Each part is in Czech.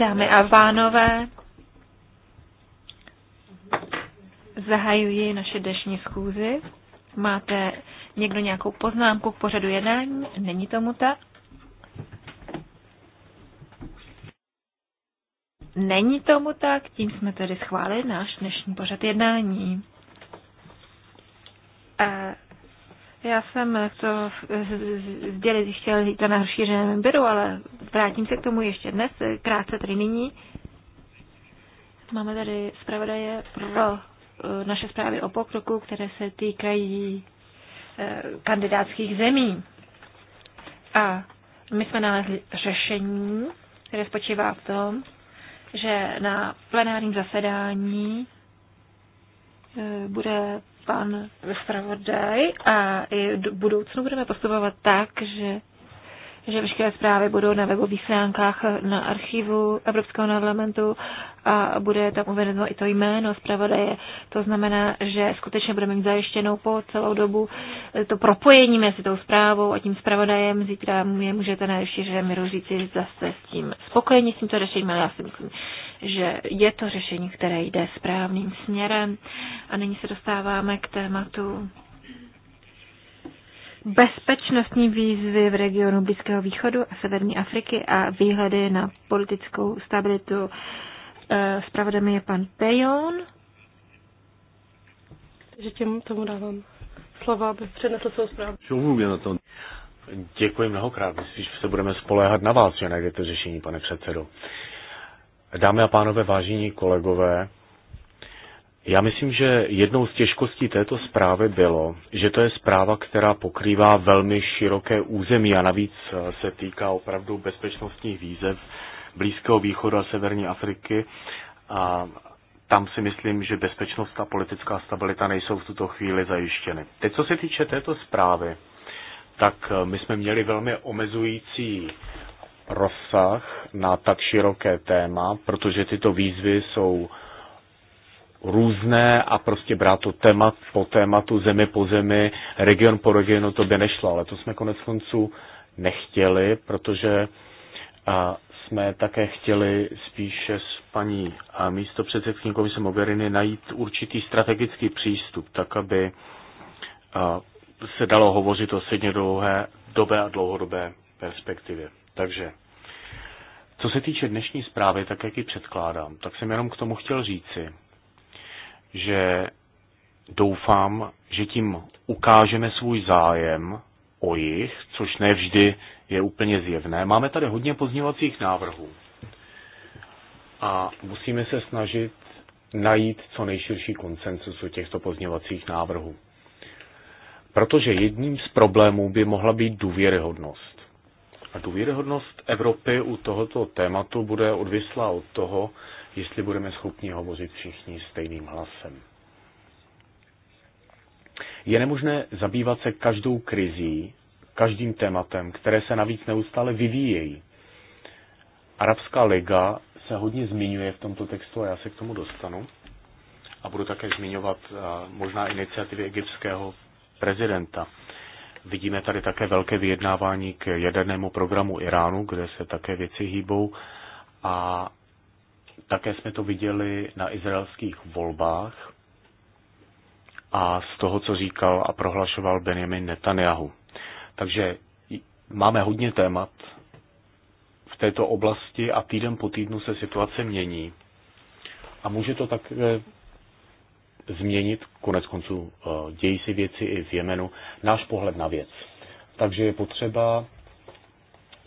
Dámy a pánové, zahajuji naše dnešní schůzi. Máte někdo nějakou poznámku k pořadu jednání? Není tomu tak? Není tomu tak, tím jsme tedy schválili náš dnešní pořad jednání. Já jsem to sdělit ještě zítra na rozšířeném byru, ale vrátím se k tomu ještě dnes, krátce tedy nyní. Máme tady zpravodaje pro eh, naše zprávy o pokroku, které se týkají eh, kandidátských zemí. A my jsme nalezli řešení, které spočívá v tom, že na plenárním zasedání eh, bude pan zpravodaj a i do budoucnu budeme postupovat tak, že že veškeré zprávy budou na webových stránkách na archivu Evropského parlamentu a bude tam uvedeno i to jméno zpravodaje. To znamená, že skutečně budeme mít zajištěnou po celou dobu to propojení mezi tou zprávou a tím zpravodajem. Zítra mě můžete na rozšířeném říci, že zase s tím spokojení s tímto řešením, ale já si myslím, že je to řešení, které jde správným směrem. A nyní se dostáváme k tématu bezpečnostní výzvy v regionu Blízkého východu a Severní Afriky a výhledy na politickou stabilitu. Spravodem eh, je pan Pejon. Takže těm tomu dávám slova, aby přednesl svou zprávu. Děkuji mnohokrát. Myslím, že se budeme spoléhat na vás, že najdete řešení, pane předsedo. Dámy a pánové, vážení kolegové, já myslím, že jednou z těžkostí této zprávy bylo, že to je zpráva, která pokrývá velmi široké území a navíc eh, se týká opravdu bezpečnostních výzev Blízkého východu a Severní Afriky. A tam si myslím, že bezpečnost a politická stabilita nejsou v tuto chvíli zajištěny. Teď, co se týče této zprávy, tak eh, my jsme měli velmi omezující rozsah na tak široké téma, protože tyto výzvy jsou různé a prostě brát to téma po tématu, zemi po zemi, region po regionu, to by nešlo, ale to jsme konec konců nechtěli, protože a, jsme také chtěli spíše s paní a místo předsedkyní komise Mogherini najít určitý strategický přístup, tak aby a, se dalo hovořit o středně dlouhé dobé a dlouhodobé perspektivě. Takže co se týče dnešní zprávy, tak jak ji předkládám, tak jsem jenom k tomu chtěl říci, že doufám, že tím ukážeme svůj zájem o jich, což nevždy je úplně zjevné. Máme tady hodně pozněvacích návrhů a musíme se snažit najít co nejširší koncensus o těchto pozněvacích návrhů. Protože jedním z problémů by mohla být důvěryhodnost. A důvěryhodnost Evropy u tohoto tématu bude odvislá od toho, jestli budeme schopni hovořit všichni stejným hlasem. Je nemožné zabývat se každou krizí, každým tématem, které se navíc neustále vyvíjejí. Arabská liga se hodně zmiňuje v tomto textu a já se k tomu dostanu. A budu také zmiňovat eh, možná iniciativy egyptského prezidenta. Vidíme tady také velké vyjednávání k jadernému programu Iránu, kde se také věci hýbou a také jsme to viděli na izraelských volbách a z toho, co říkal a prohlašoval Benjamin Netanyahu. Takže máme hodně témat v této oblasti a týden po týdnu se situace mění. A může to také eh, změnit, konec konců eh, dějí si věci i v Jemenu, náš pohled na věc. Takže je potřeba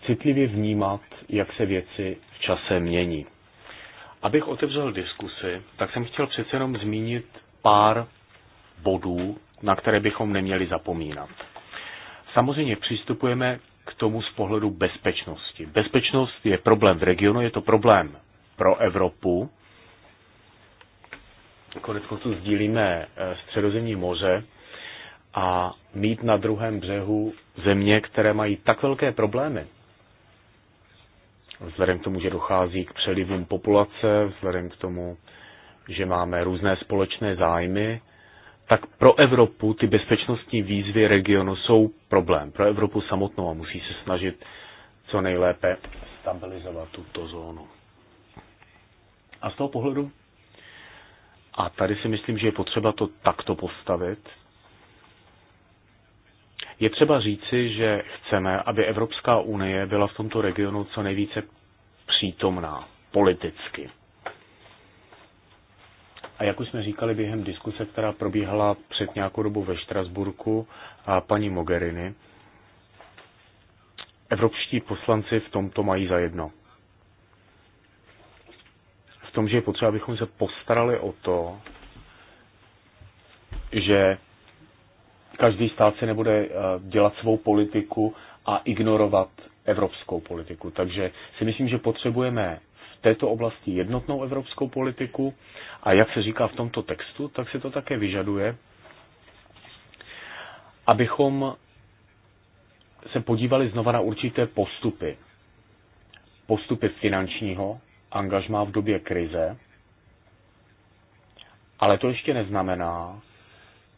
citlivě vnímat, jak se věci v čase mění. Abych otevřel diskusi, tak jsem chtěl přece jenom zmínit pár bodů, na které bychom neměli zapomínat. Samozřejmě přistupujeme k tomu z pohledu bezpečnosti. Bezpečnost je problém v regionu, je to problém pro Evropu. Konec konců sdílíme eh, středozemní moře a mít na druhém břehu země, které mají tak velké problémy vzhledem k tomu, že dochází k přelivům populace, vzhledem k tomu, že máme různé společné zájmy, tak pro Evropu ty bezpečnostní výzvy regionu jsou problém. Pro Evropu samotnou a musí se snažit co nejlépe stabilizovat tuto zónu. A z toho pohledu? A tady si myslím, že je potřeba to takto postavit, je třeba říci, že chceme, aby Evropská unie byla v tomto regionu co nejvíce přítomná politicky. A jak už jsme říkali během diskuse, která probíhala před nějakou dobu ve Štrasburku a paní Mogherini, evropští poslanci v tomto mají zajedno. V tom, že je potřeba, abychom se postarali o to, že každý stát si nebude eh, dělat svou politiku a ignorovat evropskou politiku. Takže si myslím, že potřebujeme v této oblasti jednotnou evropskou politiku a jak se říká v tomto textu, tak se to také vyžaduje, abychom se podívali znova na určité postupy. Postupy finančního angažmá v době krize, ale to ještě neznamená,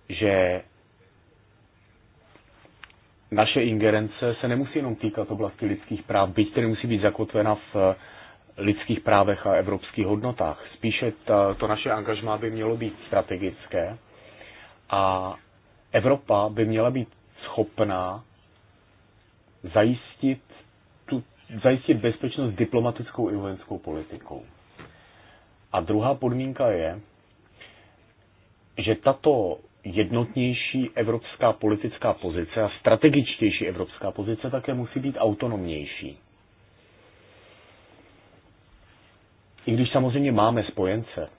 že naše ingerence se nemusí jenom týkat oblasti lidských práv, byť tedy musí být zakotvena v eh, lidských právech a evropských hodnotách. Spíše ta, to naše angažmá by mělo být strategické a Evropa by měla být schopná zajistit, tu, zajistit bezpečnost diplomatickou i vojenskou politikou. A druhá podmínka je, že tato jednotnější evropská politická pozice a strategičtější evropská pozice také musí být autonomnější. I když samozřejmě máme spojence,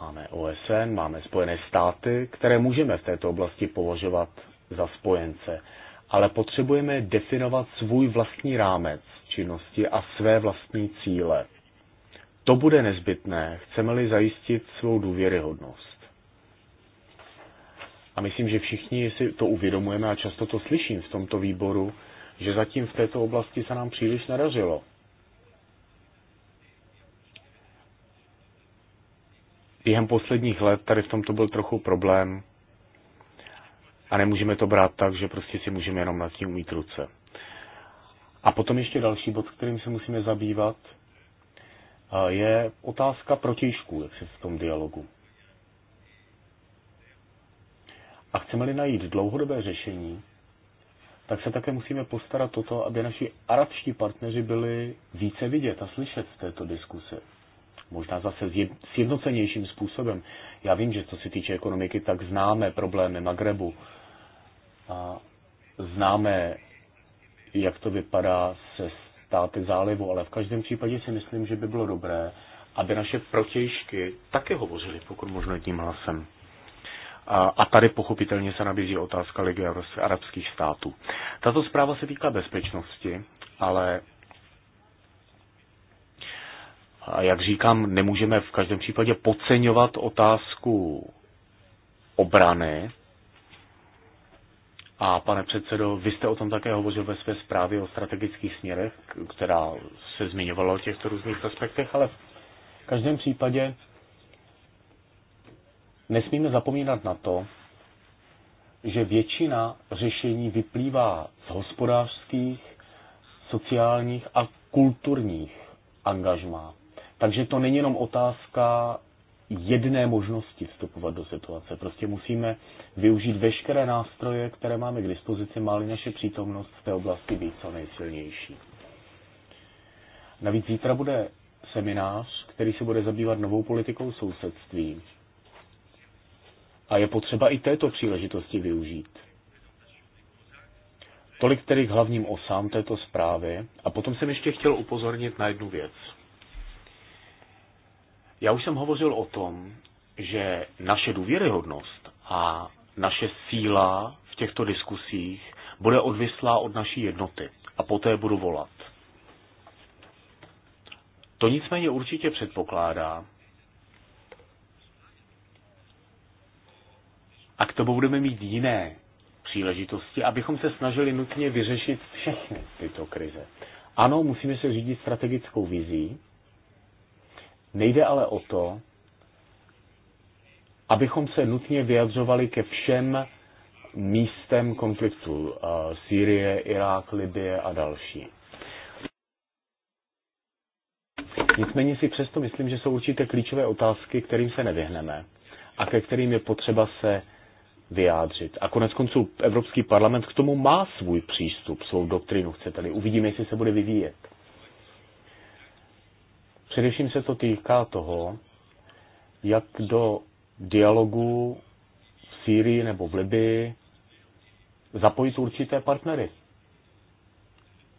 máme OSN, máme Spojené státy, které můžeme v této oblasti považovat za spojence, ale potřebujeme definovat svůj vlastní rámec činnosti a své vlastní cíle. To bude nezbytné, chceme-li zajistit svou důvěryhodnost. A myslím, že všichni si to uvědomujeme a často to slyším v tomto výboru, že zatím v této oblasti se nám příliš nedařilo. Během posledních let tady v tomto byl trochu problém a nemůžeme to brát tak, že prostě si můžeme jenom nad tím umít ruce. A potom ještě další bod, kterým se musíme zabývat, je otázka protižků, jak se v tom dialogu. A chceme-li najít dlouhodobé řešení, tak se také musíme postarat o to, aby naši arabští partneři byli více vidět a slyšet v této diskusi. Možná zase sjednocenějším způsobem. Já vím, že co se týče ekonomiky, tak známe problémy Magrebu. A známe, jak to vypadá se státy zálivu, ale v každém případě si myslím, že by bylo dobré, aby naše protějšky také hovořily, pokud možno tím hlasem. A tady pochopitelně se nabízí otázka Ligy arabských států. Tato zpráva se týká bezpečnosti, ale jak říkám, nemůžeme v každém případě podceňovat otázku obrany. A pane předsedo, vy jste o tom také hovořil ve své zprávě o strategických směrech, která se zmiňovala o těchto různých aspektech, ale v každém případě nesmíme zapomínat na to, že většina řešení vyplývá z hospodářských, sociálních a kulturních angažmá. Takže to není jenom otázka jedné možnosti vstupovat do situace. Prostě musíme využít veškeré nástroje, které máme k dispozici, má naše přítomnost v té oblasti být co nejsilnější. Navíc zítra bude seminář, který se bude zabývat novou politikou sousedství. A je potřeba i této příležitosti využít. Tolik tedy k hlavním osám této zprávy. A potom jsem ještě chtěl upozornit na jednu věc. Já už jsem hovořil o tom, že naše důvěryhodnost a naše síla v těchto diskusích bude odvislá od naší jednoty a poté budu volat. To nicméně určitě předpokládá, tomu budeme mít jiné příležitosti, abychom se snažili nutně vyřešit všechny tyto krize. Ano, musíme se řídit strategickou vizí, nejde ale o to, abychom se nutně vyjadřovali ke všem místem konfliktu eh, Sýrie, Irák, Libie a další. Nicméně si přesto myslím, že jsou určité klíčové otázky, kterým se nevyhneme a ke kterým je potřeba se vyjádřit. A konec konců Evropský parlament k tomu má svůj přístup, svou doktrinu, chcete-li. Uvidíme, jestli se bude vyvíjet. Především se to týká toho, jak do dialogu v Sýrii nebo v Libii zapojit určité partnery.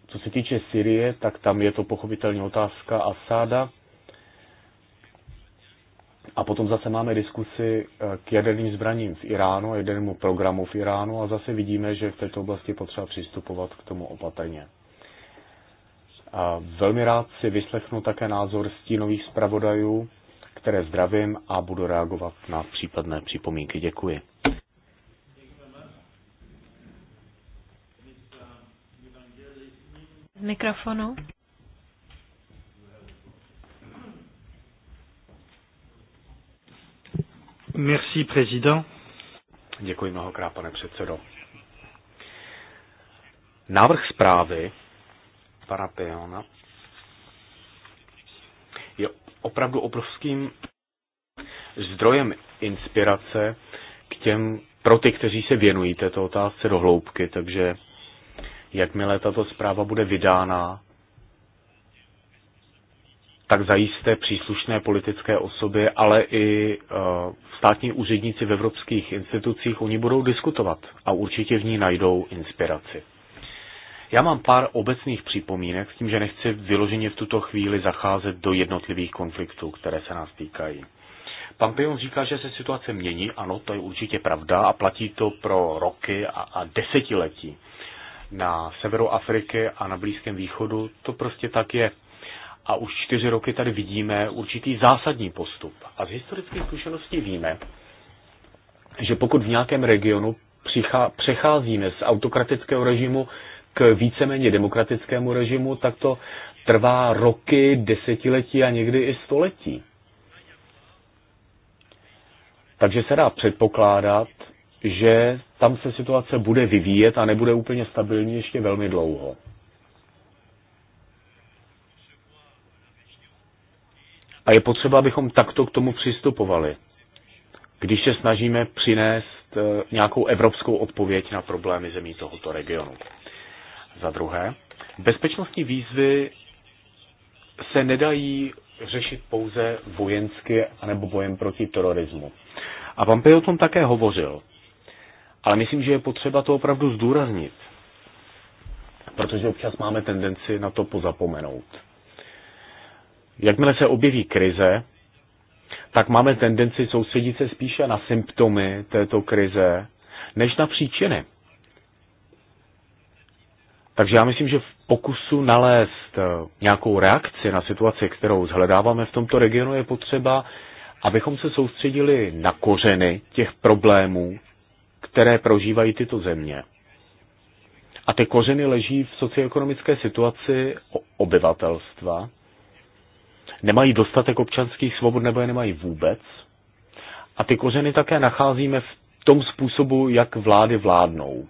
Co se týče Syrie, tak tam je to pochopitelně otázka Asáda, a potom zase máme diskusi eh, k jaderným zbraním v Iránu jadernému programu v Iránu a zase vidíme, že v této oblasti potřeba přistupovat k tomu opatrně. A velmi rád si vyslechnu také názor stínových zpravodajů, které zdravím a budu reagovat na případné připomínky. Děkuji. Z mikrofonu. Merci, président. Děkuji mnohokrát, pane předsedo. Návrh zprávy pana Piona je opravdu obrovským zdrojem inspirace k těm, pro ty, kteří se věnují této otázce do hloubky. Takže jakmile tato zpráva bude vydána, tak zajisté příslušné politické osoby, ale i e, státní úředníci v evropských institucích o ní budou diskutovat a určitě v ní najdou inspiraci. Já mám pár obecných připomínek s tím, že nechci vyloženě v tuto chvíli zacházet do jednotlivých konfliktů, které se nás týkají. Pan Pion říká, že se situace mění, ano, to je určitě pravda a platí to pro roky a, a desetiletí. Na severu Afriky a na Blízkém východu to prostě tak je a už čtyři roky tady vidíme určitý zásadní postup. A z historických zkušeností víme, že pokud v nějakém regionu přecházíme z autokratického režimu k víceméně demokratickému režimu, tak to trvá roky, desetiletí a někdy i století. Takže se dá předpokládat, že tam se situace bude vyvíjet a nebude úplně stabilní ještě velmi dlouho. A je potřeba, abychom takto k tomu přistupovali, když se snažíme přinést eh, nějakou evropskou odpověď na problémy zemí tohoto regionu. Za druhé, bezpečnostní výzvy se nedají řešit pouze vojensky anebo bojem proti terorismu. A pan o tom také hovořil. Ale myslím, že je potřeba to opravdu zdůraznit, protože občas máme tendenci na to pozapomenout. Jakmile se objeví krize, tak máme tendenci soustředit se spíše na symptomy této krize, než na příčiny. Takže já myslím, že v pokusu nalézt eh, nějakou reakci na situaci, kterou zhledáváme v tomto regionu, je potřeba, abychom se soustředili na kořeny těch problémů, které prožívají tyto země. A ty kořeny leží v socioekonomické situaci obyvatelstva nemají dostatek občanských svobod nebo je nemají vůbec. A ty kořeny také nacházíme v tom způsobu, jak vlády vládnou.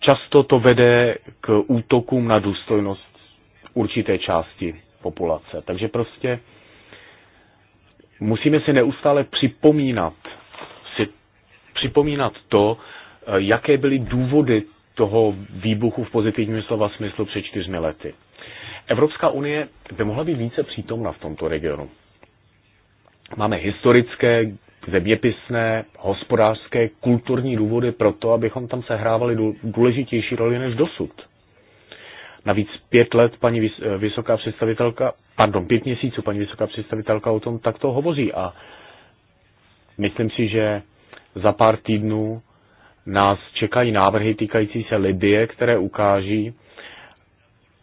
Často to vede k útokům na důstojnost určité části populace. Takže prostě musíme si neustále připomínat, si připomínat to, eh, jaké byly důvody toho výbuchu v pozitivním slova smyslu před čtyřmi lety. Evropská unie by mohla být více přítomna v tomto regionu. Máme historické, zeměpisné, hospodářské, kulturní důvody pro to, abychom tam sehrávali důležitější roli než dosud. Navíc pět let paní eh, vysoká představitelka, pardon, pět měsíců paní vysoká představitelka o tom takto hovoří a myslím si, že za pár týdnů nás čekají návrhy týkající se Libie, které ukáží,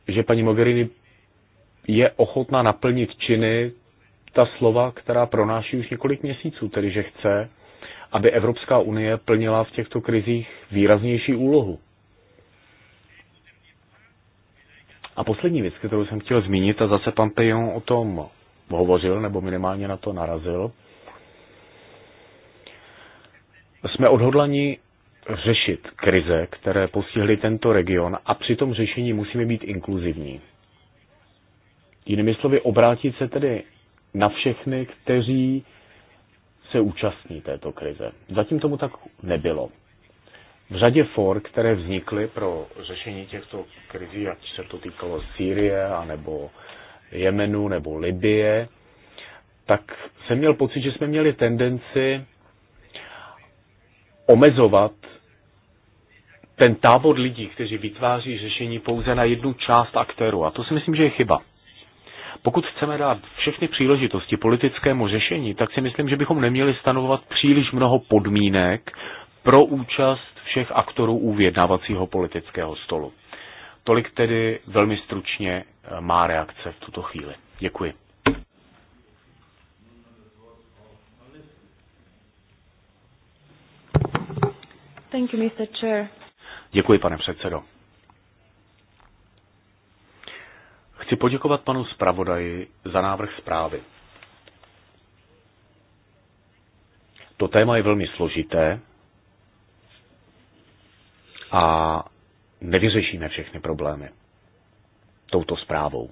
že paní Mogherini je ochotná naplnit činy ta slova, která pronáší už několik měsíců, tedy že chce, aby Evropská unie plnila v těchto krizích výraznější úlohu. A poslední věc, kterou jsem chtěl zmínit, a zase pan Pejon o tom hovořil, nebo minimálně na to narazil, jsme odhodlani řešit krize, které postihly tento region a při tom řešení musíme být inkluzivní. Jinými slovy, obrátit se tedy na všechny, kteří se účastní této krize. Zatím tomu tak nebylo. V řadě for, které vznikly pro řešení těchto krizí, ať se to týkalo Sýrie, nebo Jemenu, nebo Libie, tak jsem měl pocit, že jsme měli tendenci omezovat ten tábor lidí, kteří vytváří řešení pouze na jednu část aktéru. A to si myslím, že je chyba. Pokud chceme dát všechny příležitosti politickému řešení, tak si myslím, že bychom neměli stanovovat příliš mnoho podmínek pro účast všech aktorů u vyjednávacího politického stolu. Tolik tedy velmi stručně eh, má reakce v tuto chvíli. Děkuji. Thank you, Mr. Chair. Děkuji, pane předsedo. Chci poděkovat panu zpravodaji za návrh zprávy. To téma je velmi složité a nevyřešíme všechny problémy touto zprávou.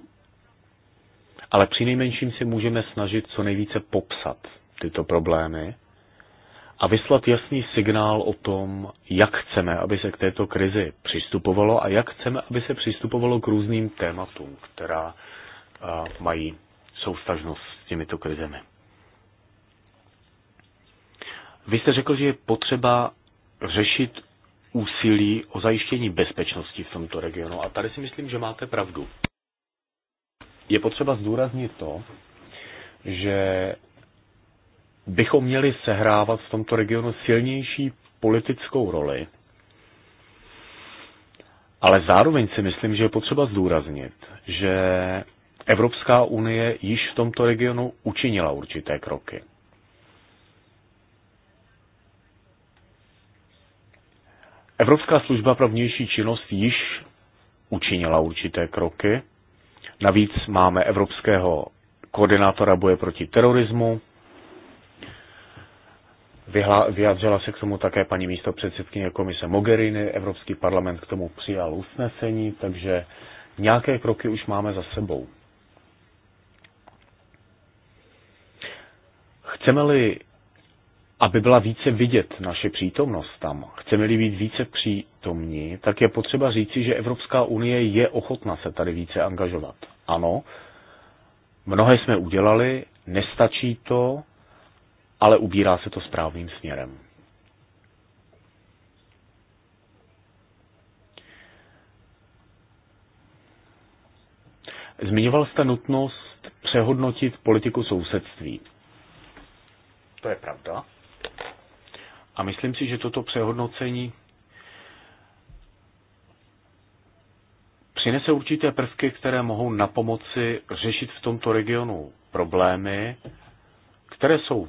Ale přinejmenším si můžeme snažit co nejvíce popsat tyto problémy a vyslat jasný signál o tom, jak chceme, aby se k této krizi přistupovalo a jak chceme, aby se přistupovalo k různým tématům, která mají soustažnost s těmito krizemi. Vy jste řekl, že je potřeba řešit úsilí o zajištění bezpečnosti v tomto regionu. A tady si myslím, že máte pravdu. Je potřeba zdůraznit to, že bychom měli sehrávat v tomto regionu silnější politickou roli, ale zároveň si myslím, že je potřeba zdůraznit, že Evropská unie již v tomto regionu učinila určité kroky. Evropská služba pro vnější činnost již učinila určité kroky. Navíc máme evropského koordinátora boje proti terorismu, Vyjádřila se k tomu také paní místo předsedkyně komise Mogherini, Evropský parlament k tomu přijal usnesení, takže nějaké kroky už máme za sebou. Chceme-li, aby byla více vidět naše přítomnost tam, chceme-li být více přítomní, tak je potřeba říci, že Evropská unie je ochotna se tady více angažovat. Ano, mnohé jsme udělali, nestačí to, ale ubírá se to správným směrem. Zmiňoval jste nutnost přehodnotit politiku sousedství. To je pravda. A myslím si, že toto přehodnocení přinese určité prvky, které mohou na pomoci řešit v tomto regionu problémy, které jsou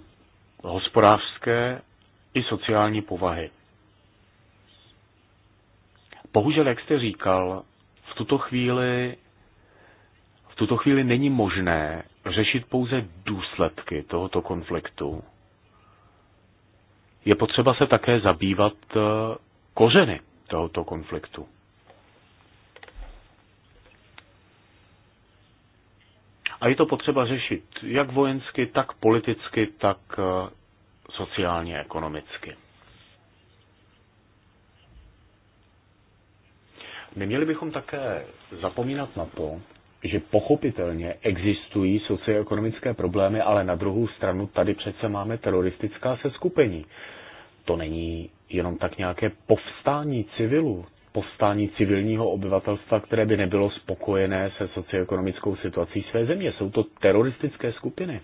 hospodářské i sociální povahy. Bohužel, jak jste říkal, v tuto chvíli, v tuto chvíli není možné řešit pouze důsledky tohoto konfliktu. Je potřeba se také zabývat eh, kořeny tohoto konfliktu. A je to potřeba řešit jak vojensky, tak politicky, tak eh, sociálně, ekonomicky. Neměli bychom také zapomínat na to, že pochopitelně existují socioekonomické problémy, ale na druhou stranu tady přece máme teroristická seskupení. To není jenom tak nějaké povstání civilů, povstání civilního obyvatelstva, které by nebylo spokojené se socioekonomickou situací své země. Jsou to teroristické skupiny.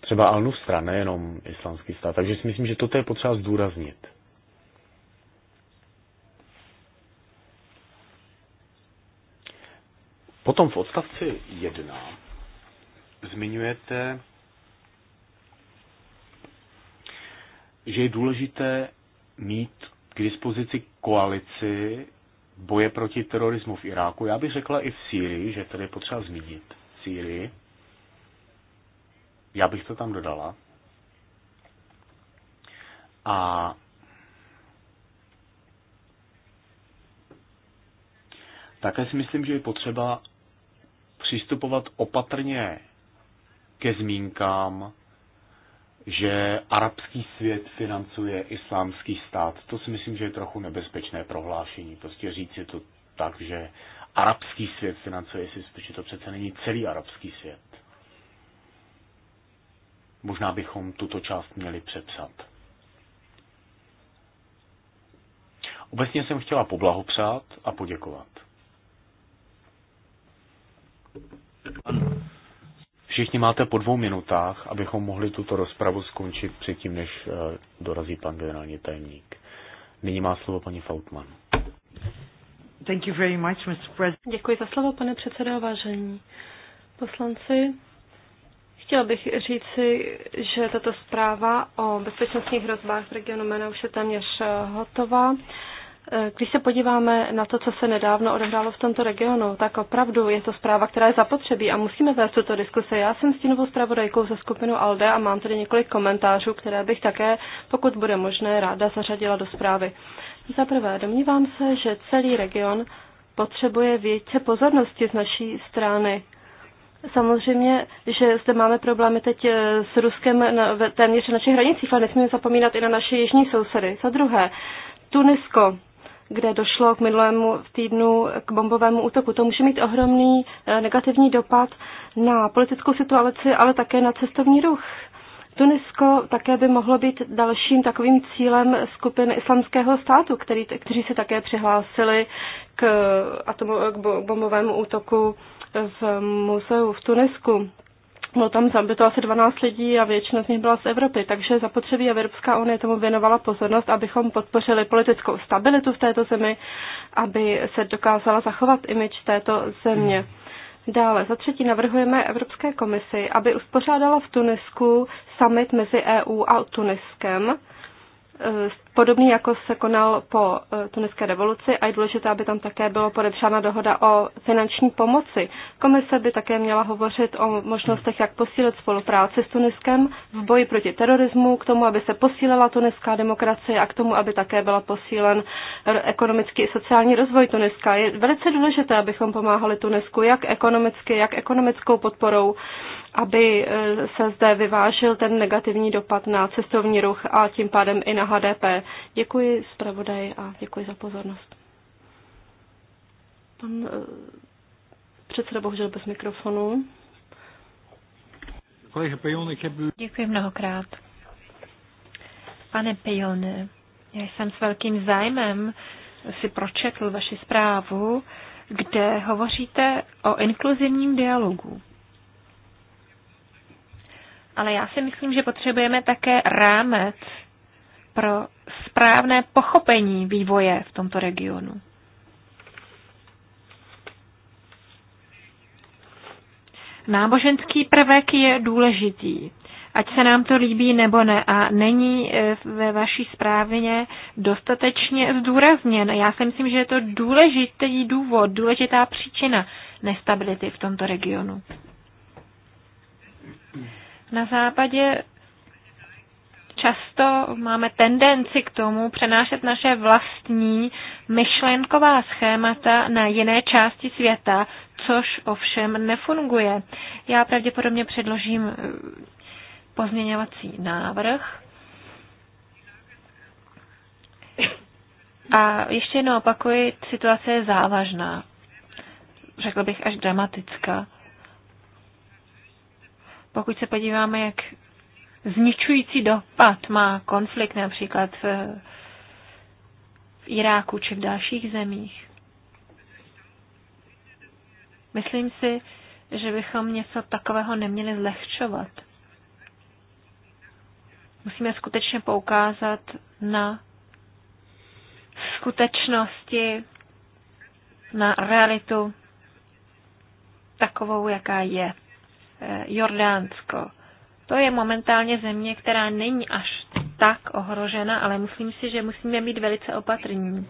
Třeba Al-Nusra, nejenom islamský stát. Takže si myslím, že toto je potřeba zdůraznit. Potom v odstavci 1 zmiňujete, že je důležité mít k dispozici koalici boje proti terorismu v Iráku. Já bych řekla i v Sýrii, že tady je potřeba zmínit Sýrii. Já bych to tam dodala. A také si myslím, že je potřeba přistupovat opatrně ke zmínkám že arabský svět financuje islámský stát. To si myslím, že je trochu nebezpečné prohlášení. Prostě říct si to tak, že arabský svět financuje ISIS, že to přece není celý arabský svět. Možná bychom tuto část měli přepsat. Obecně jsem chtěla poblahopřát a poděkovat. Ano. Všichni máte po dvou minutách, abychom mohli tuto rozpravu skončit předtím, než eh, dorazí pan generální tajemník. Nyní má slovo paní Fautman. Thank you very much, Mr. President. Děkuji za slovo, pane předsedo, vážení poslanci. chtěla bych říci, že tato zpráva o bezpečnostních hrozbách v regionu MENA už je téměř eh, hotová. Eh, když se podíváme na to, co se nedávno odehrálo v tomto regionu, tak opravdu je to zpráva, která je zapotřebí a musíme vést tuto diskuse. Já jsem stínovou zpravodajkou ze skupinu ALDE a mám tady několik komentářů, které bych také, pokud bude možné, ráda zařadila do zprávy. Za prvé, domnívám se, že celý region potřebuje více pozornosti z naší strany. Samozřejmě, že zde máme problémy teď eh, s Ruskem na, téměř na našich hranicích, ale nesmíme zapomínat i na naše jižní sousedy. Za druhé, Tunisko kde došlo k minulému týdnu k bombovému útoku. To může mít ohromný eh, negativní dopad na politickou situaci, ale také na cestovní ruch. Tunisko také by mohlo být dalším takovým cílem skupin islamského státu, který, kteří se také přihlásili k, atomu, k bombovému útoku v muzeu v Tunisku bylo no, tam zabito asi 12 lidí a většina z nich byla z Evropy, takže zapotřebí Evropská unie tomu věnovala pozornost, abychom podpořili politickou stabilitu v této zemi, aby se dokázala zachovat imič této země. Dále za třetí navrhujeme Evropské komisi, aby uspořádala v Tunisku summit mezi EU a Tuniskem eh, podobný, jako se konal po eh, tuniské revoluci a je důležité, aby tam také bylo podepsána dohoda o finanční pomoci. Komise by také měla hovořit o možnostech, jak posílit spolupráci s Tuniskem v boji proti terorismu, k tomu, aby se posílila tuniská demokracie a k tomu, aby také byla posílen eh, ekonomický i sociální rozvoj Tuniska. Je velice důležité, abychom pomáhali Tunisku jak ekonomicky, jak ekonomickou podporou, aby eh, se zde vyvážil ten negativní dopad na cestovní ruch a tím pádem i na HDP. Děkuji zpravodaji a děkuji za pozornost. Pan eh, předseda bohužel bez mikrofonu. Děkuji mnohokrát. Pane Pejone, já jsem s velkým zájmem si pročetl vaši zprávu, kde hovoříte o inkluzivním dialogu. Ale já si myslím, že potřebujeme také rámec pro správné pochopení vývoje v tomto regionu. Náboženský prvek je důležitý, ať se nám to líbí nebo ne, a není eh, ve vaší správně dostatečně zdůrazněn. Já si myslím, že je to důležitý důvod, důležitá příčina nestability v tomto regionu. Na západě často máme tendenci k tomu přenášet naše vlastní myšlenková schémata na jiné části světa, což ovšem nefunguje. Já pravděpodobně předložím eh, pozměňovací návrh. A ještě jednou opakuji, situace je závažná. Řekl bych až dramatická. Pokud se podíváme, jak zničující dopad má konflikt například v, v Iráku či v dalších zemích. Myslím si, že bychom něco takového neměli zlehčovat. Musíme skutečně poukázat na skutečnosti, na realitu takovou, jaká je. Eh, Jordánsko to je momentálně země, která není až tak ohrožena, ale myslím si, že musíme být velice opatrní.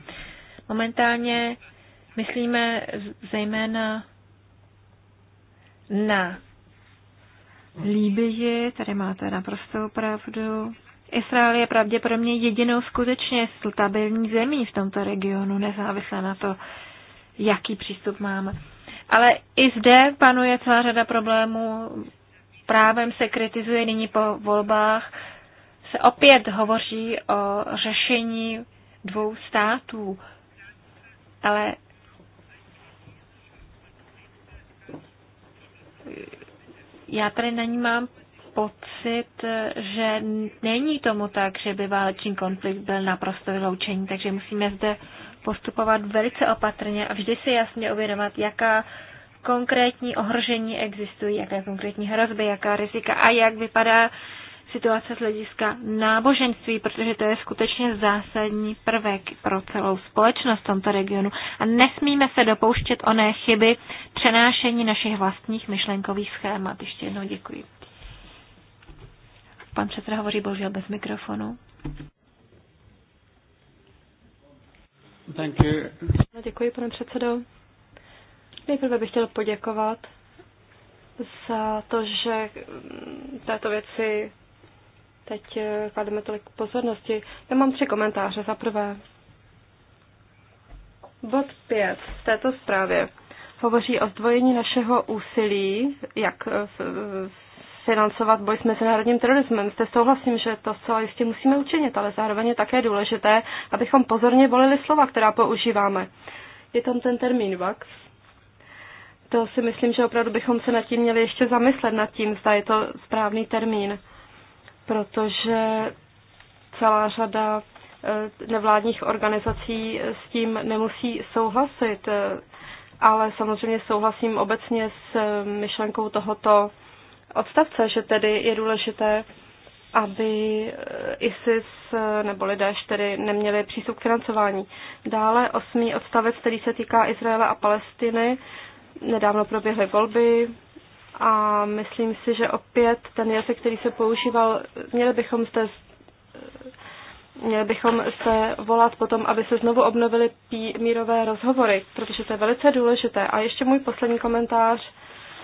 Momentálně myslíme zejména na Líbyi, tady máte naprostou pravdu. Izrael je pravděpodobně jedinou skutečně stabilní zemí v tomto regionu, nezávisle na to, jaký přístup máme. Ale i zde panuje celá řada problémů, právem se kritizuje nyní po volbách, se opět hovoří o řešení dvou států. Ale já tady na ní mám pocit, že není tomu tak, že by válečný konflikt byl naprosto vyloučený, takže musíme zde postupovat velice opatrně a vždy si jasně uvědomat, jaká konkrétní ohrožení existují, jaké konkrétní hrozby, jaká rizika a jak vypadá situace z hlediska náboženství, protože to je skutečně zásadní prvek pro celou společnost v tomto regionu. A nesmíme se dopouštět oné chyby přenášení našich vlastních myšlenkových schémat. Ještě jednou děkuji. Pan předseda hovoří bohužel bez mikrofonu. Thank you. No, děkuji, pane předsedo. Nejprve bych chtěl poděkovat za to, že této věci teď klademe tolik pozornosti. Já mám tři komentáře. Za prvé, bod 5 v této zprávě hovoří o zdvojení našeho úsilí, jak financovat boj s mezinárodním terorismem. Zde souhlasím, že to zcela jistě musíme učinit, ale zároveň je také důležité, abychom pozorně volili slova, která používáme. Je tam ten termín VAX, to si myslím, že opravdu bychom se nad tím měli ještě zamyslet, nad tím, zda je to správný termín, protože celá řada eh, nevládních organizací s tím nemusí souhlasit, eh, ale samozřejmě souhlasím obecně s eh, myšlenkou tohoto odstavce, že tedy je důležité, aby ISIS nebo lidé tedy neměli přístup k financování. Dále osmý odstavec, který se týká Izraele a Palestiny, Nedávno proběhly volby a myslím si, že opět ten jazyk, který se používal, měli bychom zde měli bychom se volat potom, aby se znovu obnovily mírové rozhovory, protože to je velice důležité. A ještě můj poslední komentář,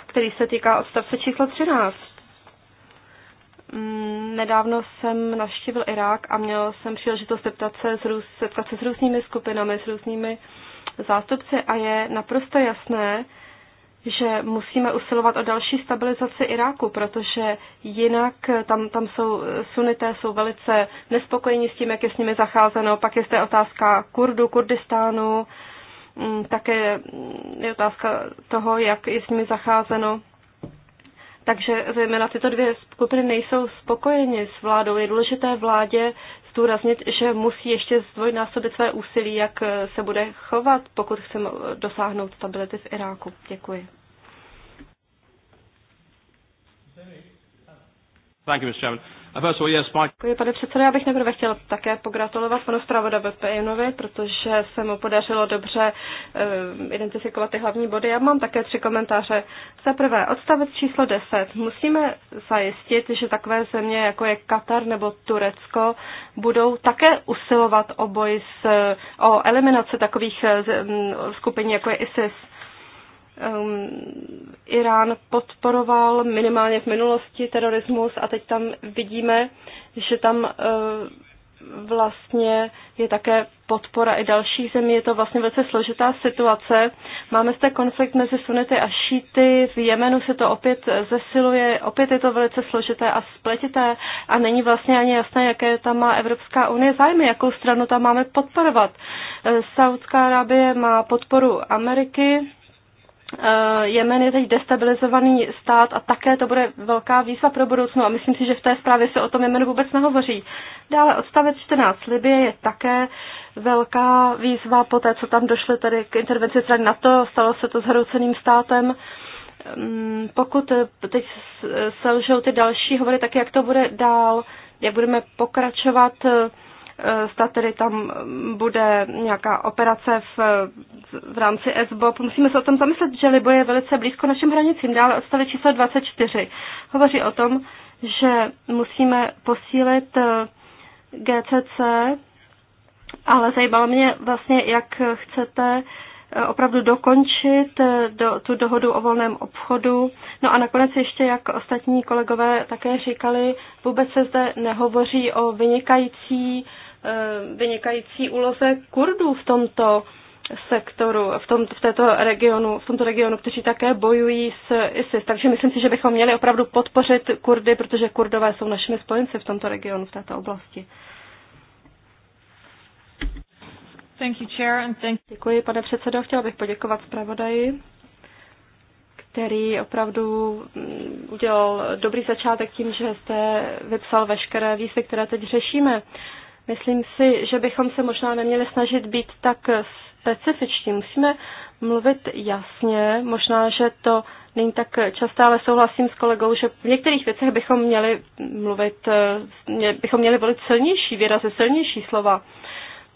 který se týká odstavce číslo 13. Mm, nedávno jsem navštívil Irák a měl jsem příležitost setkat se s, růz, setkat se s různými skupinami, s různými zástupci a je naprosto jasné, že musíme usilovat o další stabilizaci Iráku, protože jinak tam, tam jsou sunité, jsou velice nespokojení s tím, jak je s nimi zacházeno. Pak je zde otázka Kurdu, Kurdistánu, mm, také je otázka toho, jak je s nimi zacházeno. Takže zejména tyto dvě skupiny nejsou spokojeni s vládou. Je důležité vládě zdůraznit, že musí ještě zdvojnásobit své úsilí, jak se bude chovat, pokud chceme dosáhnout stability v Iráku. Děkuji. Thank you, Mr. Chairman. Děkuji, pane předsedo. Já bych nejprve chtěl také pogratulovat panu Stravoda Bepejnovi, protože se mu podařilo dobře um, identifikovat ty hlavní body. Já mám také tři komentáře. Za prvé, odstavec číslo 10. Musíme zajistit, že takové země, jako je Katar nebo Turecko, budou také usilovat o boj s, eh, o eliminaci takových eh, mm, skupin, jako je ISIS um, Irán podporoval minimálně v minulosti terorismus a teď tam vidíme, že tam uh, vlastně je také podpora i dalších zemí. Je to vlastně velice složitá situace. Máme zde konflikt mezi sunity a šíty. V Jemenu se to opět zesiluje. Opět je to velice složité a spletité a není vlastně ani jasné, jaké tam má Evropská unie zájmy, jakou stranu tam máme podporovat. Eh, Saudská Arábie má podporu Ameriky, Eh, Jemen je teď destabilizovaný stát a také to bude velká výzva pro budoucnu a myslím si, že v té zprávě se o tom Jemenu vůbec nehovoří. Dále odstavec 14 Libie je také velká výzva po té, co tam došly tedy k intervenci strany NATO, stalo se to zhrouceným státem. Mm, pokud teď selžou ty další hovory, tak jak to bude dál, jak budeme pokračovat eh, Eh, zda tedy tam mm, bude nějaká operace v, v rámci SBOP. Musíme se o tom zamyslet, že Libo je velice blízko našim hranicím. Dále odstavec číslo 24 hovoří o tom, že musíme posílit eh, GCC, ale zajímalo mě vlastně, jak chcete eh, opravdu dokončit do, tu dohodu o volném obchodu. No a nakonec ještě, jak ostatní kolegové také říkali, vůbec se zde nehovoří o vynikající uh, Eh, vynikající úloze Kurdů v tomto sektoru, v, tom, v, této regionu, v tomto regionu, kteří také bojují s ISIS. Takže myslím si, že bychom měli opravdu podpořit Kurdy, protože Kurdové jsou našimi spojenci v tomto regionu, v této oblasti. Thank you, chair, and thank... Děkuji, pane předsedo. Chtěla bych poděkovat zpravodaji, který opravdu mm, udělal dobrý začátek tím, že jste vypsal veškeré výzvy, které teď řešíme. Uh, Myslím si, že bychom se možná neměli snažit být tak specifičtí. Musíme mluvit jasně, možná, že to není tak časté, ale souhlasím s kolegou, že v některých věcech bychom měli mluvit, eh, bychom měli volit silnější výrazy, silnější slova.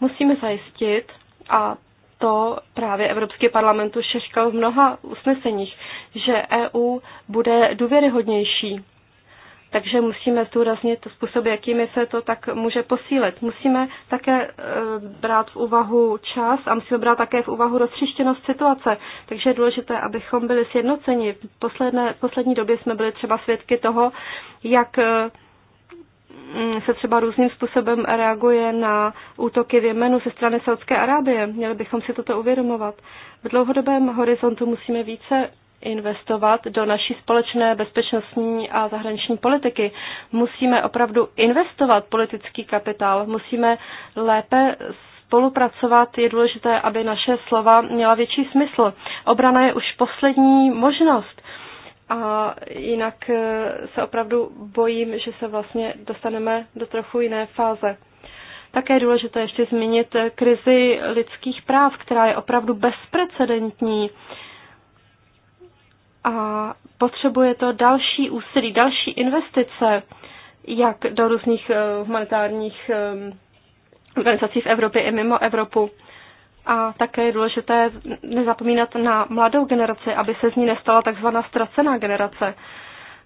Musíme zajistit, a to právě Evropský parlament už říkal v mnoha usneseních, že EU bude důvěryhodnější takže musíme zdůraznit způsob, jakými se to tak může posílit. Musíme také e, brát v úvahu čas a musíme brát také v úvahu roztřištěnost situace. Takže je důležité, abychom byli sjednoceni. V posledné, poslední době jsme byli třeba svědky toho, jak e, mm, se třeba různým způsobem reaguje na útoky v Jemenu ze strany Saudské Arábie. Měli bychom si toto uvědomovat. V dlouhodobém horizontu musíme více investovat do naší společné bezpečnostní a zahraniční politiky. Musíme opravdu investovat politický kapitál, musíme lépe spolupracovat. Je důležité, aby naše slova měla větší smysl. Obrana je už poslední možnost. A jinak eh, se opravdu bojím, že se vlastně dostaneme do trochu jiné fáze. Také je důležité ještě zmínit eh, krizi lidských práv, která je opravdu bezprecedentní a potřebuje to další úsilí, další investice, jak do různých eh, humanitárních eh, organizací v Evropě i mimo Evropu. A také je důležité nezapomínat na mladou generaci, aby se z ní nestala takzvaná ztracená generace.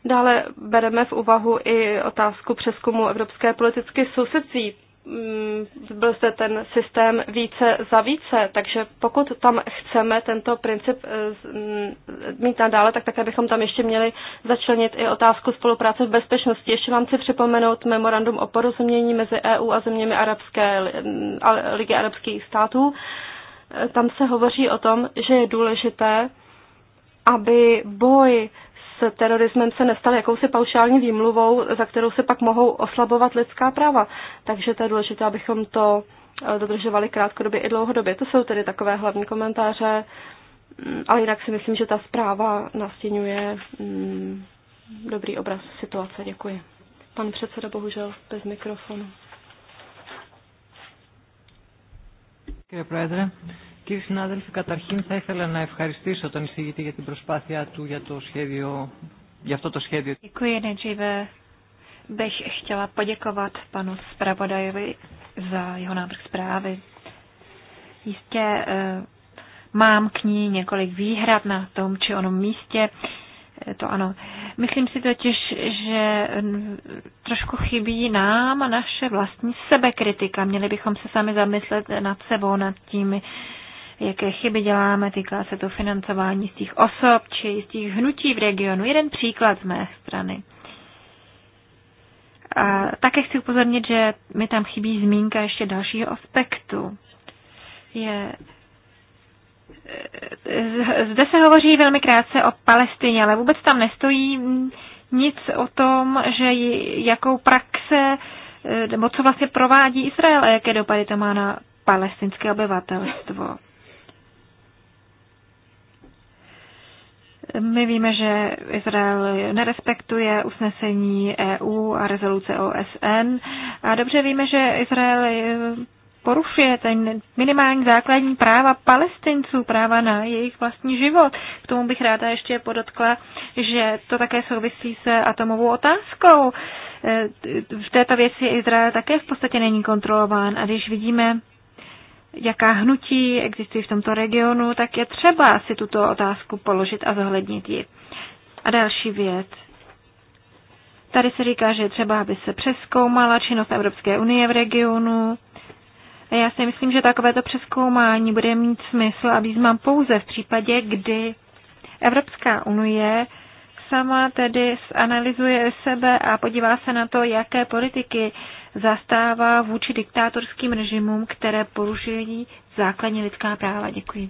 Dále bereme v úvahu i otázku přeskumu evropské politické sousedství. Mm, byl zde ten systém více za více, takže pokud tam chceme tento princip eh, mm, mít nadále, tak také bychom tam ještě měli začlenit i otázku spolupráce v bezpečnosti. Ještě vám chci připomenout memorandum o porozumění mezi EU a zeměmi Arabské, mm, Ligy arabských států. Eh, tam se hovoří o tom, že je důležité, aby boj s terorismem se nestane jakousi paušální výmluvou, za kterou se pak mohou oslabovat lidská práva. Takže to je důležité, abychom to eh, dodržovali krátkodobě i dlouhodobě. To jsou tedy takové hlavní komentáře, mm, ale jinak si myslím, že ta zpráva nastínuje mm, dobrý obraz situace. Děkuji. Pan předseda bohužel bez mikrofonu. Děkuji, Κύριε συνάδελφε, καταρχήν θα ήθελα να ευχαριστήσω τον εισηγητή για την προσπάθειά του για, το σχέδιο, για αυτό το σχέδιο. Děkuji nejdříve. Bych chtěla poděkovat panu zpravodajovi za jeho návrh zprávy. Jistě e, mám k ní několik výhrad na tom či onom místě. Eh, to ano. Myslím si totiž, že mm, trošku chybí nám naše vlastní sebekritika. Měli bychom se sami zamyslet nad sebou, nad tím, jaké chyby děláme, týká se to financování z těch osob či z těch hnutí v regionu. Jeden příklad z mé strany. A také chci upozornit, že mi tam chybí zmínka ještě dalšího aspektu. Je eh, zde se hovoří velmi krátce o Palestině, ale vůbec tam nestojí nic o tom, že jakou praxe, eh, nebo co vlastně provádí Izrael a jaké dopady to má na palestinské obyvatelstvo. My víme, že Izrael nerespektuje usnesení EU a rezoluce OSN a dobře víme, že Izrael eh, porušuje ten minimální základní práva palestinců, práva na jejich vlastní život. K tomu bych ráda ještě podotkla, že to také souvisí se atomovou otázkou. Eh, v této věci Izrael také v podstatě není kontrolován a když vidíme jaká hnutí existují v tomto regionu, tak je třeba si tuto otázku položit a zohlednit ji. A další věc. Tady se říká, že je třeba, aby se přeskoumala činnost Evropské unie v regionu. A já si myslím, že takovéto přeskoumání bude mít smysl a význam pouze v případě, kdy Evropská unie sama tedy zanalizuje sebe a podívá se na to, jaké politiky zastává vůči diktátorským režimům, které porušují základní lidská práva. Děkuji.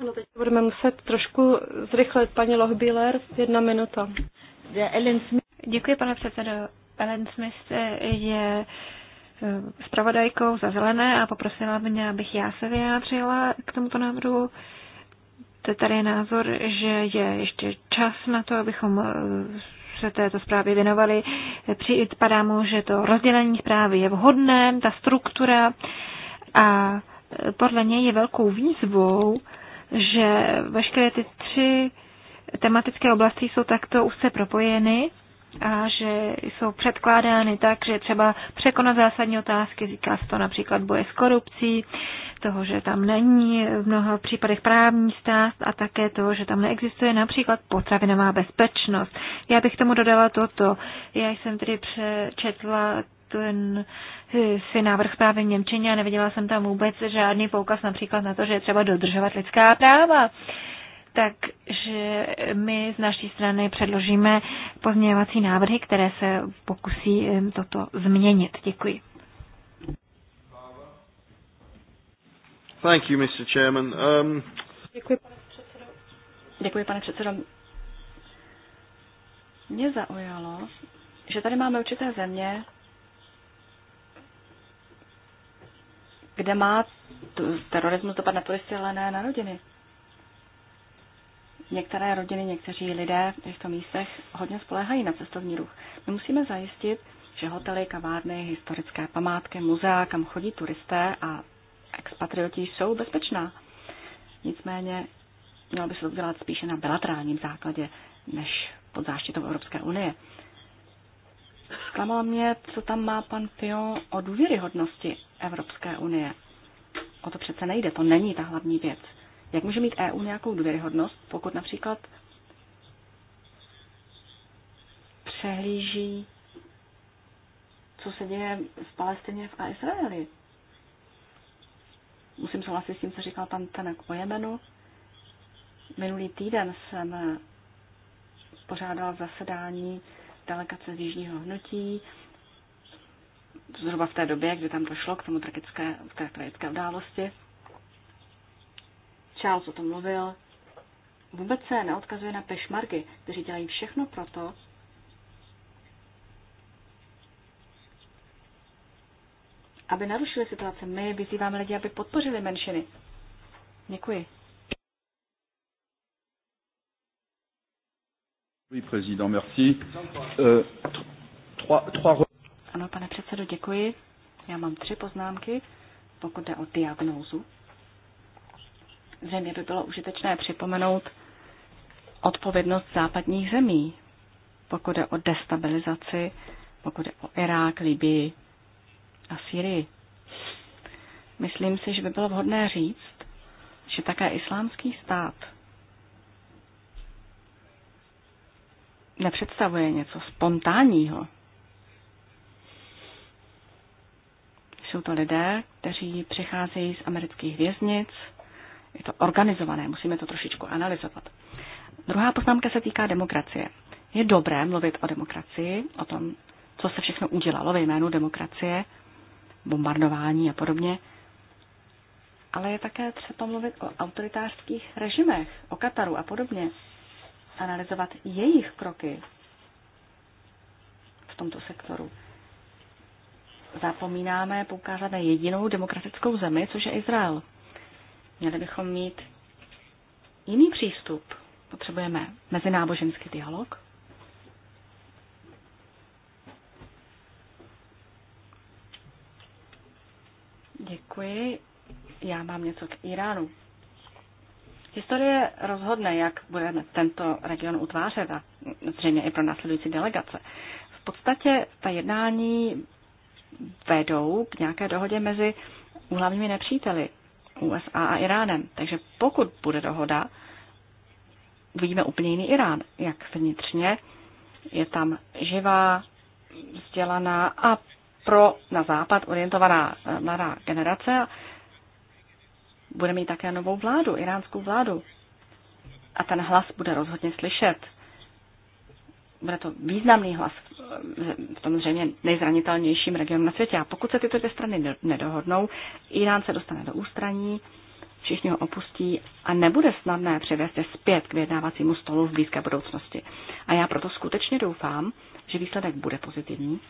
Ano, teď budeme muset trošku zrychlit. Paní Lohbíler, jedna minuta. Děkuji, pane předsedo. Ellen Smith je eh, zpravodajkou za zelené a poprosila mě, abych já se vyjádřila k tomuto návrhu. Tady je názor, že je ještě čas na to, abychom eh, se této zprávě věnovali. Připadá mu, že to rozdělení zprávy je vhodné, ta struktura a e, podle něj je velkou výzvou, že veškeré ty tři tematické oblasti jsou takto úzce propojeny a že jsou předkládány tak, že třeba překonat zásadní otázky, říká se to například boje s korupcí, toho, že tam není v mnoha případech právní stát a také to, že tam neexistuje například potravinová bezpečnost. Já bych tomu dodala toto. Já jsem tedy přečetla ten eh, si návrh právě v Němčině a neviděla jsem tam vůbec žádný poukaz například na to, že je třeba dodržovat lidská práva. Takže my z naší strany předložíme pozměňovací návrhy, které se pokusí toto změnit. Děkuji. Thank you, Mr. Chairman. Um... Děkuji, pane předsedo. Děkuji, pane předsedo. Mě zaujalo, že tady máme určité země, kde má terorismus dopad na turisty, ale ne na rodiny některé rodiny, někteří lidé v těchto místech hodně spoléhají na cestovní ruch. My musíme zajistit, že hotely, kavárny, historické památky, muzea, kam chodí turisté a expatrioti jsou bezpečná. Nicméně mělo by se to dělat spíše na bilaterálním základě, než pod záštitou Evropské unie. Zklamalo mě, co tam má pan Pio o důvěryhodnosti Evropské unie. O to přece nejde, to není ta hlavní věc. Jak může mít EU nějakou důvěryhodnost, pokud například přehlíží, co se děje v Palestině a Izraeli? Musím souhlasit s tím, co říkal pan Tenek o Jemenu. Minulý týden jsem pořádal zasedání delegace z Jižního hnutí, zhruba v té době, kdy tam došlo k tomu tragické, k té tragické události. Charles o tom mluvil, vůbec se neodkazuje na pešmarky, kteří dělají všechno proto, aby narušili situace. My vyzýváme lidi, aby podpořili menšiny. Děkuji. Euh, ano, pane předsedo, děkuji. Já mám tři poznámky, pokud jde o diagnózu. Zřejmě by bylo užitečné připomenout odpovědnost západních zemí, pokud je o destabilizaci, pokud je o Irák, Libii a Syrii. Myslím si, že by bylo vhodné říct, že také islámský stát nepředstavuje něco spontánního. Jsou to lidé, kteří přicházejí z amerických věznic, je to organizované, musíme to trošičku analyzovat. Druhá poznámka se týká demokracie. Je dobré mluvit o demokracii, o tom, co se všechno udělalo ve jménu demokracie, bombardování a podobně, ale je také třeba mluvit o autoritářských režimech, o Kataru a podobně, analyzovat jejich kroky v tomto sektoru. Zapomínáme poukázat na jedinou demokratickou zemi, což je Izrael. Měli bychom mít jiný přístup. Potřebujeme mezináboženský dialog. Děkuji. Já mám něco k Iránu. Historie rozhodne, jak budeme tento region utvářet a zřejmě i pro následující delegace. V podstatě ta jednání vedou k nějaké dohodě mezi hlavními nepříteli, USA a Iránem. Takže pokud bude dohoda, uvidíme úplně jiný Irán, jak vnitřně. Je tam živá, vzdělaná a pro na západ orientovaná eh, mladá generace. Bude mít také novou vládu, iránskou vládu. A ten hlas bude rozhodně slyšet bude to významný hlas eh, v tom zřejmě nejzranitelnějším regionu na světě. A pokud se tyto dvě strany nedohodnou, Irán se dostane do ústraní, všichni ho opustí a nebude snadné převést je zpět k vyjednávacímu stolu v blízké budoucnosti. A já proto skutečně doufám, že výsledek bude pozitivní.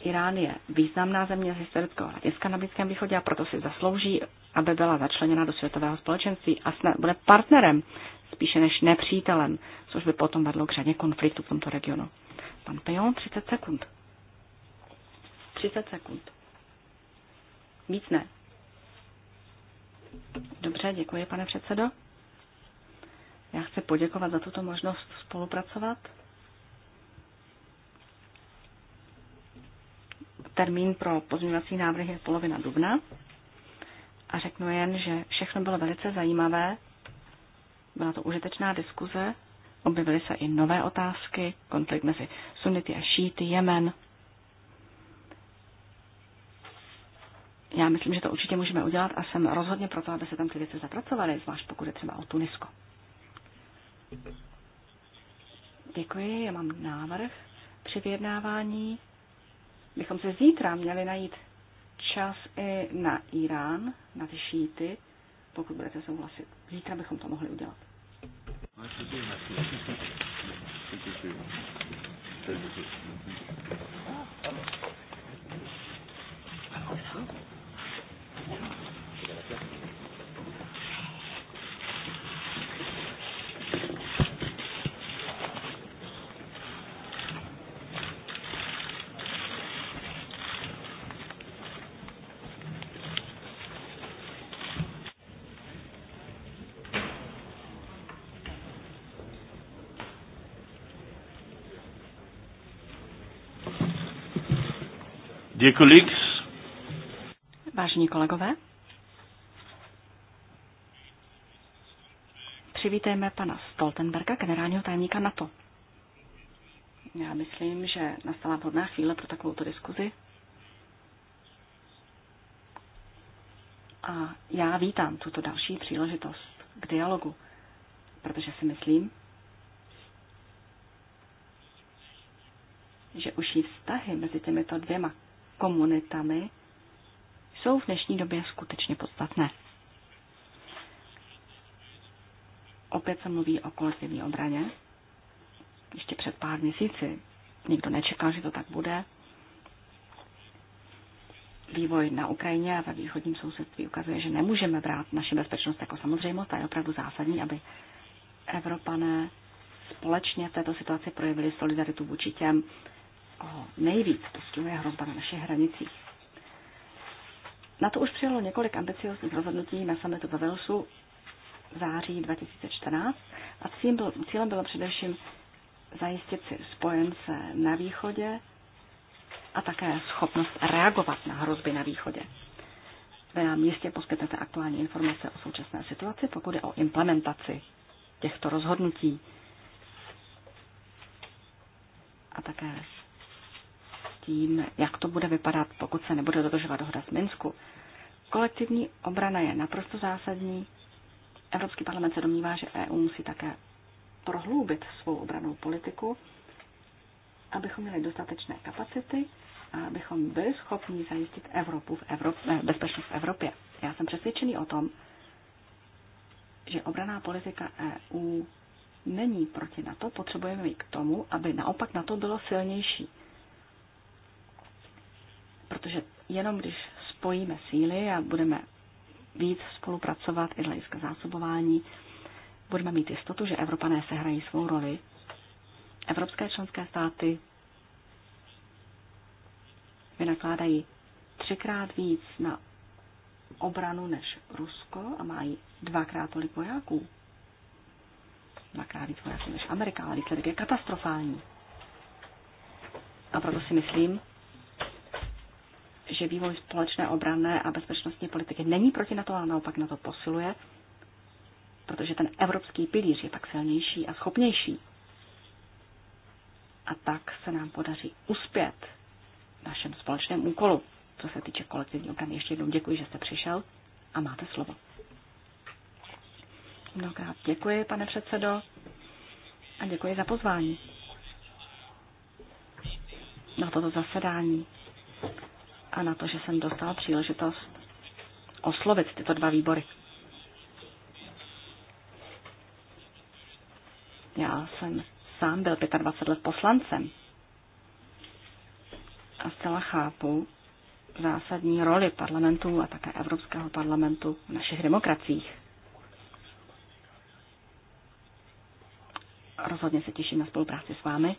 Irán je významná země z historického hlediska na Blízkém východě a proto si zaslouží, aby byla začleněna do světového společenství a bude partnerem spíše než nepřítelem, což by potom vedlo k řadě konfliktu v tomto regionu. Pan Pejo, 30 sekund. 30 sekund. Víc ne. Dobře, děkuji, pane předsedo. Já chci poděkovat za tuto možnost spolupracovat. Termín pro pozměňovací návrh je polovina dubna a řeknu jen, že všechno bylo velice zajímavé byla to užitečná diskuze, objevily se i nové otázky, konflikt mezi sunity a šíty, Jemen. Já myslím, že to určitě můžeme udělat a jsem rozhodně proto, aby se tam ty věci zapracovaly, zvlášť pokud je třeba o Tunisko. Děkuji, já mám návrh. Při vyjednávání bychom se zítra měli najít čas i na Irán, na ty šíty, pokud budete souhlasit. Zítra bychom to mohli udělat. Merci. Merci. Merci. Merci. Merci. Merci. Merci. Merci. Merci. Dear colleagues, Vážení kolegové, přivítejme pana Stoltenberga, generálního tajemníka NATO. Já myslím, že nastala vhodná chvíle pro takovouto diskuzi. A já vítám tuto další příležitost k dialogu, protože si myslím, že užší vztahy mezi těmito dvěma komunitami jsou v dnešní době skutečně podstatné. Opět se mluví o kolektivní obraně. Ještě před pár měsíci nikdo nečekal, že to tak bude. Vývoj na Ukrajině a ve východním sousedství ukazuje, že nemůžeme brát naši bezpečnost jako samozřejmost a je opravdu zásadní, aby Evropané společně v této situaci projevili solidaritu vůči těm, o, nejvíc postihuje hrozba na našich hranicích. Na to už přijalo několik ambiciozních rozhodnutí na sametu ve Velsu v září 2014 a cílem bylo, cílem bylo především zajistit si spojence na východě a také schopnost reagovat na hrozby na východě. Ve nám jistě poskytnete aktuální informace o současné situaci, pokud je o implementaci těchto rozhodnutí a také tím, jak to bude vypadat, pokud se nebude dodržovat dohoda z Minsku. Kolektivní obrana je naprosto zásadní. Evropský parlament se domnívá, že EU musí také prohloubit svou obranou politiku, abychom měli dostatečné kapacity a abychom byli schopni zajistit Evropu v Evrop- eh, bezpečnost v Evropě. Já jsem přesvědčený o tom, že obraná politika EU není proti NATO, potřebujeme ji k tomu, aby naopak NATO bylo silnější protože jenom když spojíme síly a budeme víc spolupracovat i hlediska zásobování, budeme mít jistotu, že Evropané sehrají svou roli. Evropské členské státy vynakládají třikrát víc na obranu než Rusko a mají dvakrát tolik vojáků. Dvakrát víc vojáků než Amerika, ale výsledek je katastrofální. A proto si myslím, že vývoj společné obranné a bezpečnostní politiky není proti NATO, ale naopak na to posiluje, protože ten evropský pilíř je pak silnější a schopnější. A tak se nám podaří uspět v našem společném úkolu, co se týče kolektivní obrany. Ještě jednou děkuji, že jste přišel a máte slovo. Mnohokrát děkuji, pane předsedo, a děkuji za pozvání na toto zasedání a na to, že jsem dostal příležitost oslovit tyto dva výbory. Já jsem sám byl 25 let poslancem a zcela chápu zásadní roli parlamentu a také Evropského parlamentu v našich demokraciích. Rozhodně se těším na spolupráci s vámi.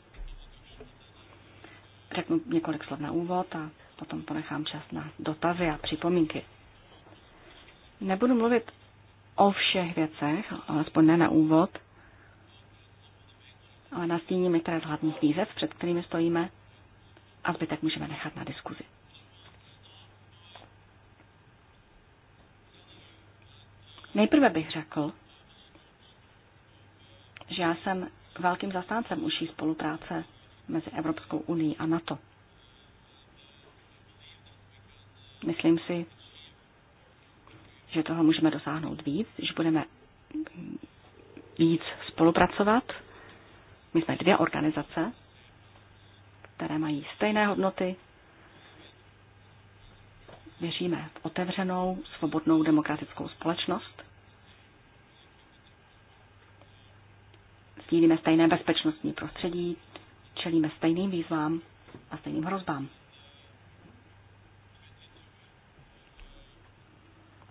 Řeknu několik slov na úvod a Potom ponechám čas na dotazy a připomínky. Nebudu mluvit o všech věcech, alespoň ne na úvod, ale nastíním některé z hlavních výzev, před kterými stojíme, a zbytek můžeme nechat na diskuzi. Nejprve bych řekl, že já jsem velkým zastáncem užší spolupráce mezi Evropskou unii a NATO. Myslím si, že toho můžeme dosáhnout víc, že budeme víc spolupracovat. My jsme dvě organizace, které mají stejné hodnoty. Věříme v otevřenou, svobodnou demokratickou společnost. Sdílíme stejné bezpečnostní prostředí, čelíme stejným výzvám a stejným hrozbám.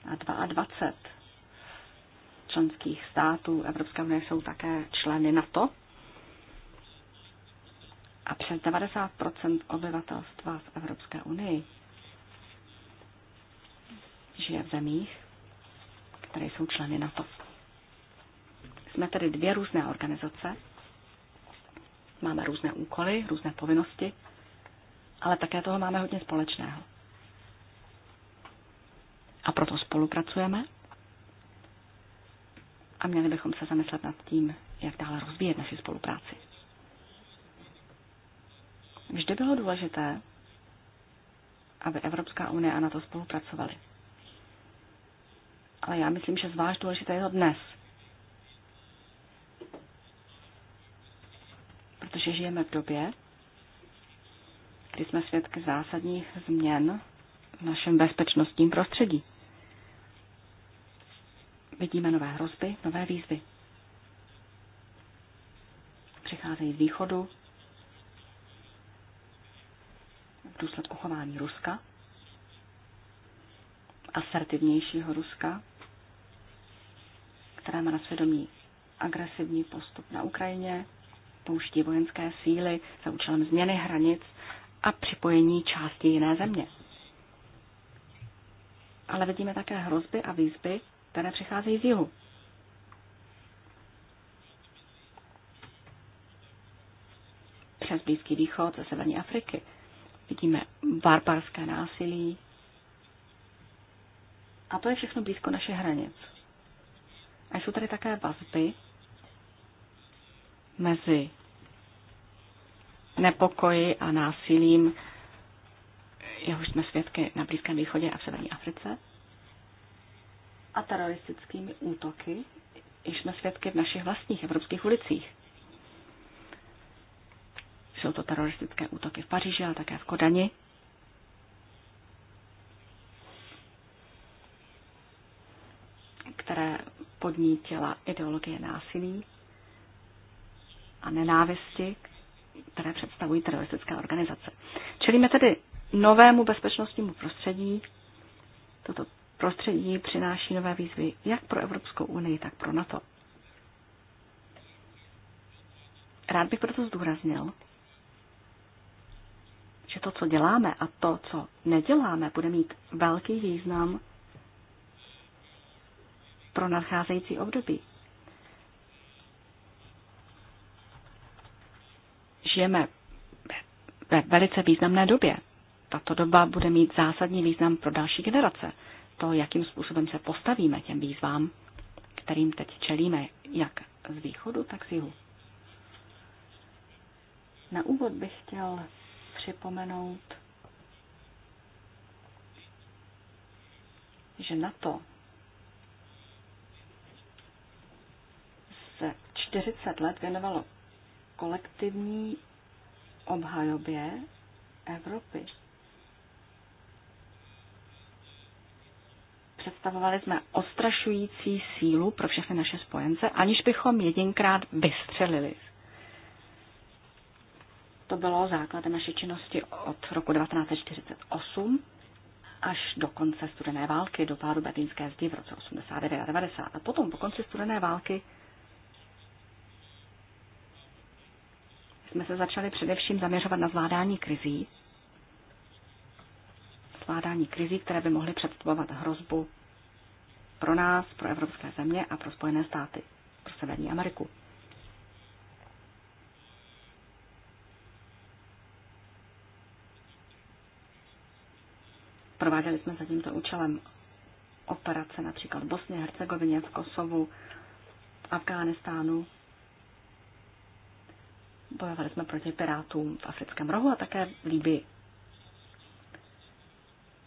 a 22 členských států Evropské unie jsou také členy NATO. A přes 90 obyvatelstva v Evropské unii žije v zemích, které jsou členy NATO. Jsme tedy dvě různé organizace, máme různé úkoly, různé povinnosti, ale také toho máme hodně společného. A proto spolupracujeme a měli bychom se zamyslet nad tím, jak dále rozvíjet naši spolupráci. Vždy bylo důležité, aby Evropská unie a NATO spolupracovali. Ale já myslím, že zvlášť důležité je to dnes. Protože žijeme v době, kdy jsme svědky zásadních změn v našem bezpečnostním prostředí. Vidíme nové hrozby, nové výzvy. Přicházejí z východu v důsledku chování Ruska, asertivnějšího Ruska, která má na svědomí agresivní postup na Ukrajině, pouští vojenské síly za účelem změny hranic a připojení části jiné země. Ale vidíme také hrozby a výzvy, které přicházejí z jihu. Přes Blízký východ ze Severní Afriky vidíme barbarské násilí. A to je všechno blízko našich hranic. A jsou tady také vazby mezi nepokoji a násilím, jehož jsme svědky na Blízkém východě a v Severní Africe a teroristickými útoky, již jsme svědky v našich vlastních evropských ulicích. Jsou to teroristické útoky v Paříži, ale také v Kodani. které podnítila ideologie násilí a nenávisti, které představují teroristické organizace. Čelíme tedy novému bezpečnostnímu prostředí. Toto prostředí přináší nové výzvy jak pro Evropskou unii, tak pro NATO. Rád bych proto zdůraznil, že to, co děláme a to, co neděláme, bude mít velký význam pro nadcházející období. Žijeme ve velice významné době. Tato doba bude mít zásadní význam pro další generace to, jakým způsobem se postavíme těm výzvám, kterým teď čelíme, jak z východu, tak z jihu. Na úvod bych chtěl připomenout, že na to se 40 let věnovalo kolektivní obhajobě Evropy představovali jsme ostrašující sílu pro všechny naše spojence, aniž bychom jedinkrát vystřelili. To bylo základem naší činnosti od roku 1948 až do konce studené války, do pádu Berlínské zdi v roce 89 a 90. A potom po konci studené války jsme se začali především zaměřovat na zvládání krizí zvládání krizí, které by mohly představovat hrozbu pro nás, pro evropské země a pro Spojené státy, pro Severní Ameriku. Prováděli jsme za tímto účelem operace například v Bosně, Hercegovině, v Kosovu, v Afghánistánu. Bojovali jsme proti pirátům v africkém rohu a také v Líbii.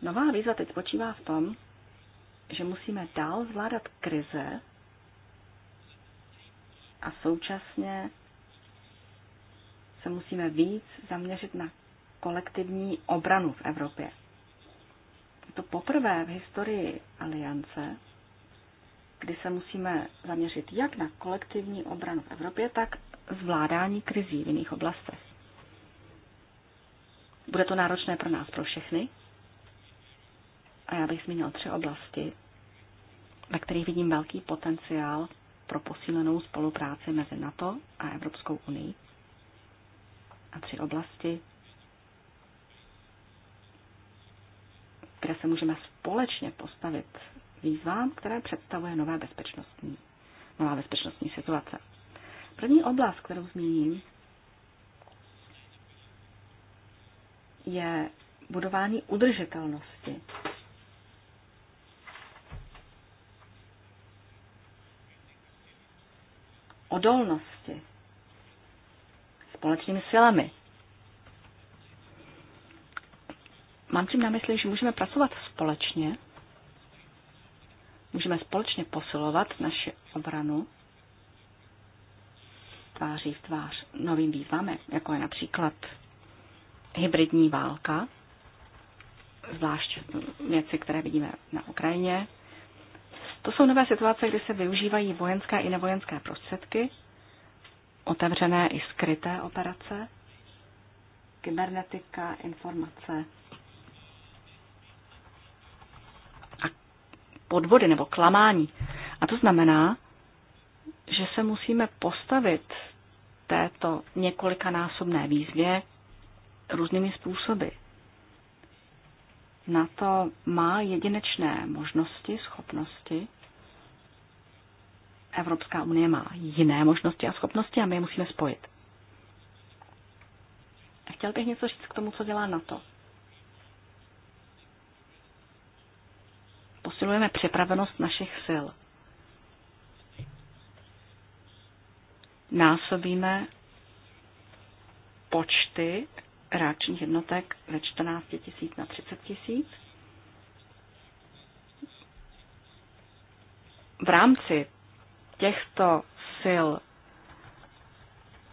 Nová výzva teď spočívá v tom, že musíme dál zvládat krize a současně se musíme víc zaměřit na kolektivní obranu v Evropě. Je to poprvé v historii aliance, kdy se musíme zaměřit jak na kolektivní obranu v Evropě, tak zvládání krizí v jiných oblastech. Bude to náročné pro nás, pro všechny, a já bych zmínil tři oblasti, ve kterých vidím velký potenciál pro posílenou spolupráci mezi NATO a Evropskou unii. A tři oblasti, kde se můžeme společně postavit výzvám, které představuje nová bezpečnostní, nová bezpečnostní situace. První oblast, kterou zmíním, je budování udržitelnosti odolnosti společnými silami. Mám tím na mysli, že můžeme pracovat společně, můžeme společně posilovat naši obranu tváří v tvář novým výzvám, jako je například hybridní válka, zvlášť věci, které vidíme na Ukrajině, to jsou nové situace, kdy se využívají vojenské i nevojenské prostředky, otevřené i skryté operace, kybernetika, informace a podvody nebo klamání. A to znamená, že se musíme postavit této několikanásobné výzvě různými způsoby. Na to má jedinečné možnosti, schopnosti. Evropská unie má jiné možnosti a schopnosti a my je musíme spojit. A chtěl bych něco říct k tomu, co dělá NATO. Posilujeme připravenost našich sil. Násobíme počty reakčních jednotek ve 14 tisíc na 30 tisíc. V rámci těchto sil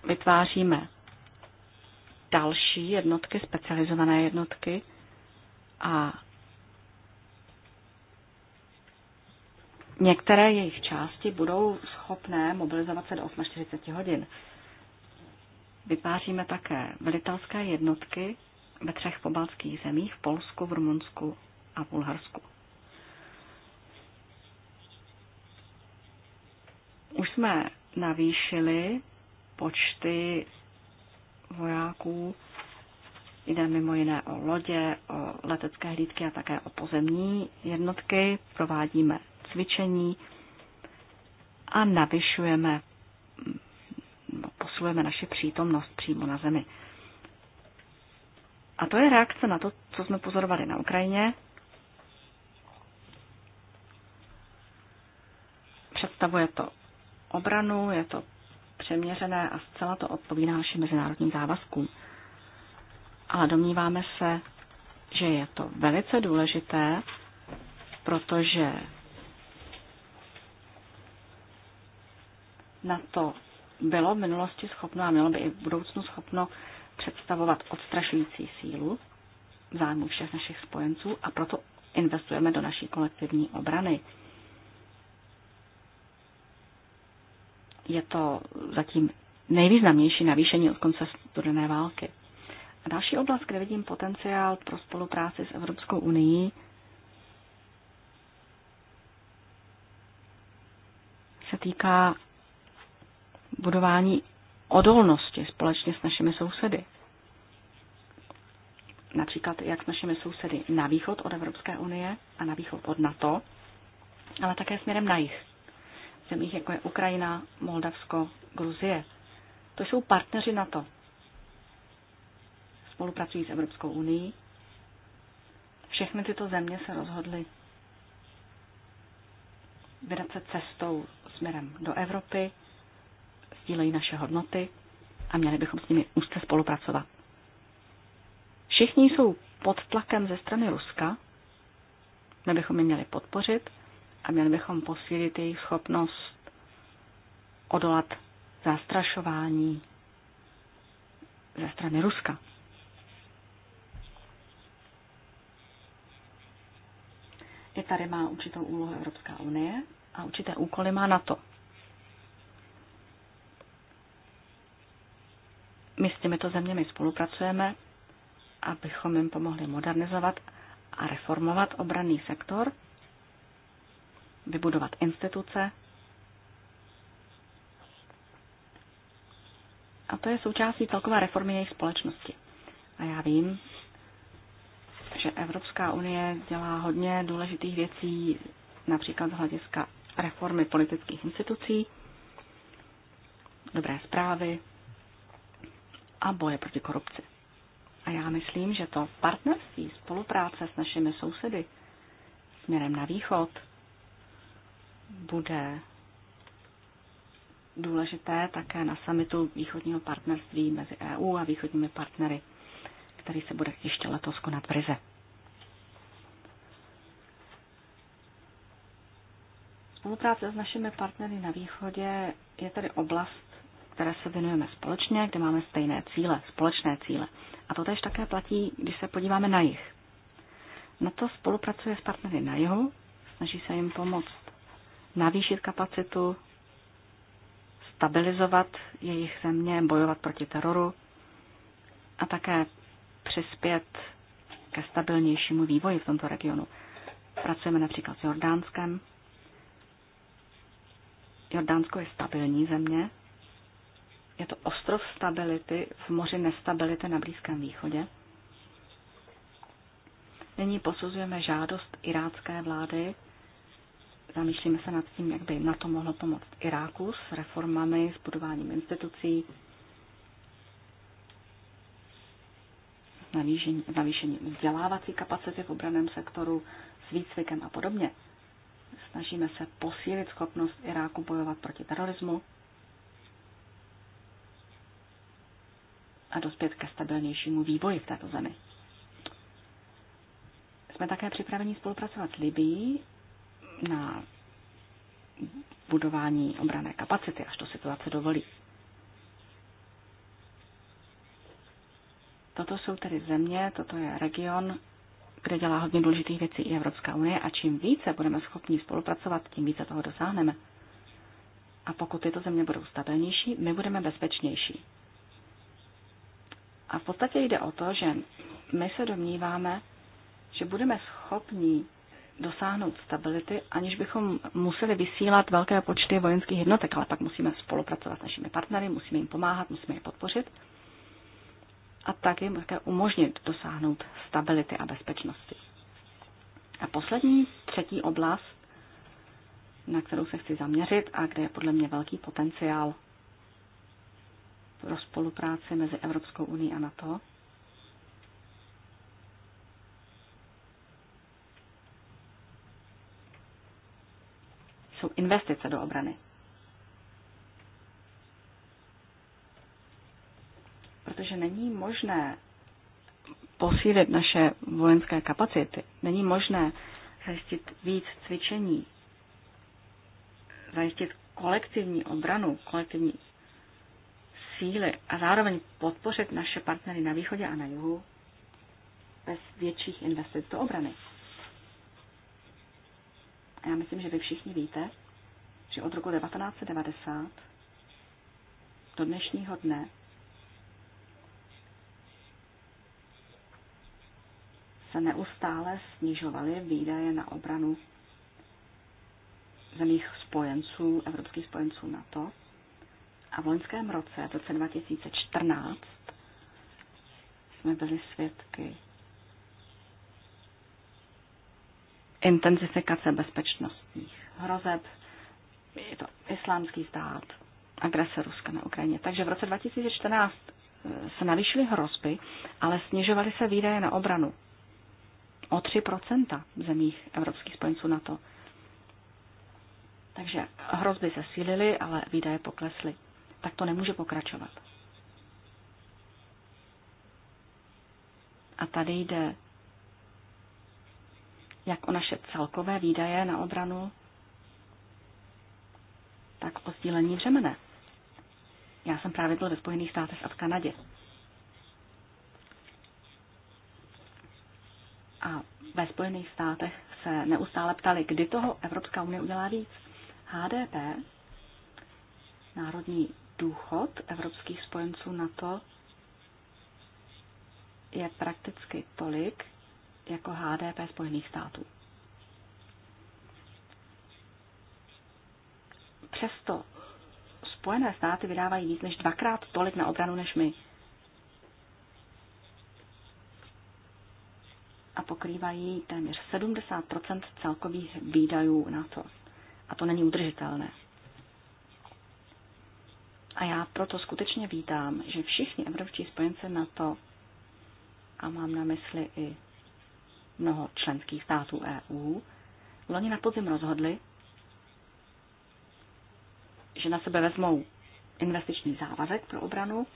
vytváříme další jednotky, specializované jednotky a některé jejich části budou schopné mobilizovat se do 48 hodin. Vytváříme také velitelské jednotky ve třech pobaltských zemích, v Polsku, v Rumunsku a v Bulharsku. Už jsme navýšili počty vojáků. Jde mimo jiné o lodě, o letecké hlídky a také o pozemní jednotky. Provádíme cvičení a navyšujeme posilujeme naše přítomnost přímo na zemi. A to je reakce na to, co jsme pozorovali na Ukrajině. Představuje to obranu, je to přeměřené a zcela to odpovídá našim mezinárodním závazkům. Ale domníváme se, že je to velice důležité, protože na to bylo v minulosti schopno a mělo by i v budoucnu schopno představovat odstrašující sílu v zájmu všech našich spojenců a proto investujeme do naší kolektivní obrany. Je to zatím nejvýznamnější navýšení od konce studené války. A další oblast, kde vidím potenciál pro spolupráci s Evropskou unii, se týká budování odolnosti společně s našimi sousedy. Například jak s našimi sousedy na východ od Evropské unie a na východ od NATO, ale také směrem na jih. Zemích jako je Ukrajina, Moldavsko, Gruzie. To jsou partneři NATO. Spolupracují s Evropskou unii. Všechny tyto země se rozhodly vydat se cestou směrem do Evropy, sdílejí naše hodnoty a měli bychom s nimi úzce spolupracovat. Všichni jsou pod tlakem ze strany Ruska, my bychom je měli podpořit a měli bychom posílit jejich schopnost odolat zastrašování ze strany Ruska. I tady má určitou úlohu Evropská unie a určité úkoly má na to. My s těmito zeměmi spolupracujeme, abychom jim pomohli modernizovat a reformovat obranný sektor, vybudovat instituce. A to je součástí celkové reformy jejich společnosti. A já vím, že Evropská unie dělá hodně důležitých věcí, například z hlediska reformy politických institucí, dobré zprávy, a boje proti korupci. A já myslím, že to partnerství, spolupráce s našimi sousedy směrem na východ bude důležité také na samitu východního partnerství mezi EU a východními partnery, který se bude ještě letos konat v Rize. Spolupráce s našimi partnery na východě je tedy oblast, které se věnujeme společně, kde máme stejné cíle, společné cíle. A to tež také platí, když se podíváme na jich. Na to spolupracuje s partnery na jihu, snaží se jim pomoct navýšit kapacitu, stabilizovat jejich země, bojovat proti teroru a také přispět ke stabilnějšímu vývoji v tomto regionu. Pracujeme například s Jordánskem. Jordánsko je stabilní země, je to ostrov stability v moři nestability na Blízkém východě. Nyní posuzujeme žádost irácké vlády. Zamýšlíme se nad tím, jak by na to mohlo pomoct Iráku s reformami, s budováním institucí, navýšení, navýšením vzdělávací kapacity v obraném sektoru, s výcvikem a podobně. Snažíme se posílit schopnost Iráku bojovat proti terorismu, a dospět ke stabilnějšímu vývoji v této zemi. Jsme také připraveni spolupracovat s Libií na budování obrané kapacity, až to situace dovolí. Toto jsou tedy země, toto je region, kde dělá hodně důležitých věcí i Evropská unie a čím více budeme schopni spolupracovat, tím více toho dosáhneme. A pokud tyto země budou stabilnější, my budeme bezpečnější. A v podstatě jde o to, že my se domníváme, že budeme schopní dosáhnout stability, aniž bychom museli vysílat velké počty vojenských jednotek, ale pak musíme spolupracovat s našimi partnery, musíme jim pomáhat, musíme je podpořit a tak jim také umožnit dosáhnout stability a bezpečnosti. A poslední, třetí oblast, na kterou se chci zaměřit a kde je podle mě velký potenciál pro spolupráci mezi Evropskou unii a NATO. Jsou investice do obrany. Protože není možné posílit naše vojenské kapacity. Není možné zajistit víc cvičení, zajistit kolektivní obranu, kolektivní síly a zároveň podpořit naše partnery na východě a na jihu bez větších investic do obrany. A já myslím, že vy všichni víte, že od roku 1990 do dnešního dne se neustále snižovaly výdaje na obranu zemích spojenců, evropských spojenců NATO. A v loňském roce, v roce 2014, jsme byli svědky intenzifikace bezpečnostních hrozeb, je to islámský stát, agrese Ruska na Ukrajině. Takže v roce 2014 eh, se navýšily hrozby, ale snižovaly se výdaje na obranu o 3% v zemích evropských spojenců to. Takže hrozby sílily, ale výdaje poklesly tak to nemůže pokračovat. A tady jde jak o naše celkové výdaje na obranu, tak o sdílení břemene. Já jsem právě byl ve Spojených státech a v Kanadě. A ve Spojených státech se neustále ptali, kdy toho Evropská unie udělá víc. HDP, národní důchod evropských spojenců to je prakticky tolik jako HDP Spojených států. Přesto Spojené státy vydávají víc než dvakrát tolik na obranu než my. A pokrývají téměř 70 celkových výdajů na to. A to není udržitelné. A já proto skutečně vítám, že všichni evropští na to a mám na mysli i mnoho členských států EU, loni na podzim rozhodli, že na sebe vezmou investiční závazek pro obranu,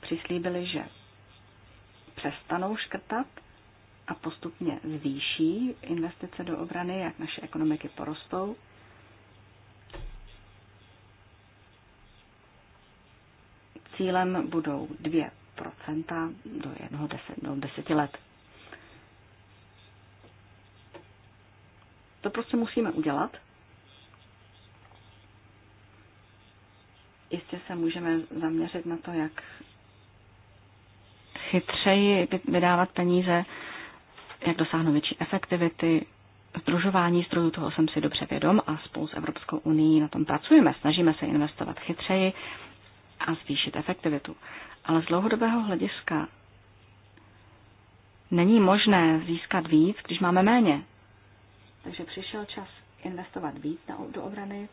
přislíbili, že přestanou škrtat a postupně zvýší investice do obrany, jak naše ekonomiky porostou, Cílem budou 2% do jednoho deset, do deseti let. To prostě musíme udělat. Jistě se můžeme zaměřit na to, jak chytřeji vydávat peníze, jak dosáhnout větší efektivity. Združování zdrojů, toho jsem si dobře vědom a spolu s Evropskou unii na tom pracujeme. Snažíme se investovat chytřeji a zvýšit efektivitu. Ale z dlouhodobého hlediska není možné získat víc, když máme méně. Takže přišel čas investovat víc do obrany,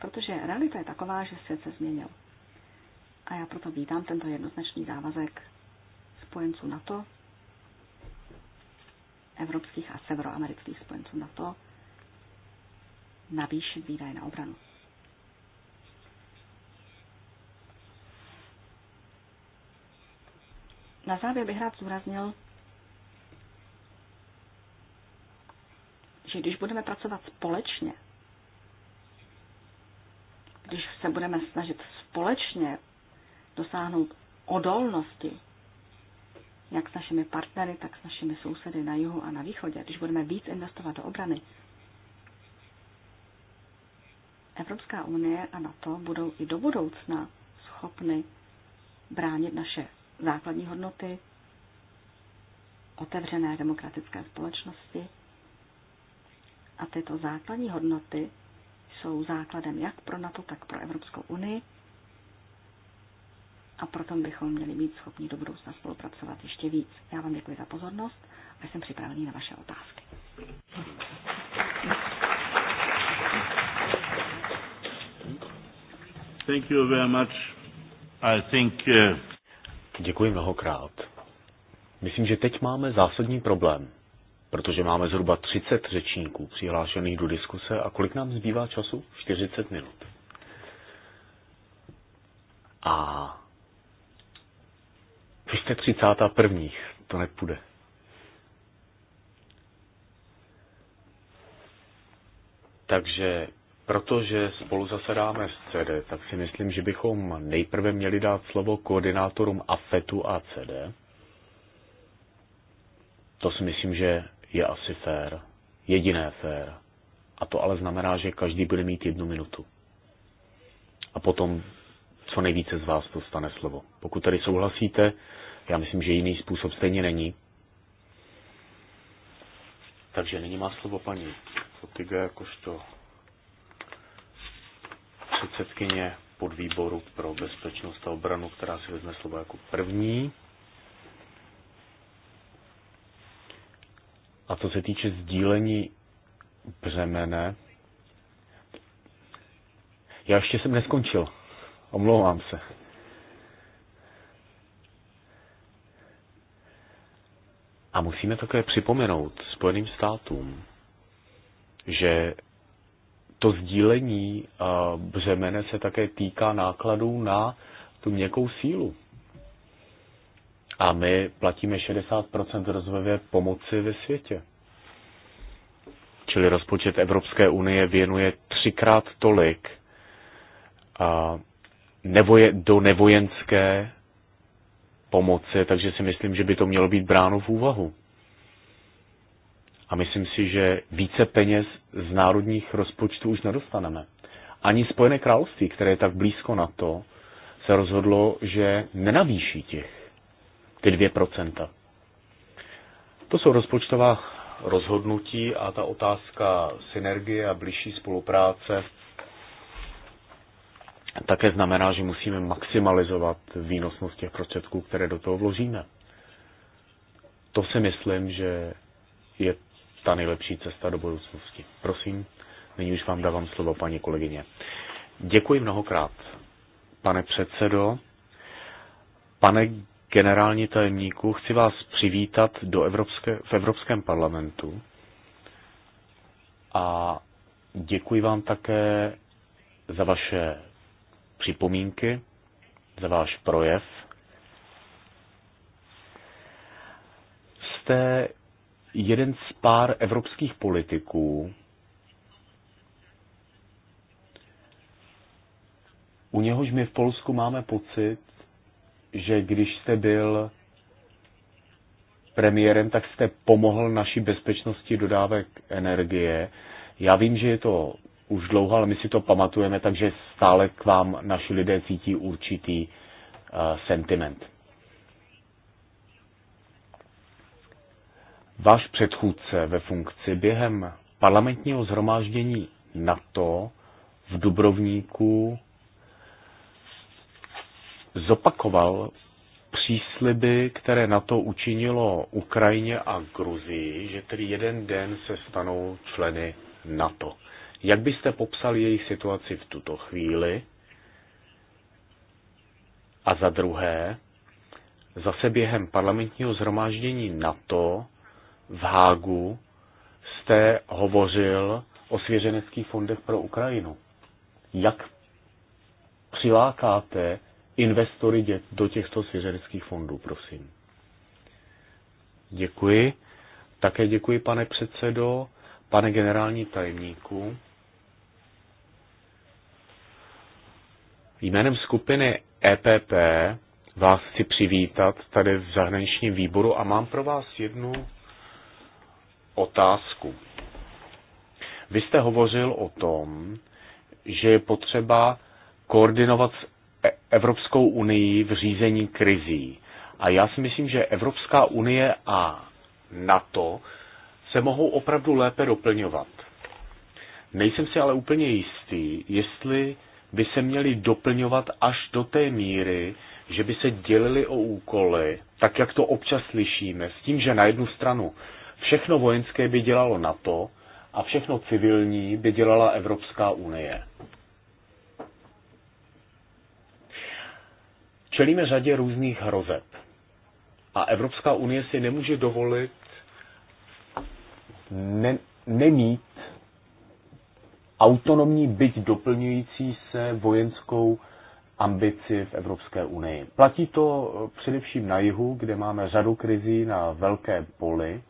protože realita je taková, že svět se změnil. A já proto vítám tento jednoznačný závazek spojenců NATO, evropských a severoamerických spojenců NATO, navýšit výdaje na obranu. Na závěr bych rád zúraznil, že když budeme pracovat společně, když se budeme snažit společně dosáhnout odolnosti, jak s našimi partnery, tak s našimi sousedy na jihu a na východě, když budeme víc investovat do obrany, Evropská unie a NATO budou i do budoucna schopny bránit naše základní hodnoty, otevřené demokratické společnosti. A tyto základní hodnoty jsou základem jak pro NATO, tak pro Evropskou unii. A proto bychom měli být schopni do budoucna spolupracovat ještě víc. Já vám děkuji za pozornost a jsem připravený na vaše otázky. Thank you very much. I think, uh... Děkuji mnohokrát. Myslím, že teď máme zásadní problém, protože máme zhruba 30 řečníků přihlášených do diskuse a kolik nám zbývá času? 40 minut. A vy jste 31. To nepůjde. Takže Protože spolu zasedáme v CD, tak si myslím, že bychom nejprve měli dát slovo koordinátorům AFETu a CD. To si myslím, že je asi fér. Jediné fér. A to ale znamená, že každý bude mít jednu minutu. A potom co nejvíce z vás dostane slovo. Pokud tady souhlasíte, já myslím, že jiný způsob stejně není. Takže nyní má slovo paní Fotiga jakožto předsedkyně podvýboru pro bezpečnost a obranu, která si vezme slovo jako první. A co se týče sdílení břemene, já ještě jsem neskončil. Omlouvám se. A musíme také připomenout Spojeným státům, že to sdílení eh, břemene se také týká nákladů na tu měkkou sílu. A my platíme 60% rozvojové pomoci ve světě. Čili rozpočet Evropské unie věnuje třikrát tolik a nevoje, do nevojenské pomoci, takže si myslím, že by to mělo být bráno v úvahu. A myslím si, že více peněz z národních rozpočtů už nedostaneme. Ani Spojené království, které je tak blízko na to, se rozhodlo, že nenavýší těch, ty 2%. To jsou rozpočtová rozhodnutí a ta otázka synergie a blížší spolupráce také znamená, že musíme maximalizovat výnosnost těch prostředků, které do toho vložíme. To si myslím, že je ta nejlepší cesta do budoucnosti. Prosím, nyní už vám dávám slovo, paní kolegyně. Děkuji mnohokrát, pane předsedo. Pane generální tajemníku, chci vás přivítat do Evropské, v Evropském parlamentu a děkuji vám také za vaše připomínky, za váš projev. Jste jeden z pár evropských politiků, u něhož my v Polsku máme pocit, že když jste byl premiérem, tak jste pomohl naší bezpečnosti dodávek energie. Já vím, že je to už dlouho, ale my si to pamatujeme, takže stále k vám naši lidé cítí určitý uh, sentiment. Váš předchůdce ve funkci během parlamentního zhromáždění NATO v Dubrovníku zopakoval přísliby, které na to učinilo Ukrajině a Gruzii, že tedy jeden den se stanou členy NATO. Jak byste popsal jejich situaci v tuto chvíli? A za druhé, zase během parlamentního zhromáždění NATO v Hágu jste hovořil o svěřeneckých fondech pro Ukrajinu. Jak přilákáte investory do těchto svěřeneckých fondů, prosím? Děkuji. Také děkuji, pane předsedo, pane generální tajemníku. Jménem skupiny EPP vás chci přivítat tady v zahraničním výboru a mám pro vás jednu otázku. Vy jste hovořil o tom, že je potřeba koordinovat s e- Evropskou unii v řízení krizí. A já si myslím, že Evropská unie a NATO se mohou opravdu lépe doplňovat. Nejsem si ale úplně jistý, jestli by se měly doplňovat až do té míry, že by se dělili o úkoly, tak jak to občas slyšíme, s tím, že na jednu stranu Všechno vojenské by dělalo NATO a všechno civilní by dělala Evropská unie. Čelíme řadě různých hrozeb a Evropská unie si nemůže dovolit ne, nemít autonomní, byť doplňující se vojenskou ambici v Evropské unii. Platí to především na jihu, kde máme řadu krizí na velké poli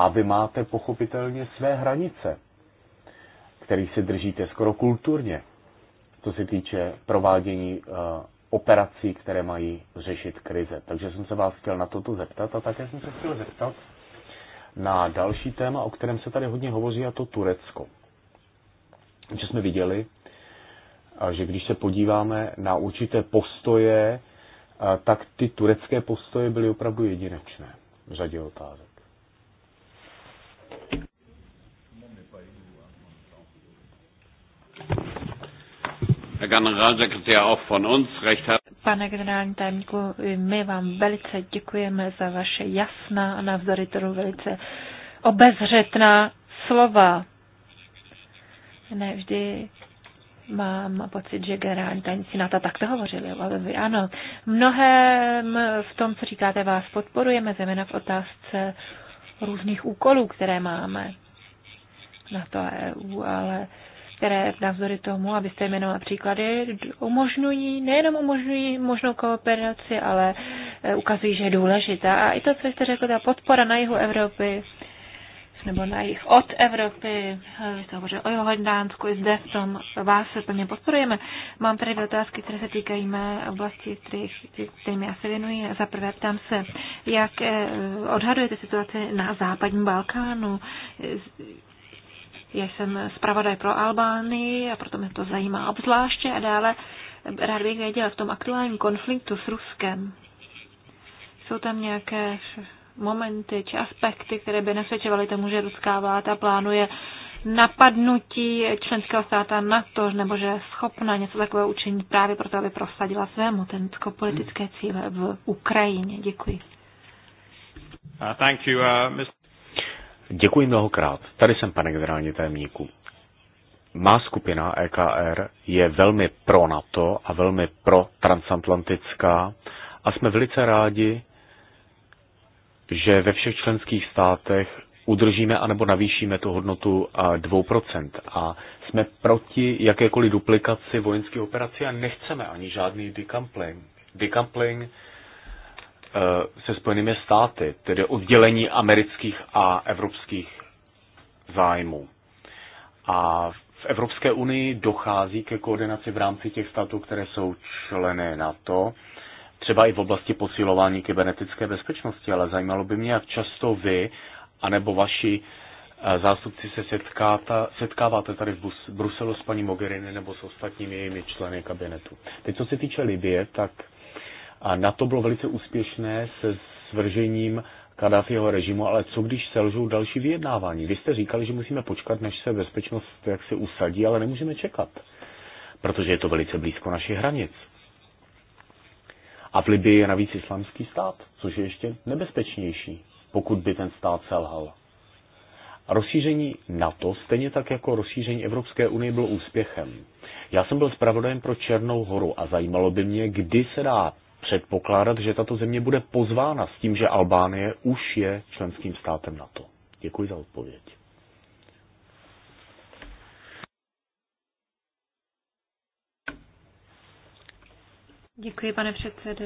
a vy máte pochopitelně své hranice, které se držíte skoro kulturně, co se týče provádění eh, operací, které mají řešit krize. Takže jsem se vás chtěl na toto zeptat a také jsem se chtěl zeptat na další téma, o kterém se tady hodně hovoří, a to Turecko. Že jsme viděli, eh, že když se podíváme na určité postoje, eh, tak ty turecké postoje byly opravdu jedinečné v řadě otázek. Pane generální tajemníku, my vám velice děkujeme za vaše jasná a navzdory tomu velice obezřetná slova. Ne vždy mám pocit, že generální tajemníci na to takto hovořili, ale vy ano. Mnohem v tom, co říkáte, vás podporujeme, zejména v otázce různých úkolů, které máme na to EU, ale které navzory tomu, abyste jmenovala příklady, umožňují, nejenom umožňují možnou kooperaci, ale eh, ukazují, že je důležitá. A i to, co jste řekl, ta podpora na jihu Evropy, nebo na jich od Evropy, vy jste hovořil o Jordánsku, i zde v tom vás se plně podporujeme. Mám tady dvě otázky, které se týkají mé oblasti, kterými já se věnuji. Za prvé ptám se, jak eh, odhadujete situaci na západním Balkánu? Já jsem zpravodaj pro Albánii a proto mě to zajímá obzvláště a dále rád bych věděla v tom aktuálním konfliktu s Ruskem. Jsou tam nějaké momenty či aspekty, které by nasvědčovaly tomu, že ruská vláda plánuje napadnutí členského státa na to, nebo že je schopna něco takového učinit právě proto, aby prosadila své mocensko-politické cíle v Ukrajině. Děkuji. Uh, thank you, uh, Mr. Děkuji mnohokrát. Tady jsem, pane generální tajemníku. Má skupina EKR je velmi pro NATO a velmi pro transatlantická a jsme velice rádi, že ve všech členských státech udržíme anebo navýšíme tu hodnotu 2%. Eh, a jsme proti jakékoliv duplikaci vojenské operace a nechceme ani žádný decoupling. Decoupling eh, se Spojenými státy, tedy oddělení amerických a evropských zájmů. A v Evropské unii dochází ke koordinaci v rámci těch států, které jsou členy NATO třeba i v oblasti posilování kybernetické bezpečnosti, ale zajímalo by mě, jak často vy anebo vaši eh, zástupci se setkáta, setkáváte tady v Bruselu s paní Mogherini nebo s ostatními jejími členy kabinetu. Teď, co se týče Libie, tak na to bylo velice úspěšné se svržením Kadáfiho režimu, ale co když selžou další vyjednávání? Vy jste říkali, že musíme počkat, než se bezpečnost jak se usadí, ale nemůžeme čekat, protože je to velice blízko našich hranic. A v Libii je navíc islamský stát, což je ještě nebezpečnější, pokud by ten stát selhal. Rozšíření NATO, stejně tak jako rozšíření Evropské unie, bylo úspěchem. Já jsem byl zpravodajem pro Černou horu a zajímalo by mě, kdy se dá předpokládat, že tato země bude pozvána s tím, že Albánie už je členským státem NATO. Děkuji za odpověď. Děkuji, pane předsedo.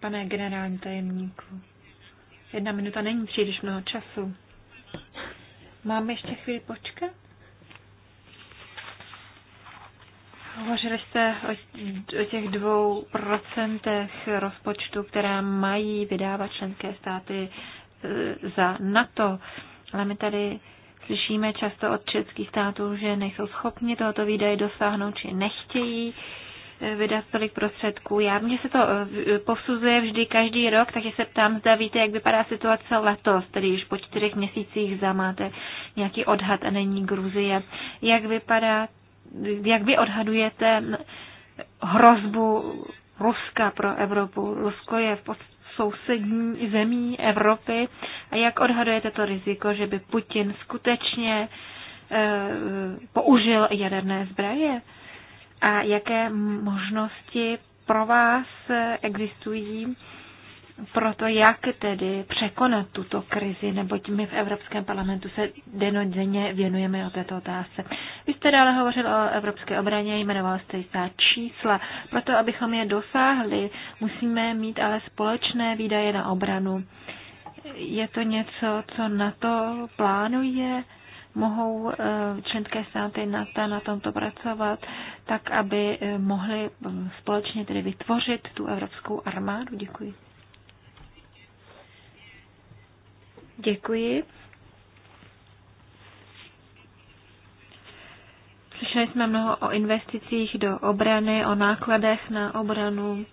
Pane generální tajemníku, jedna minuta není příliš mnoho času. Máme ještě chvíli počkat? Hovořili jste o, těch dvou procentech rozpočtu, která mají vydávat členské státy e, za NATO, ale my tady Slyšíme často od českých států, že nejsou schopni tohoto výdaje dosáhnout, či nechtějí eh, vydat tolik prostředků. Já vím, že se to eh, eh, posuzuje vždy každý rok, takže se ptám, zda víte, jak vypadá situace letos, tedy již po čtyřech měsících zamáte nějaký odhad a není Gruzie. Jak vypadá, jak vy odhadujete hm, hrozbu Ruska pro Evropu? Rusko je v podstatě sousední zemí Evropy a jak odhadujete to riziko, že by Putin skutečně eh, použil jaderné zbraně a jaké možnosti pro vás eh, existují pro to, jak tedy překonat tuto krizi, neboť my v Evropském parlamentu se denodzeně věnujeme o této otázce. Vy jste dále hovořil o evropské obraně, jmenoval jste jistá čísla. Proto, abychom je dosáhli, musíme mít ale společné výdaje na obranu. Je to něco, co na to plánuje? Mohou eh, členské státy NATO na tomto pracovat, tak aby eh, mohli eh, společně tedy vytvořit tu evropskou armádu? Děkuji. Děkuji. Slyšeli jsme mnoho o investicích do obrany, o nákladech na obranu.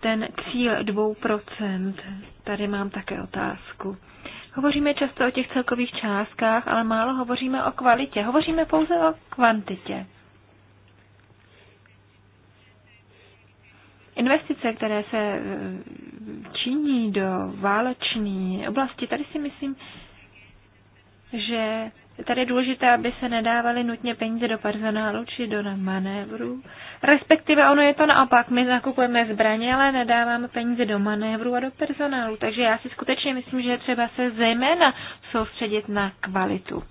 Ten cíl 2%, tady mám také otázku. Hovoříme často o těch celkových částkách, ale málo hovoříme o kvalitě. Hovoříme pouze o kvantitě. Investice, které se činí do váleční oblasti, tady si myslím, že tady je důležité, aby se nedávaly nutně peníze do personálu či do manévru. Respektive ono je to naopak. My nakupujeme zbraně, ale nedáváme peníze do manévru a do personálu. Takže já si skutečně myslím, že je třeba se zejména soustředit na kvalitu.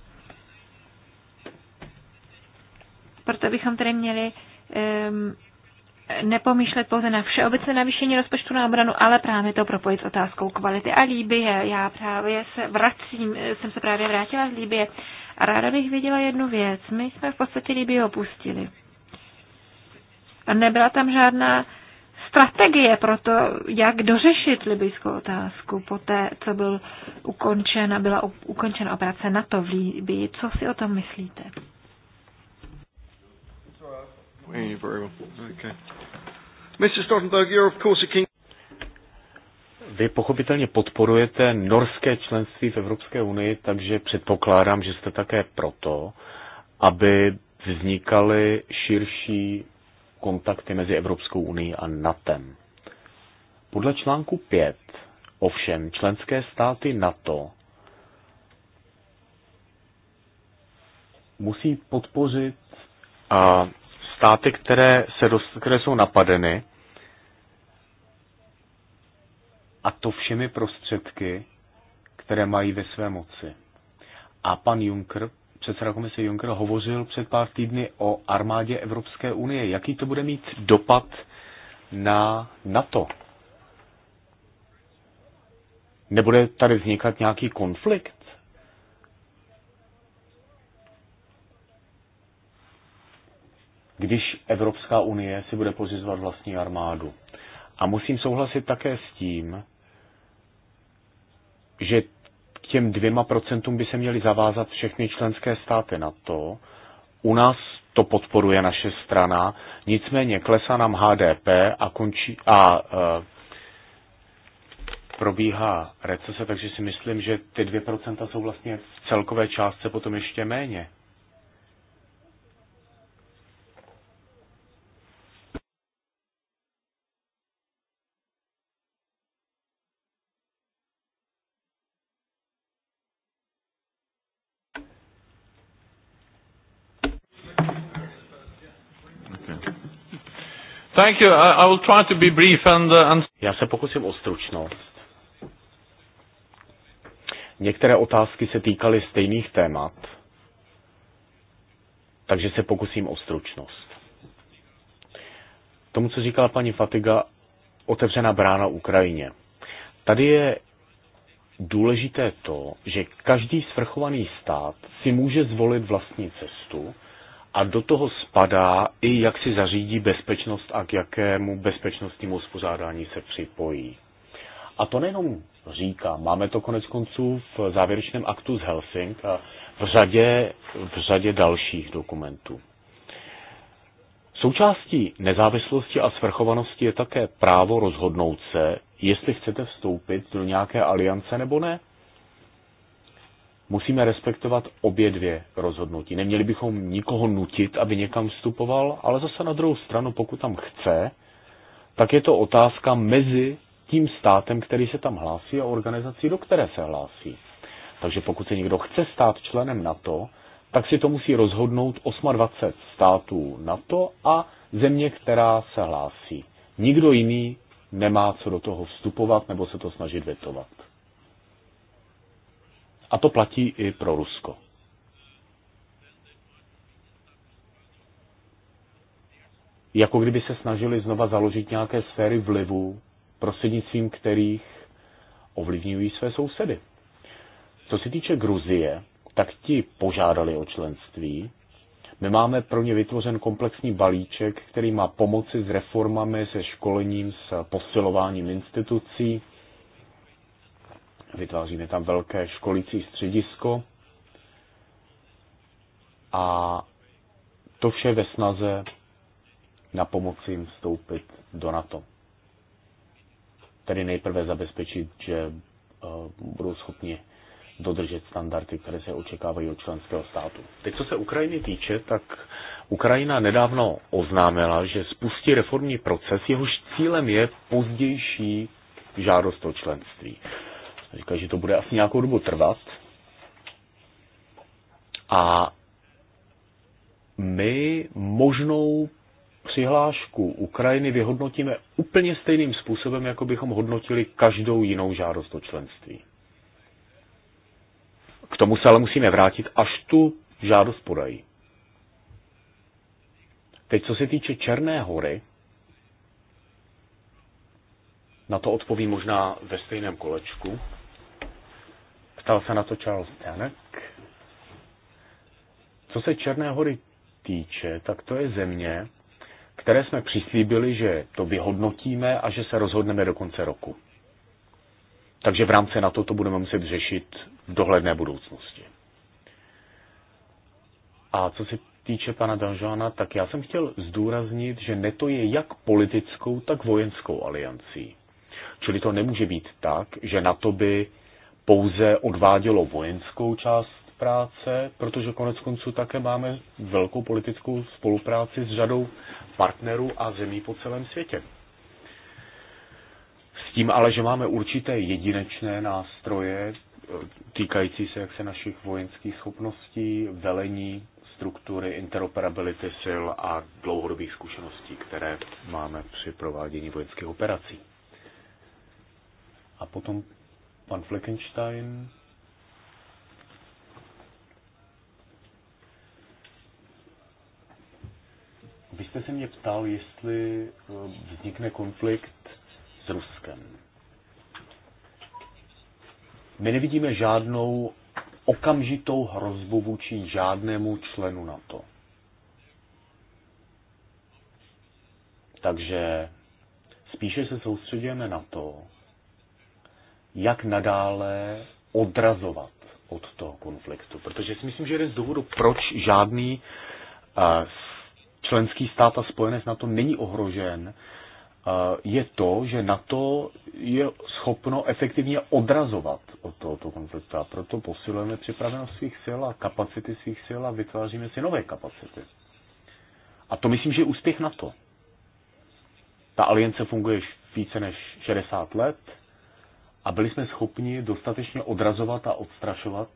Proto bychom tady měli um, nepomýšlet pouze na všeobecné navýšení rozpočtu na obranu, ale právě to propojit s otázkou kvality a Líbie. Já právě se vracím, jsem se právě vrátila z Líbie a ráda bych viděla jednu věc. My jsme v podstatě Líbii opustili. A nebyla tam žádná strategie pro to, jak dořešit libijskou otázku po té, co byl ukončena, byla ukončena operace NATO v Líbii. Co si o tom myslíte? Yeah, very well. Okay. Mr. Stoltenberg, you're of course a king. Vy pochopitelně podporujete norské členství v Evropské unii, takže předpokládám, že jste také proto, aby vznikaly širší kontakty mezi Evropskou unii a NATEM. Podle článku 5 ovšem členské státy NATO musí podpořit a státy, které, se dost, které jsou napadeny, a to všemi prostředky, které mají ve své moci. A pan Juncker, předseda komise Juncker, hovořil před pár týdny o armádě Evropské unie. Jaký to bude mít dopad na NATO? Nebude tady vznikat nějaký konflikt? když Evropská unie si bude pořizovat vlastní armádu. A musím souhlasit také s tím, že k těm dvěma procentům by se měly zavázat všechny členské státy na to. U nás to podporuje naše strana, nicméně klesá nám HDP a, končí, a e, probíhá recese, takže si myslím, že ty 2% jsou vlastně v celkové částce potom ještě méně. Thank you. I, I will try to be brief and, uh, and... Já se pokusím o stručnost. Některé otázky se týkaly stejných témat, takže se pokusím o stručnost. Tomu, co říkala paní Fatiga, otevřená brána Ukrajině. Tady je důležité to, že každý svrchovaný stát si může zvolit vlastní cestu, a do toho spadá i jak si zařídí bezpečnost a k jakému bezpečnostnímu uspořádání se připojí. A to nejenom říká, máme to konec konců v závěrečném aktu z Helsing a v řadě, v řadě dalších dokumentů. Součástí nezávislosti a svrchovanosti je také právo rozhodnout se, jestli chcete vstoupit do nějaké aliance nebo ne musíme respektovat obě dvě rozhodnutí. Neměli bychom nikoho nutit, aby někam vstupoval, ale zase na druhou stranu, pokud tam chce, tak je to otázka mezi tím státem, který se tam hlásí a organizací, do které se hlásí. Takže pokud se někdo chce stát členem NATO, tak si to musí rozhodnout 28 států NATO a země, která se hlásí. Nikdo jiný nemá co do toho vstupovat nebo se to snažit vetovat. A to platí i pro Rusko. Jako kdyby se snažili znova založit nějaké sféry vlivu, prostřednictvím kterých ovlivňují své sousedy. Co se týče Gruzie, tak ti požádali o členství. My máme pro ně vytvořen komplexní balíček, který má pomoci s reformami, se školením, s posilováním institucí, vytváříme tam velké školící středisko a to vše ve snaze na pomoci jim vstoupit do NATO. Tedy nejprve zabezpečit, že eh, budou schopni dodržet standardy, které se očekávají od členského státu. Teď, co se Ukrajiny týče, tak Ukrajina nedávno oznámila, že spustí reformní proces, jehož cílem je pozdější žádost o členství. Říká, že to bude asi nějakou dobu trvat. A my možnou přihlášku Ukrajiny vyhodnotíme úplně stejným způsobem, jako bychom hodnotili každou jinou žádost o členství. K tomu se ale musíme vrátit, až tu žádost podají. Teď, co se týče Černé hory, na to odpovím možná ve stejném kolečku. Ptal se na to Charles Tanek. Co se Černé hory týče, tak to je země, které jsme přislíbili, že to vyhodnotíme a že se rozhodneme do konce roku. Takže v rámci na to to budeme muset řešit v dohledné budoucnosti. A co se týče pana Danžána, tak já jsem chtěl zdůraznit, že neto je jak politickou, tak vojenskou aliancí. Čili to nemůže být tak, že na to by pouze odvádělo vojenskou část práce, protože konec konců také máme velkou politickou spolupráci s řadou partnerů a zemí po celém světě. S tím ale, že máme určité jedinečné nástroje e, týkající se jak se našich vojenských schopností, velení, struktury, interoperability sil a dlouhodobých zkušeností, které máme při provádění vojenských operací. A potom Pan Fleckenstein. Vy jste se mě ptal, jestli eh, vznikne konflikt s Ruskem. My nevidíme žádnou okamžitou hrozbu vůči žádnému členu NATO. Takže spíše se soustředíme na to, jak nadále odrazovat od toho konfliktu. Protože si myslím, že jeden z důvodů, proč žádný eh, členský stát a spojenec na to není ohrožen, eh, je to, že na to je schopno efektivně odrazovat od tohoto konfliktu a proto posilujeme připravenost svých sil a kapacity svých sil a vytváříme si nové kapacity. A to myslím, že je úspěch to. Ta aliance funguje více než 60 let, a byli jsme schopni dostatečně odrazovat a odstrašovat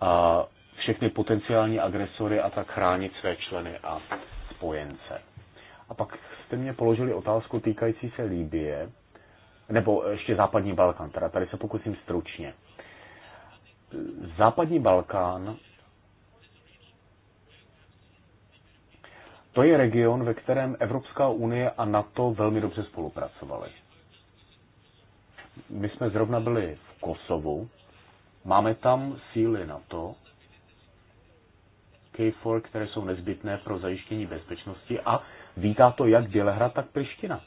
a všechny potenciální agresory a tak chránit své členy a spojence. A pak jste mě položili otázku týkající se Líbie, nebo ještě Západní Balkán, teda tady se pokusím stručně. Západní Balkán to je region, ve kterém Evropská unie a NATO velmi dobře spolupracovaly. My jsme zrovna byli v Kosovu, máme tam síly na to, K4, které jsou nezbytné pro zajištění bezpečnosti a vítá to jak Bělehrad, tak Priština.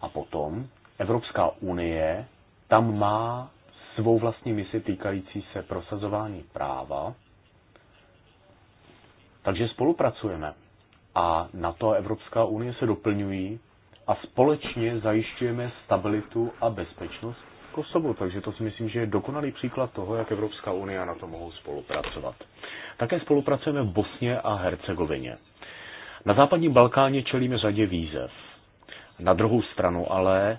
A potom Evropská unie tam má svou vlastní misi týkající se prosazování práva, takže spolupracujeme. A na to Evropská unie se doplňují a společně zajišťujeme stabilitu a bezpečnost v Kosovu. Takže to si myslím, že je dokonalý příklad toho, jak Evropská unie na to mohou spolupracovat. Také spolupracujeme v Bosně a Hercegovině. Na západním Balkáně čelíme řadě výzev. Na druhou stranu ale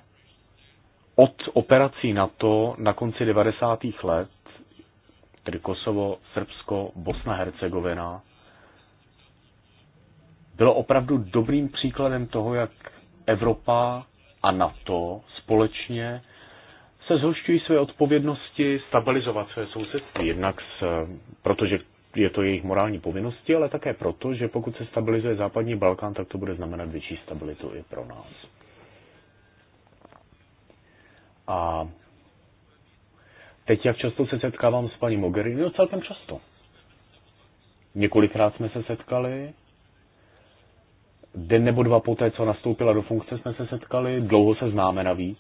od operací NATO na konci 90. let, tedy Kosovo, Srbsko, Bosna, Hercegovina, bylo opravdu dobrým příkladem toho, jak Evropa a NATO společně se zhošťují své odpovědnosti stabilizovat své sousedství, jednak s, eh, protože je to jejich morální povinnosti, ale také proto, že pokud se stabilizuje západní Balkán, tak to bude znamenat větší stabilitu i pro nás. A teď, jak často se setkávám s paní Mogherini? No celkem často. Několikrát jsme se setkali, den nebo dva poté, co nastoupila do funkce, jsme se setkali, dlouho se známe navíc,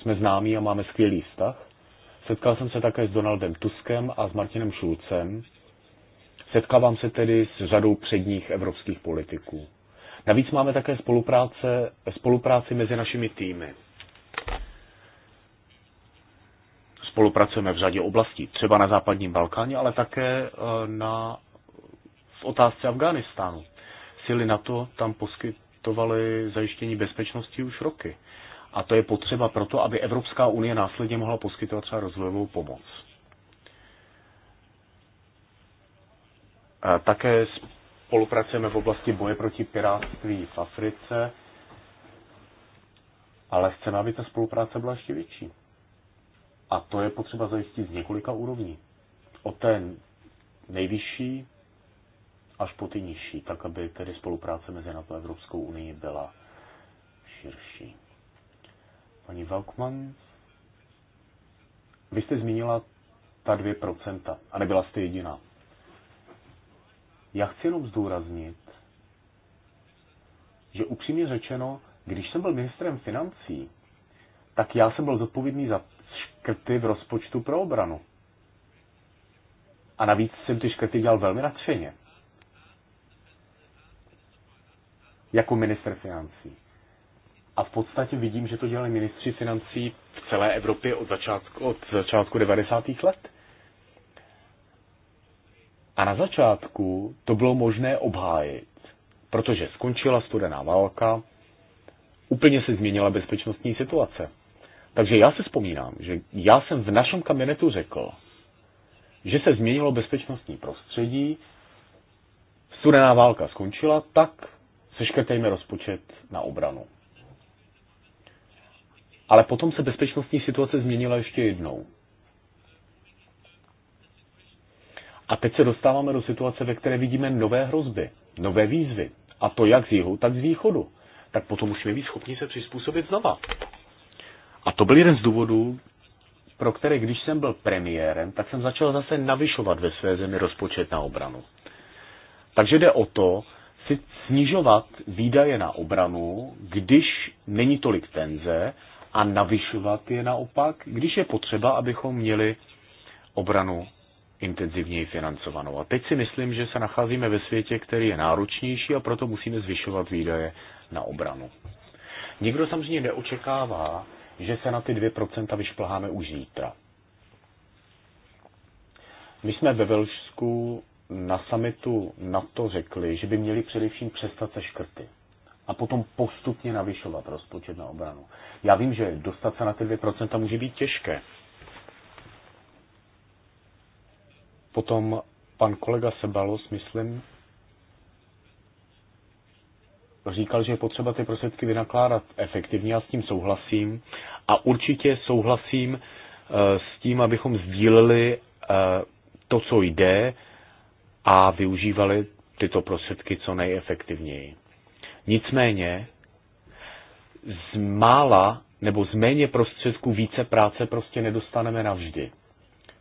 jsme známí a máme skvělý vztah. Setkal jsem se také s Donaldem Tuskem a s Martinem Šulcem. Setkávám se tedy s řadou předních evropských politiků. Navíc máme také spolupráce, spolupráci mezi našimi týmy. Spolupracujeme v řadě oblastí, třeba na západním Balkáně, ale také eh, na, v otázce Afghánistánu. Síly to tam poskytovaly zajištění bezpečnosti už roky. A to je potřeba proto, aby Evropská unie následně mohla poskytovat třeba rozvojovou pomoc. A také spolupracujeme v oblasti boje proti pirátství v Africe, ale chceme, aby ta spolupráce byla ještě větší. A to je potřeba zajistit z několika úrovní. O ten nejvyšší až po ty nižší, tak aby tedy spolupráce mezi NATO a Evropskou unii byla širší. Paní Valkman, vy jste zmínila ta 2% a nebyla jste jediná. Já chci jenom zdůraznit, že upřímně řečeno, když jsem byl ministrem financí, tak já jsem byl zodpovědný za škrty v rozpočtu pro obranu. A navíc jsem ty škrty dělal velmi nadšeně. jako minister financí. A v podstatě vidím, že to dělali ministři financí v celé Evropě od začátku, od začátku 90. let. A na začátku to bylo možné obhájit, protože skončila studená válka, úplně se změnila bezpečnostní situace. Takže já se vzpomínám, že já jsem v našem kabinetu řekl, že se změnilo bezpečnostní prostředí, studená válka skončila, tak seškrtejme rozpočet na obranu. Ale potom se bezpečnostní situace změnila ještě jednou. A teď se dostáváme do situace, ve které vidíme nové hrozby, nové výzvy. A to jak z jihu, tak z východu. Tak potom musíme být schopni se přizpůsobit znova. A to byl jeden z důvodů, pro které, když jsem byl premiérem, tak jsem začal zase navyšovat ve své zemi rozpočet na obranu. Takže jde o to, si snižovat výdaje na obranu, když není tolik tenze, a navyšovat je naopak, když je potřeba, abychom měli obranu intenzivněji financovanou. A teď si myslím, že se nacházíme ve světě, který je náročnější a proto musíme zvyšovat výdaje na obranu. Nikdo samozřejmě neočekává, že se na ty 2% vyšplháme už zítra. My jsme ve Velšsku na samitu NATO řekli, že by měli především přestat se škrty a potom postupně navyšovat rozpočet na obranu. Já vím, že dostat se na ty 2% může být těžké. Potom pan kolega Sebalos, myslím, říkal, že je potřeba ty prostředky vynakládat efektivně, já s tím souhlasím a určitě souhlasím eh, s tím, abychom sdíleli eh, to, co jde, a využívali tyto prostředky co nejefektivněji. Nicméně z mála nebo z méně prostředků více práce prostě nedostaneme navždy.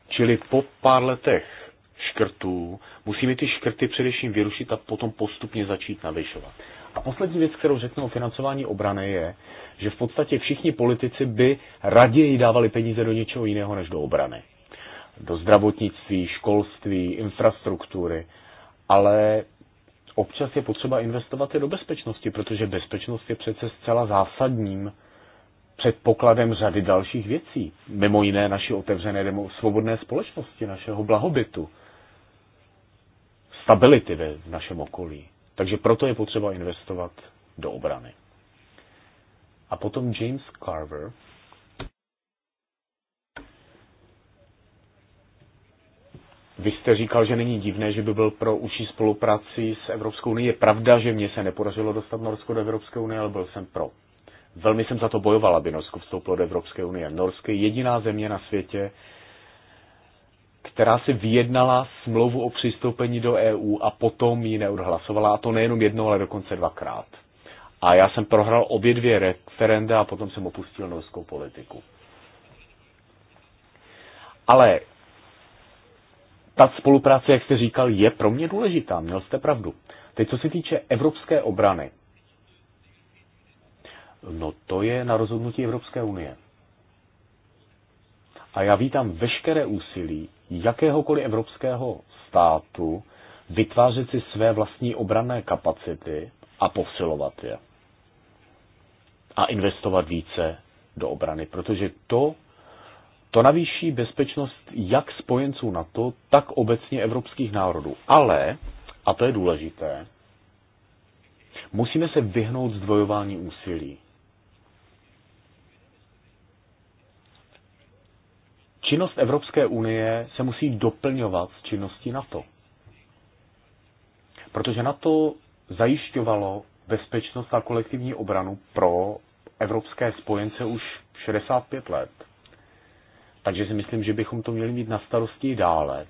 Čili po pár letech škrtů musíme ty škrty především vyrušit a potom postupně začít navyšovat. A poslední věc, kterou řeknu o financování obrany, je, že v podstatě všichni politici by raději dávali peníze do něčeho jiného než do obrany do zdravotnictví, školství, infrastruktury, ale občas je potřeba investovat i do bezpečnosti, protože bezpečnost je přece zcela zásadním předpokladem řady dalších věcí. Mimo jiné naší otevřené demo, svobodné společnosti, našeho blahobytu, stability ve, v našem okolí. Takže proto je potřeba investovat do obrany. A potom James Carver Vy jste říkal, že není divné, že by byl pro užší spolupráci s Evropskou unii. Je pravda, že mě se nepodařilo dostat Norsko do Evropské unie, ale byl jsem pro. Velmi jsem za to bojoval, aby Norsko vstoupilo do Evropské unie. Norsko je jediná země na světě, která si vyjednala smlouvu o přistoupení do EU a potom ji neodhlasovala, a to nejenom jednou, ale dokonce dvakrát. A já jsem prohrál obě dvě referenda a potom jsem opustil norskou politiku. Ale ta spolupráce, jak jste říkal, je pro mě důležitá. Měl jste pravdu. Teď, co se týče evropské obrany, no to je na rozhodnutí Evropské unie. A já vítám veškeré úsilí jakéhokoliv evropského státu vytvářet si své vlastní obranné kapacity a posilovat je. A investovat více do obrany, protože to to navýší bezpečnost jak spojenců NATO, tak obecně evropských národů. Ale, a to je důležité, musíme se vyhnout zdvojování úsilí. Činnost Evropské unie se musí doplňovat s činností NATO. Protože NATO zajišťovalo bezpečnost a kolektivní obranu pro evropské spojence už 65 let. Takže si myslím, že bychom to měli mít na starosti i dále.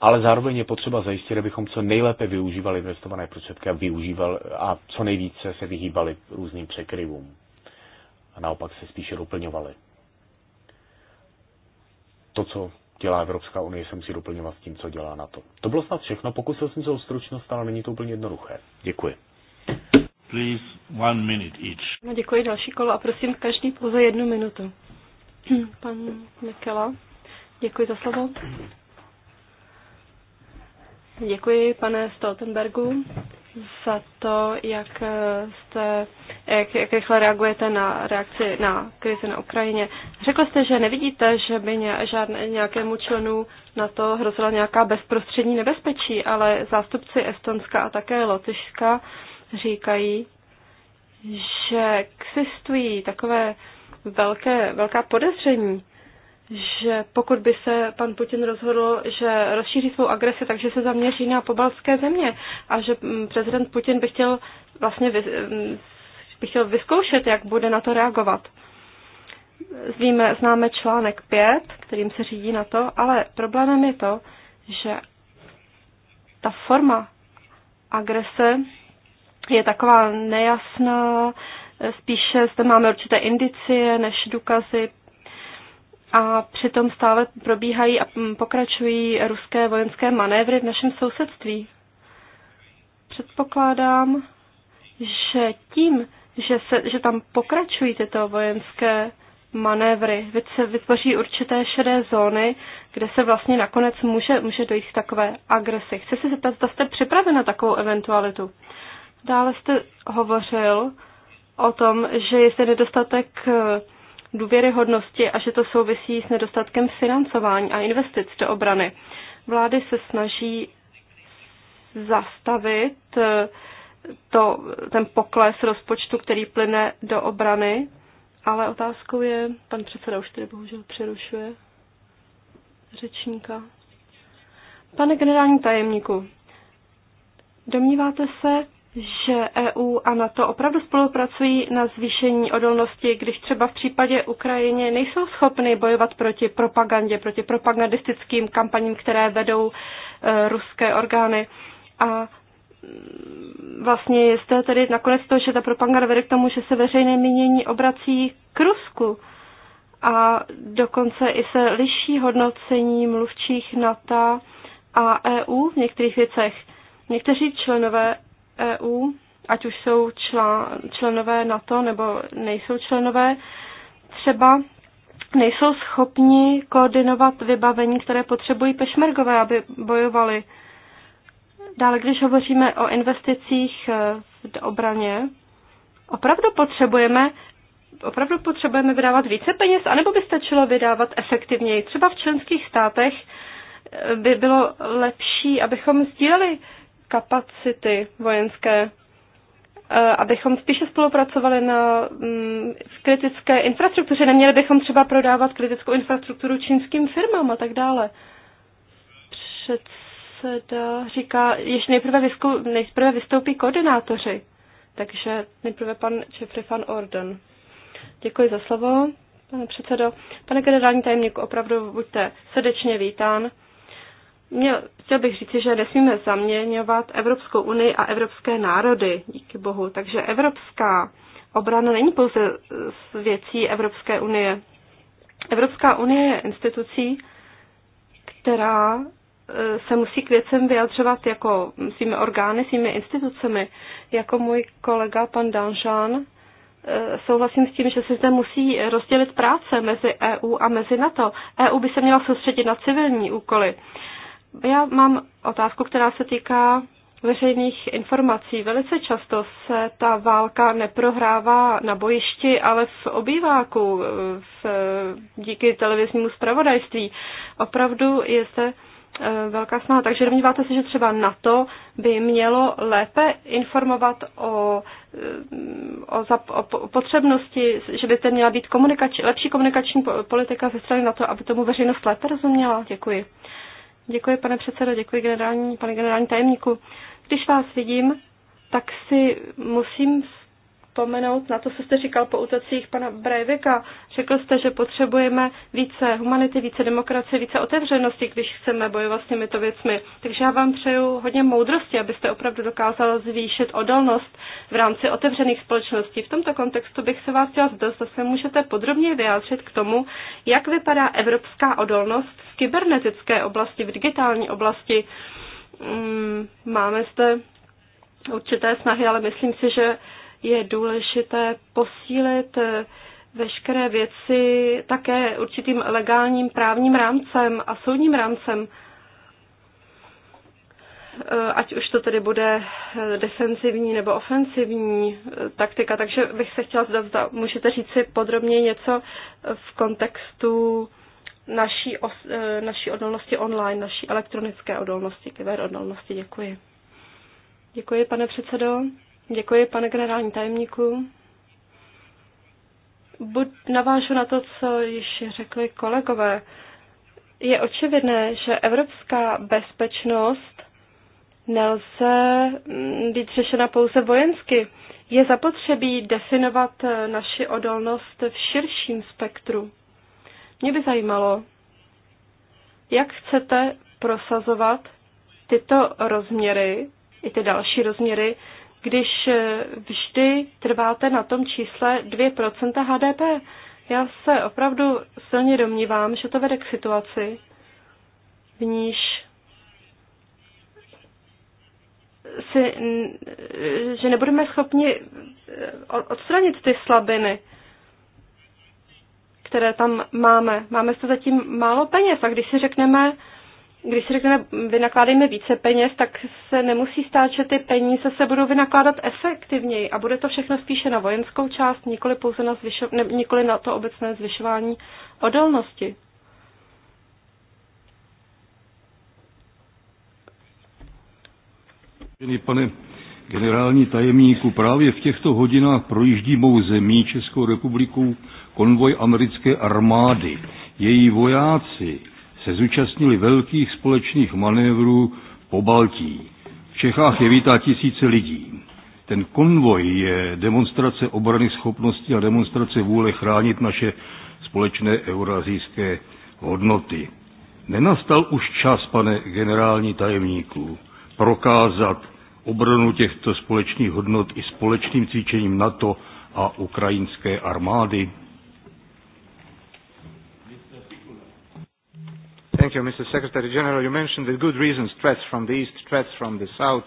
Ale zároveň je potřeba zajistit, abychom co nejlépe využívali investované prostředky a, využívali a co nejvíce se vyhýbali různým překryvům. A naopak se spíše doplňovali. To, co dělá Evropská unie, se musí doplňovat s tím, co dělá na to. To bylo snad všechno. Pokusil jsem se o stručnost, ale není to úplně jednoduché. Děkuji. Please, one minute each. No, děkuji další kolo a prosím každý pouze jednu minutu. Pan Mikela, děkuji za slovo. Děkuji, pane Stoltenbergu, za to, jak jste, jak, jak rychle reagujete na reakci na krizi na Ukrajině. Řekl jste, že nevidíte, že by ně, žádné, nějakému členu na to hrozila nějaká bezprostřední nebezpečí, ale zástupci Estonska a také Lotyšska říkají, že existují takové velké, velká podezření, že pokud by se pan Putin rozhodl, že rozšíří svou agresi, takže se zaměří na pobalské země a že mm, prezident Putin by chtěl vlastně mm, by chtěl vyzkoušet, jak bude na to reagovat. Víme, známe článek 5, kterým se řídí na to, ale problémem je to, že ta forma agrese je taková nejasná, Spíše zde máme určité indicie než důkazy. A přitom stále probíhají a pokračují ruské vojenské manévry v našem sousedství. Předpokládám, že tím, že, se, že tam pokračují tyto vojenské manévry, se vytvoří určité šedé zóny, kde se vlastně nakonec může, může dojít k takové agresi. Chci se zeptat, zda jste na takovou eventualitu. Dále jste hovořil o tom, že je zde nedostatek eh, důvěryhodnosti a že to souvisí s nedostatkem financování a investic do obrany. Vlády se snaží zastavit eh, to, ten pokles rozpočtu, který plyne do obrany, ale otázkou je, pan předseda už tedy bohužel přerušuje řečníka. Pane generální tajemníku, domníváte se, že EU a NATO opravdu spolupracují na zvýšení odolnosti, když třeba v případě Ukrajiny nejsou schopny bojovat proti propagandě, proti propagandistickým kampaním, které vedou e, ruské orgány. A mm, vlastně je zde tedy nakonec to, že ta propaganda vede k tomu, že se veřejné mínění obrací k Rusku. A dokonce i se liší hodnocení mluvčích NATO a EU v některých věcech. Někteří členové EU, ať už jsou člán, členové NATO nebo nejsou členové, třeba nejsou schopni koordinovat vybavení, které potřebují pešmergové, aby bojovali. Dále, když hovoříme o investicích eh, v obraně, opravdu potřebujeme opravdu potřebujeme vydávat více peněz, anebo by stačilo vydávat efektivněji. Třeba v členských státech eh, by bylo lepší, abychom sdíleli kapacity vojenské, e, abychom spíše spolupracovali na, mm, v kritické infrastruktuře. Neměli bychom třeba prodávat kritickou infrastrukturu čínským firmám a tak dále. Předseda říká, ještě nejprve, vysku, nejprve vystoupí koordinátoři. Takže nejprve pan Jeffrey van Orden. Děkuji za slovo, pane předsedo. Pane generální tajemníku, opravdu buďte srdečně vítán. Měl, chtěl bych říci, že nesmíme zaměňovat Evropskou unii a evropské národy, díky bohu. Takže evropská obrana není pouze z věcí Evropské unie. Evropská unie je institucí, která e, se musí k věcem vyjadřovat jako svými orgány, svými institucemi. Jako můj kolega pan Danžan e, souhlasím s tím, že se zde musí rozdělit práce mezi EU a mezi NATO. EU by se měla soustředit na civilní úkoly já mám otázku, která se týká veřejných informací. Velice často se ta válka neprohrává na bojišti, ale v obýváku v, díky televiznímu zpravodajství. Opravdu je zde e, velká snaha. Takže domníváte se, že třeba NATO by mělo lépe informovat o, e, o, zap, o potřebnosti, že by to měla být komunikač, lepší komunikační politika ze strany NATO, aby tomu veřejnost lépe rozuměla? Děkuji. Děkuji, pane předsedo, děkuji, generální, pane generální tajemníku. Když vás vidím, tak si musím vzpomenout na to, co jste říkal po útocích pana Brajvika. Řekl jste, že potřebujeme více humanity, více demokracie, více otevřenosti, když chceme bojovat s těmito věcmi. Takže já vám přeju hodně moudrosti, abyste opravdu dokázal zvýšit odolnost v rámci otevřených společností. V tomto kontextu bych se vás chtěla zda, zase můžete podrobně vyjádřit k tomu, jak vypadá evropská odolnost v kybernetické oblasti, v digitální oblasti. Mm, máme zde určité snahy, ale myslím si, že je důležité posílit eh, veškeré věci také určitým legálním právním rámcem a soudním rámcem, eh, ať už to tedy bude eh, defensivní nebo ofensivní taktika. Takže bych se chtěla zda, zda můžete si podrobně něco v kontextu naší, os, naší odolnosti online, naší elektronické odolnosti, kyberodolnosti. Děkuji. Děkuji, pane předsedo. Děkuji, pane generální tajemníku. Buď navážu na to, co již řekli kolegové. Je očividné, že evropská bezpečnost nelze mm, být řešena pouze vojensky. Je zapotřebí definovat eh, naši odolnost v širším spektru. Mě by zajímalo, jak chcete prosazovat tyto rozměry, i ty další rozměry, když eh, vždy trváte na tom čísle 2% HDP. Já se opravdu silně domnívám, že to vede k situaci, v níž si, eh, že nebudeme schopni eh, odstranit ty slabiny, které tam máme. Máme se zatím málo peněz a když si řekneme, když si řekneme, vynakládejme více peněz, tak se nemusí stát, že ty peníze se budou vynakládat efektivněji a bude to všechno spíše na vojenskou část, nikoli pouze na, zvyšo, ne, nikoli na to obecné zvyšování odolnosti. Pane generální tajemníku, právě v těchto hodinách projíždí mou zemí Českou republikou konvoj americké armády. Její vojáci se zúčastnili velkých společných manévrů po Baltí. V Čechách je vítá tisíce lidí. Ten konvoj je demonstrace obrany schopnosti a demonstrace vůle chránit naše společné eurazijské hodnoty. Nenastal už čas, pane generální tajemníku, prokázat obranu těchto společných hodnot i společným cvičením NATO a ukrajinské armády? Thank you, Mr. Secretary General. You mentioned the good reasons, threats from the east, threats from the south,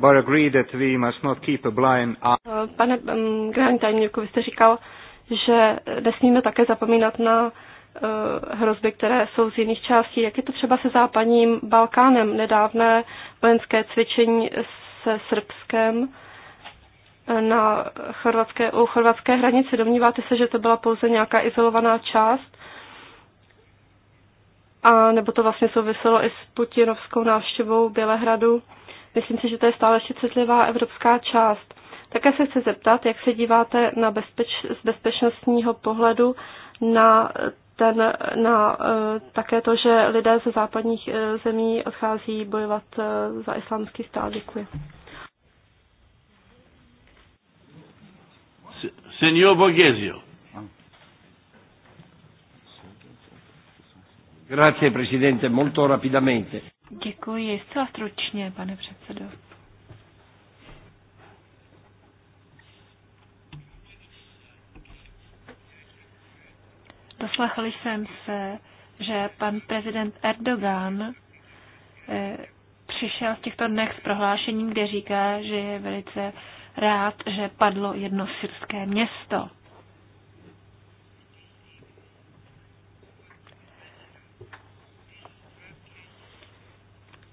but agree that we must not keep a blind eye. Eh, pane um, mm, Grand tajemníku, vy jste říkal, že nesmíme také zapomínat na uh, hrozby, které jsou z jiných částí. Jak je to třeba se západním Balkánem? Nedávné vojenské cvičení se Srbskem eh, na chorvatské, u chorvatské hranice. Domníváte se, že to byla pouze nějaká izolovaná část? a nebo to vlastně souviselo i s putinovskou návštěvou Bělehradu. Myslím si, že to je stále ještě citlivá evropská část. Také se chci zeptat, jak se díváte na bezpeč, z bezpečnostního pohledu na ten, na e, také to, že lidé ze západních e, zemí odchází bojovat e, za islámský stát. Děkuji. Senor Borgesio. Grazie, presidente, molto rapidamente. Děkuji, zcela stručně, pane předsedo. Doslechl jsem se, že pan prezident Erdogan eh, přišel v těchto dnech s prohlášením, kde říká, že je velice rád, že padlo jedno syrské město.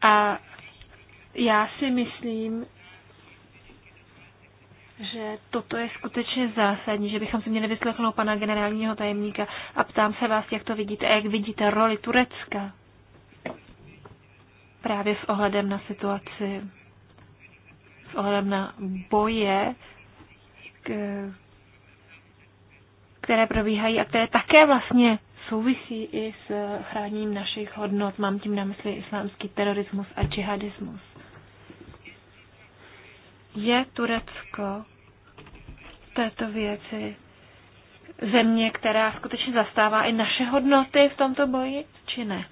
A já si myslím, že toto je skutečně zásadní, že bychom si měli vyslechnout pana generálního tajemníka a ptám se vás, jak to vidíte a jak vidíte roli Turecka právě s ohledem na situaci, s ohledem na boje, které probíhají a které také vlastně souvisí i s chráním našich hodnot. Mám tím na mysli islámský terorismus a džihadismus. Je Turecko v této věci země, která skutečně zastává i naše hodnoty v tomto boji, či ne?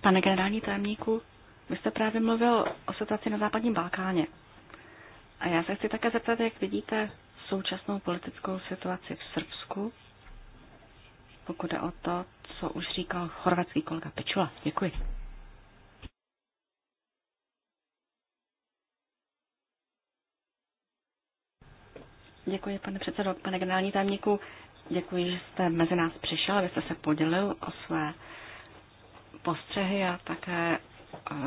Pane generální tajemníku, vy jste právě mluvil o situaci na západním Balkáně. A já se chci také zeptat, jak vidíte současnou politickou situaci v Srbsku, pokud jde o to, co už říkal chorvatský kolega Pečula. Děkuji. Děkuji, pane předsedo, pane generální tajemníku. Děkuji, že jste mezi nás přišel, abyste se podělil o své postřehy a také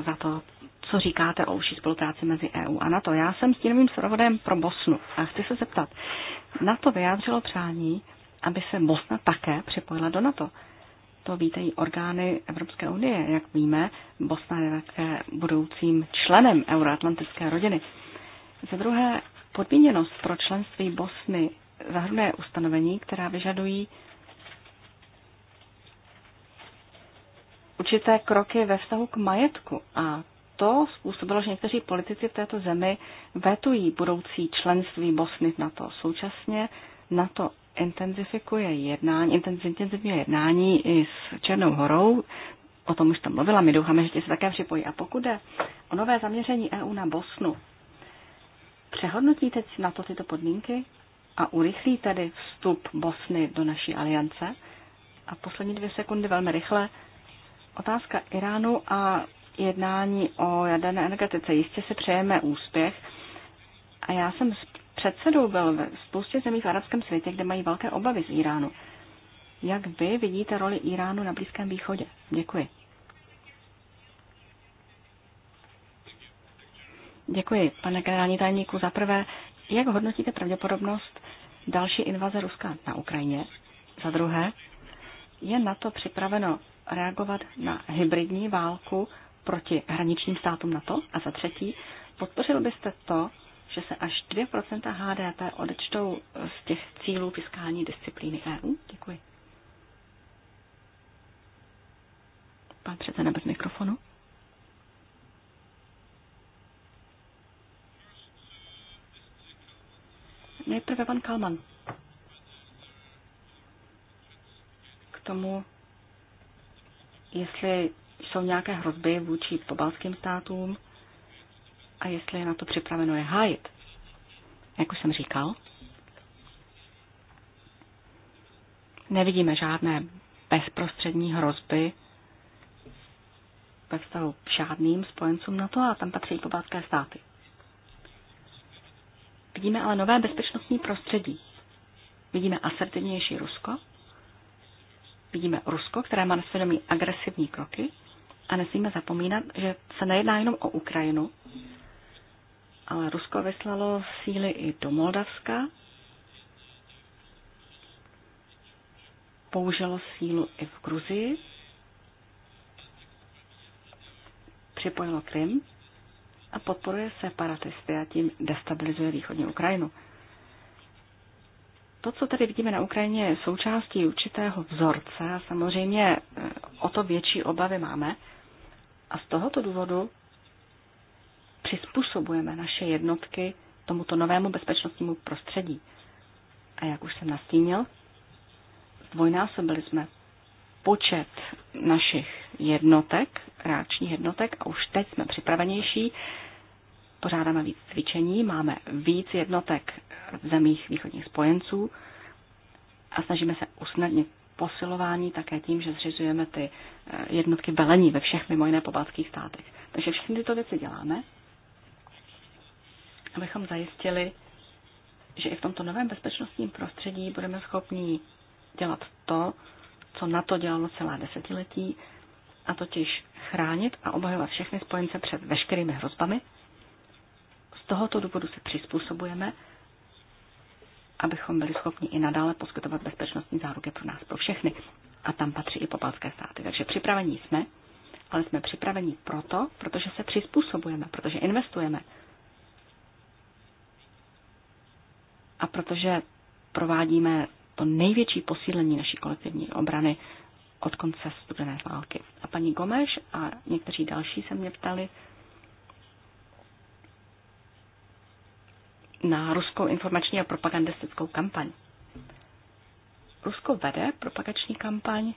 za to, co říkáte o užší spolupráci mezi EU a NATO. Já jsem stínovým zpravodajem pro Bosnu a chci se zeptat. NATO vyjádřilo přání, aby se Bosna také připojila do NATO. To vítejí orgány Evropské unie. Jak víme, Bosna je také budoucím členem euroatlantické rodiny. Za druhé, podmíněnost pro členství Bosny zahrnuje ustanovení, která vyžadují určité kroky ve vztahu k majetku a to způsobilo, že někteří politici v této zemi vetují budoucí členství Bosny v NATO. Současně NATO intenzifikuje jednání, intenzivně jednání i s Černou horou, o tom už tam mluvila, my doufáme, že tě se také připojí. A pokud jde o nové zaměření EU na Bosnu, přehodnotíte na to tyto podmínky a urychlí tedy vstup Bosny do naší aliance? A poslední dvě sekundy velmi rychle, Otázka Iránu a jednání o jaderné energetice. Jistě si přejeme úspěch. A já jsem s předsedou byl ve spoustě zemí v arabském světě, kde mají velké obavy z Iránu. Jak vy vidíte roli Iránu na Blízkém východě? Děkuji. Děkuji, pane generální tajemníku. Za prvé, jak hodnotíte pravděpodobnost další invaze Ruska na Ukrajině? Za druhé, je na to připraveno reagovat na hybridní válku proti hraničním státům NATO? A za třetí, podpořil byste to, že se až 2% HDP odečtou z těch cílů fiskální disciplíny EU? Děkuji. Pan předseda bez mikrofonu. Nejprve pan Kalman. K tomu, jestli jsou nějaké hrozby vůči pobalským státům a jestli je na to připraveno je hájit. Jak už jsem říkal, nevidíme žádné bezprostřední hrozby ve vztahu k žádným spojencům na to a tam patří pobalské státy. Vidíme ale nové bezpečnostní prostředí. Vidíme asertivnější Rusko, Vidíme Rusko, které má na svědomí agresivní kroky a nesmíme zapomínat, že se nejedná jenom o Ukrajinu, ale Rusko vyslalo síly i do Moldavska, použilo sílu i v Gruzii, připojilo Krym a podporuje separatisty a tím destabilizuje východní Ukrajinu. To, co tady vidíme na Ukrajině, je součástí určitého vzorce a samozřejmě e, o to větší obavy máme. A z tohoto důvodu přizpůsobujeme naše jednotky tomuto novému bezpečnostnímu prostředí. A jak už jsem nastínil, zdvojnásobili jsme počet našich jednotek, reakčních jednotek a už teď jsme připravenější pořádáme víc cvičení, máme víc jednotek v zemích východních spojenců a snažíme se usnadnit posilování také tím, že zřizujeme ty eh, jednotky velení ve všech mimo jiné pobaltských státech. Takže všechny tyto věci děláme, abychom zajistili, že i v tomto novém bezpečnostním prostředí budeme schopni dělat to, co na to dělalo celá desetiletí, a totiž chránit a obhajovat všechny spojence před veškerými hrozbami tohoto důvodu se přizpůsobujeme, abychom byli schopni i nadále poskytovat bezpečnostní záruky pro nás, pro všechny. A tam patří i popalské státy. Takže připravení jsme, ale jsme připraveni proto, protože se přizpůsobujeme, protože investujeme. A protože provádíme to největší posílení naší kolektivní obrany od konce studené války. A paní Gomeš a někteří další se mě ptali, na ruskou informační a propagandistickou kampaň. Rusko vede propagační kampaň,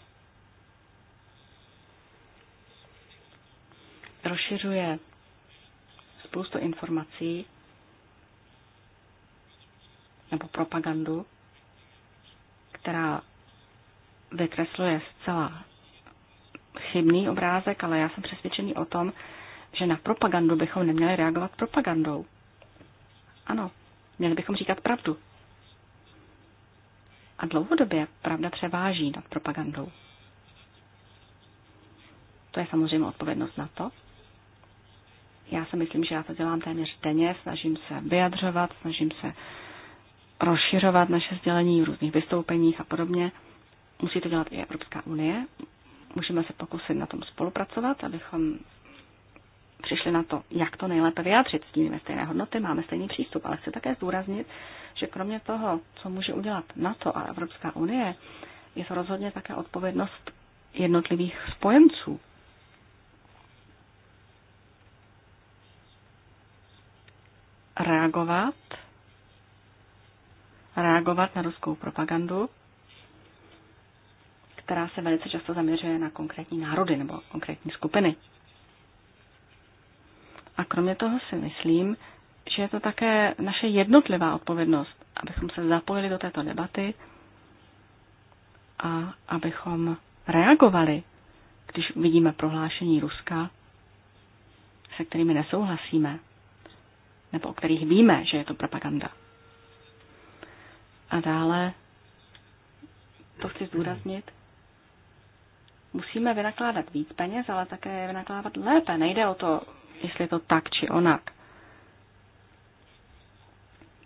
rozšiřuje spoustu informací nebo propagandu, která vykresluje zcela chybný obrázek, ale já jsem přesvědčený o tom, že na propagandu bychom neměli reagovat propagandou. Ano, měli bychom říkat pravdu. A dlouhodobě pravda převáží nad propagandou. To je samozřejmě odpovědnost na to. Já si myslím, že já to dělám téměř denně, snažím se vyjadřovat, snažím se rozšiřovat naše sdělení v různých vystoupeních a podobně. Musí to dělat i Evropská unie. Můžeme se pokusit na tom spolupracovat, abychom přišli na to, jak to nejlépe vyjádřit. Sdílíme stejné hodnoty, máme stejný přístup, ale chci také zdůraznit, že kromě toho, co může udělat NATO a Evropská unie, je to rozhodně také odpovědnost jednotlivých spojenců. Reagovat, reagovat na ruskou propagandu, která se velice často zaměřuje na konkrétní národy nebo konkrétní skupiny. A kromě toho si myslím, že je to také naše jednotlivá odpovědnost, abychom se zapojili do této debaty a abychom reagovali, když vidíme prohlášení Ruska, se kterými nesouhlasíme, nebo o kterých víme, že je to propaganda. A dále, to chci zdůraznit, musíme vynakládat víc peněz, ale také vynakládat lépe. Nejde o to jestli je to tak či onak.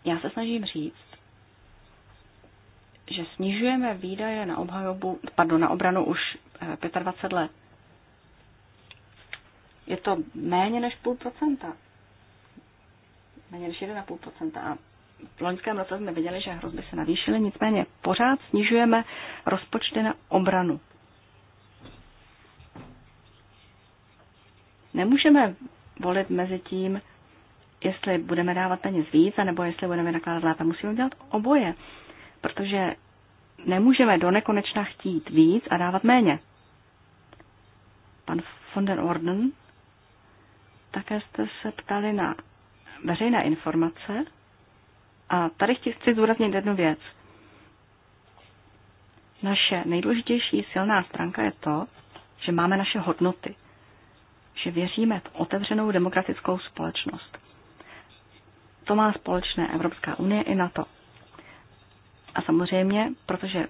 Já se snažím říct, že snižujeme výdaje na, obhajobu, pardon, na obranu už eh, 25 let. Je to méně než půl procenta. Méně než 1,5 procenta. A v loňském roce jsme viděli, že hrozby se navýšily, nicméně pořád snižujeme rozpočty na obranu. Nemůžeme volit mezi tím, jestli budeme dávat peněz víc, anebo jestli budeme nakládat lépe. Musíme dělat oboje, protože nemůžeme do nekonečna chtít víc a dávat méně. Pan von der Orden, také jste se ptali na veřejné informace. A tady chci, chci zdůraznit jednu věc. Naše nejdůležitější silná stránka je to, že máme naše hodnoty – že věříme v otevřenou demokratickou společnost. To má společné Evropská unie i NATO. A samozřejmě, protože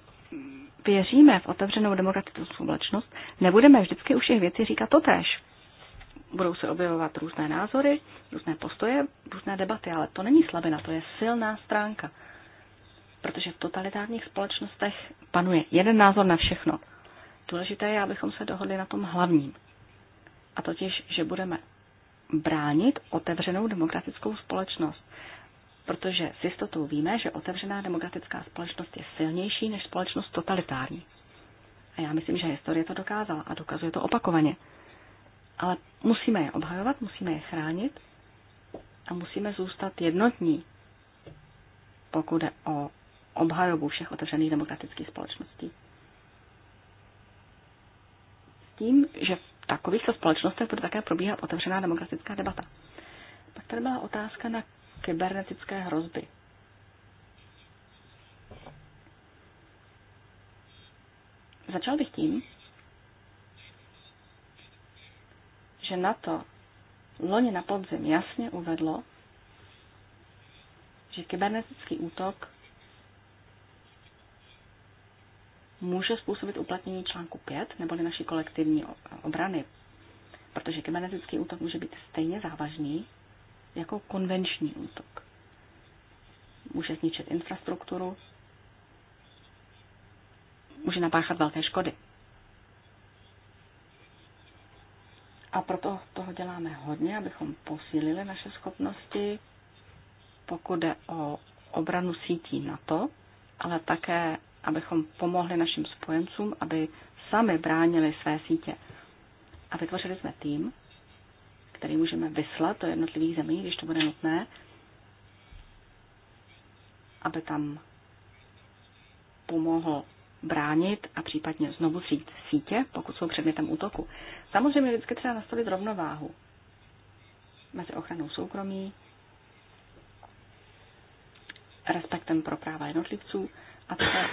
věříme v otevřenou demokratickou společnost, nebudeme vždycky u všech věcí říkat to tež. Budou se objevovat různé názory, různé postoje, různé debaty, ale to není slabina, to je silná stránka. Protože v totalitárních společnostech panuje jeden názor na všechno. Důležité je, abychom se dohodli na tom hlavním a totiž, že budeme bránit otevřenou demokratickou společnost. Protože s jistotou víme, že otevřená demokratická společnost je silnější než společnost totalitární. A já myslím, že historie to dokázala a dokazuje to opakovaně. Ale musíme je obhajovat, musíme je chránit a musíme zůstat jednotní, pokud jde o obhajobu všech otevřených demokratických společností. S tím, že v takovýchto společnostech bude také probíhat otevřená demokratická debata. Pak tady byla otázka na kybernetické hrozby. Začal bych tím, že na to loni na podzim jasně uvedlo, že kybernetický útok může způsobit uplatnění článku 5 neboli naší kolektivní obrany, protože kybernetický útok může být stejně závažný jako konvenční útok. Může zničit infrastrukturu, může napáchat velké škody. A proto toho děláme hodně, abychom posílili naše schopnosti, pokud jde o obranu sítí NATO, ale také abychom pomohli našim spojencům, aby sami bránili své sítě. A vytvořili jsme tým, který můžeme vyslat do jednotlivých zemí, když to bude nutné, aby tam pomohl bránit a případně znovu říct sítě, pokud jsou předmětem útoku. Samozřejmě vždycky třeba nastavit rovnováhu mezi ochranou soukromí, respektem pro práva jednotlivců a také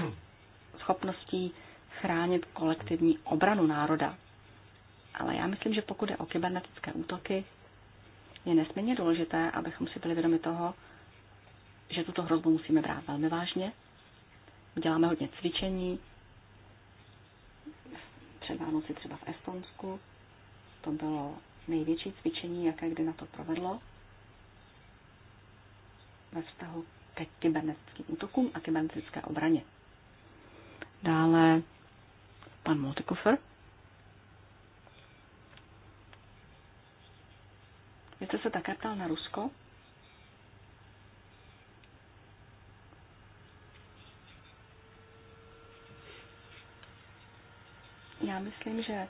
schopností chránit kolektivní obranu národa. Ale já myslím, že pokud je o kybernetické útoky, je nesmírně důležité, abychom si byli vědomi toho, že tuto hrozbu musíme brát velmi vážně. Děláme hodně cvičení, před Vánoci třeba v Estonsku. To bylo největší cvičení, jaké kdy na to provedlo ve vztahu ke kybernetickým útokům a kybernetické obraně. Dále pan Multikofer. Vy jste se také ptal na Rusko? Já myslím, že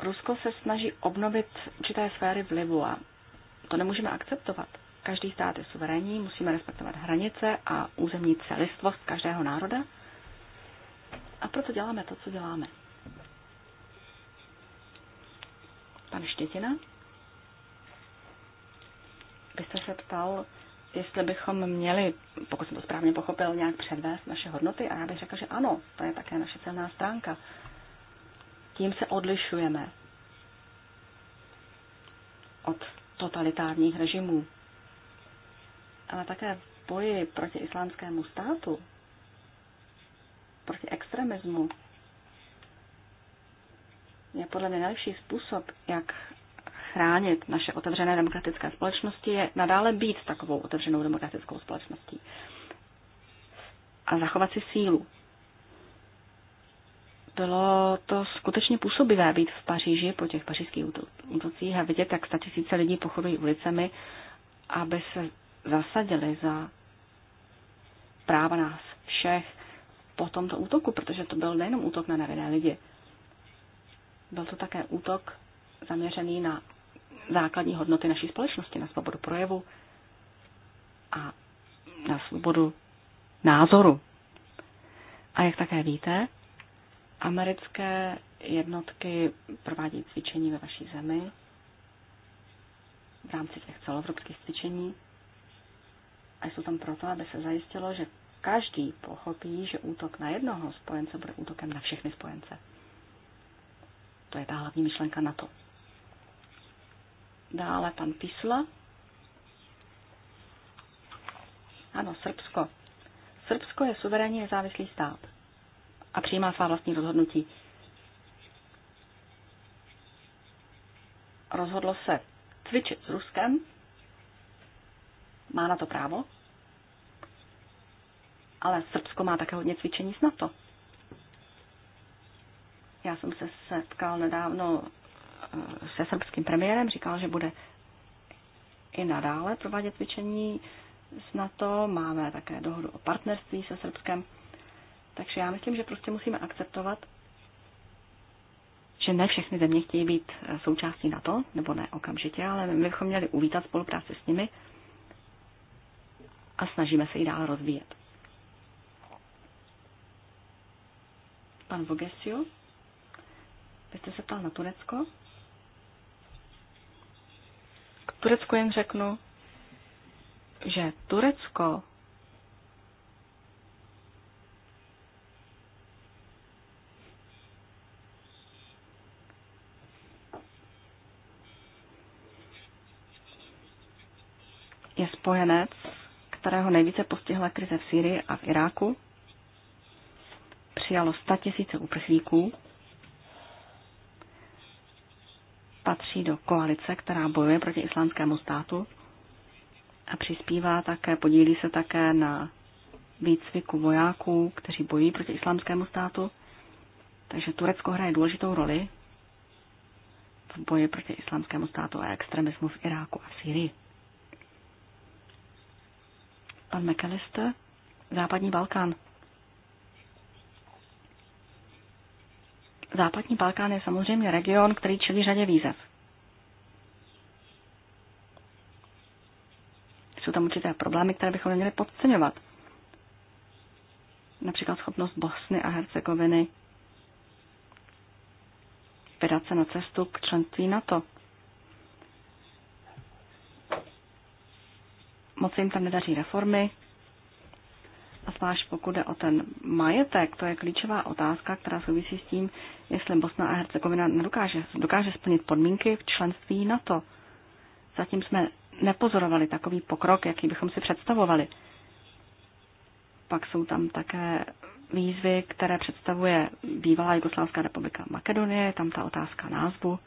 Rusko se snaží obnovit určité sféry vlivu a to nemůžeme akceptovat. Každý stát je suverénní, musíme respektovat hranice a územní celistvost každého národa. A proto děláme to, co děláme. Pan Štětina? Vy jste se ptal, jestli bychom měli, pokud jsem to správně pochopil, nějak předvést naše hodnoty a já bych řekl, že ano, to je také naše celná stránka. Tím se odlišujeme od totalitárních režimů ale také v boji proti islámskému státu, proti extremismu, je podle mě nejlepší způsob, jak chránit naše otevřené demokratické společnosti, je nadále být takovou otevřenou demokratickou společností a zachovat si sílu. Bylo to skutečně působivé být v Paříži po těch pařížských útocích a vidět, jak statisíce lidí pochodují ulicemi, aby se zasadili za práva nás všech po tomto útoku, protože to byl nejenom útok na nevinné lidi, byl to také útok zaměřený na základní hodnoty naší společnosti, na svobodu projevu a na svobodu názoru. A jak také víte, americké jednotky provádí cvičení ve vaší zemi v rámci těch celoevropských cvičení a jsou tam proto, aby se zajistilo, že každý pochopí, že útok na jednoho spojence bude útokem na všechny spojence. To je ta hlavní myšlenka na to. Dále pan Pisla. Ano, Srbsko. Srbsko je suverénně nezávislý stát a přijímá svá vlastní rozhodnutí. Rozhodlo se cvičit s Ruskem, má na to právo? Ale Srbsko má také hodně cvičení s NATO. Já jsem se setkal nedávno eh, se srbským premiérem, říkal, že bude i nadále provádět cvičení s NATO, máme také dohodu o partnerství se Srbskem. Takže já myslím, že prostě musíme akceptovat, že ne všechny země chtějí být eh, součástí NATO, nebo ne okamžitě, ale my bychom měli uvítat spolupráci s nimi a snažíme se ji dál rozvíjet. Pan Vogesio, vy jste se ptal na Turecko? K Turecku jen řeknu, že Turecko je spojenec kterého nejvíce postihla krize v Syrii a v Iráku, přijalo 100 tisíce uprchlíků, patří do koalice, která bojuje proti islámskému státu a přispívá také, podílí se také na výcviku vojáků, kteří bojují proti islámskému státu. Takže Turecko hraje důležitou roli v boji proti islámskému státu a extremismu v Iráku a v Syrii. Pan McAllister, Západní Balkán. Západní Balkán je samozřejmě region, který čelí řadě výzev. Jsou tam určité problémy, které bychom neměli podceňovat. Například schopnost Bosny a Hercegoviny vydat se na cestu k členství NATO. moc jim tam nedaří reformy. A zvlášť pokud jde o ten majetek, to je klíčová otázka, která souvisí s tím, jestli Bosna a Hercegovina nedokáže, dokáže splnit podmínky v členství NATO. Zatím jsme nepozorovali takový pokrok, jaký bychom si představovali. Pak jsou tam také výzvy, které představuje bývalá Jugoslávská republika Makedonie, tam ta otázka názvu.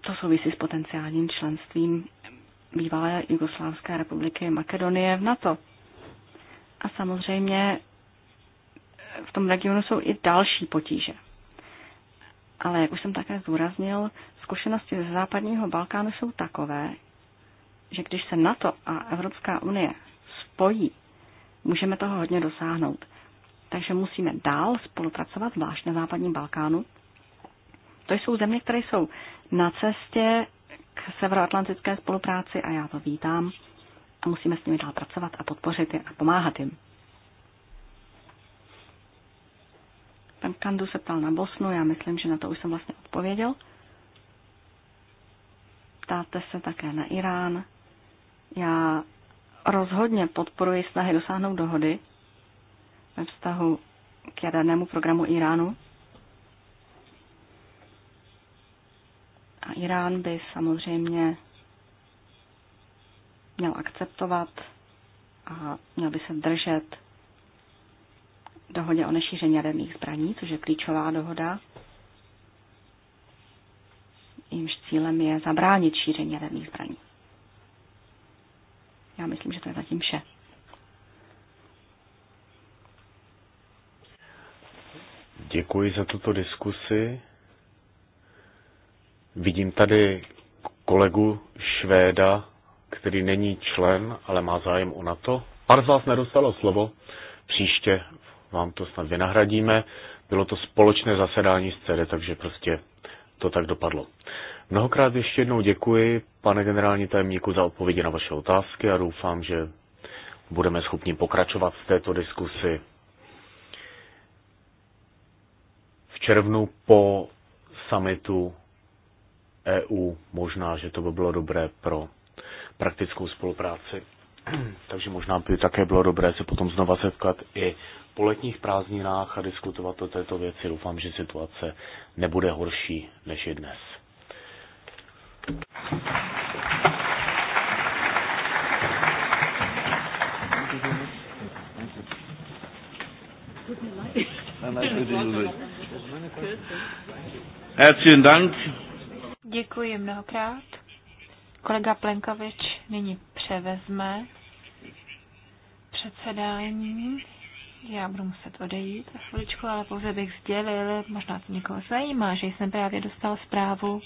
To souvisí s potenciálním členstvím bývalé Jugoslávské republiky Makedonie v NATO. A samozřejmě v tom regionu jsou i další potíže. Ale jak už jsem také zdůraznil, zkušenosti ze západního Balkánu jsou takové, že když se NATO a Evropská unie spojí, můžeme toho hodně dosáhnout. Takže musíme dál spolupracovat, zvlášť na západním Balkánu. To jsou země, které jsou na cestě k severoatlantické spolupráci a já to vítám a musíme s nimi dál pracovat a podpořit je a pomáhat jim. Pan Kandu se ptal na Bosnu, já myslím, že na to už jsem vlastně odpověděl. Ptáte se také na Irán. Já rozhodně podporuji snahy dosáhnout dohody ve vztahu k jadernému programu Iránu. Irán by samozřejmě měl akceptovat a měl by se držet dohodě o nešíření jaderných zbraní, což je klíčová dohoda. Jímž cílem je zabránit šíření jaderných zbraní. Já myslím, že to je zatím vše. Děkuji za tuto diskusi. Vidím tady kolegu Švéda, který není člen, ale má zájem o NATO. Pár z vás nedostalo slovo, příště vám to snad vynahradíme. Bylo to společné zasedání z CD, takže prostě to tak dopadlo. Mnohokrát ještě jednou děkuji, pane generální tajemníku, za odpovědi na vaše otázky a doufám, že budeme schopni pokračovat v této diskusi v červnu po summitu EU. Možná, že to by bylo dobré pro praktickou spolupráci. Takže možná by také bylo dobré se potom znova setkat i po letních prázdninách a diskutovat o této věci. Doufám, že situace nebude horší než je dnes. Herzlichen Dank. Děkuji mnohokrát. Kolega Plenkovič nyní převezme předsedání. Já budu muset odejít za chviličku, ale pouze bych sdělil, možná to někoho zajímá, že jsem právě dostal zprávu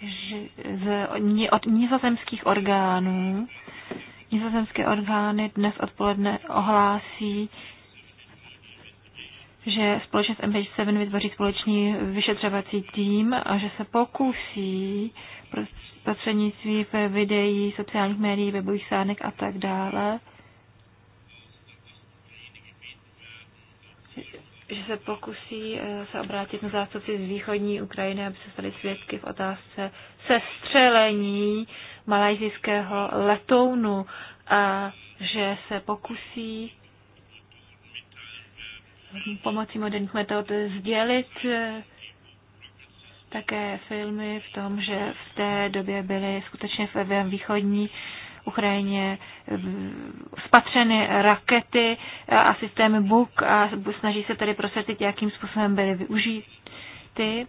že z, od nizozemských orgánů. Nizozemské orgány dnes odpoledne ohlásí, že společně s MH7 vytvoří společný vyšetřovací tým a že se pokusí prostřednictvím videí, sociálních médií, webových sánek a tak dále, že se pokusí eh, se obrátit na zástupci z východní Ukrajiny, aby se stali svědky v otázce sestřelení malajzijského letounu a že se pokusí pomocí moderních metod sdělit eh, také filmy v tom, že v té době byly skutečně v východní Ukrajině spatřeny rakety a systémy BUK a snaží se tedy prosvětlit, jakým způsobem byly využity.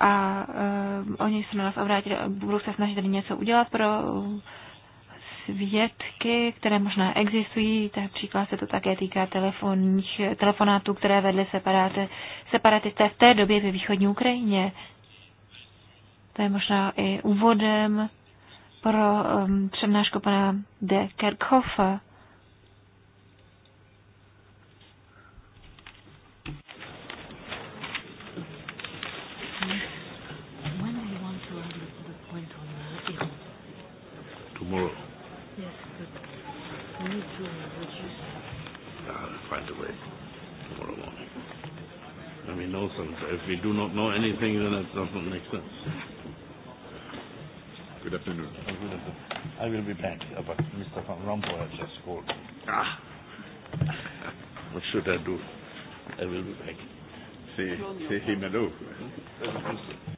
A uh, oni se na nás obrátili a budou se snažit tady něco udělat pro svědky, které možná existují, například se to také týká telefonních, telefonátů, které vedly separáty, separatisté v té době ve východní Ukrajině. To je možná i úvodem pro um, přednášku pana de Kerkhoffa. don't know anything, then it doesn't make sense. Good afternoon. good afternoon. I will be back, uh, but Mr. Van Rompuy has just called. Ah. What should I do? I will be back. Say, say him hello.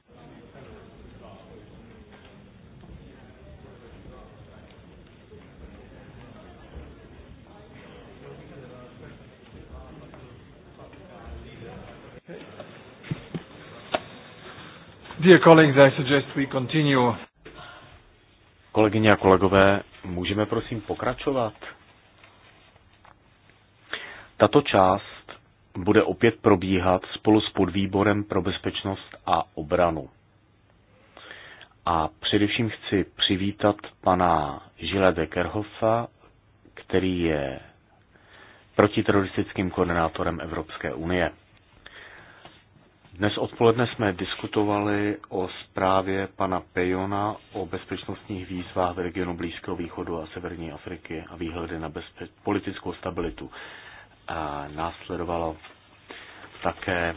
Kolegyně a kolegové, můžeme prosím pokračovat? Tato část bude opět probíhat spolu s podvýborem pro bezpečnost a obranu. A především chci přivítat pana Žile de Kerhofa, který je protiteroristickým koordinátorem Evropské unie. Dnes odpoledne jsme diskutovali o zprávě pana Pejona o bezpečnostních výzvách v regionu Blízkého východu a Severní Afriky a výhledy na bezpe- politickou stabilitu. A následovalo také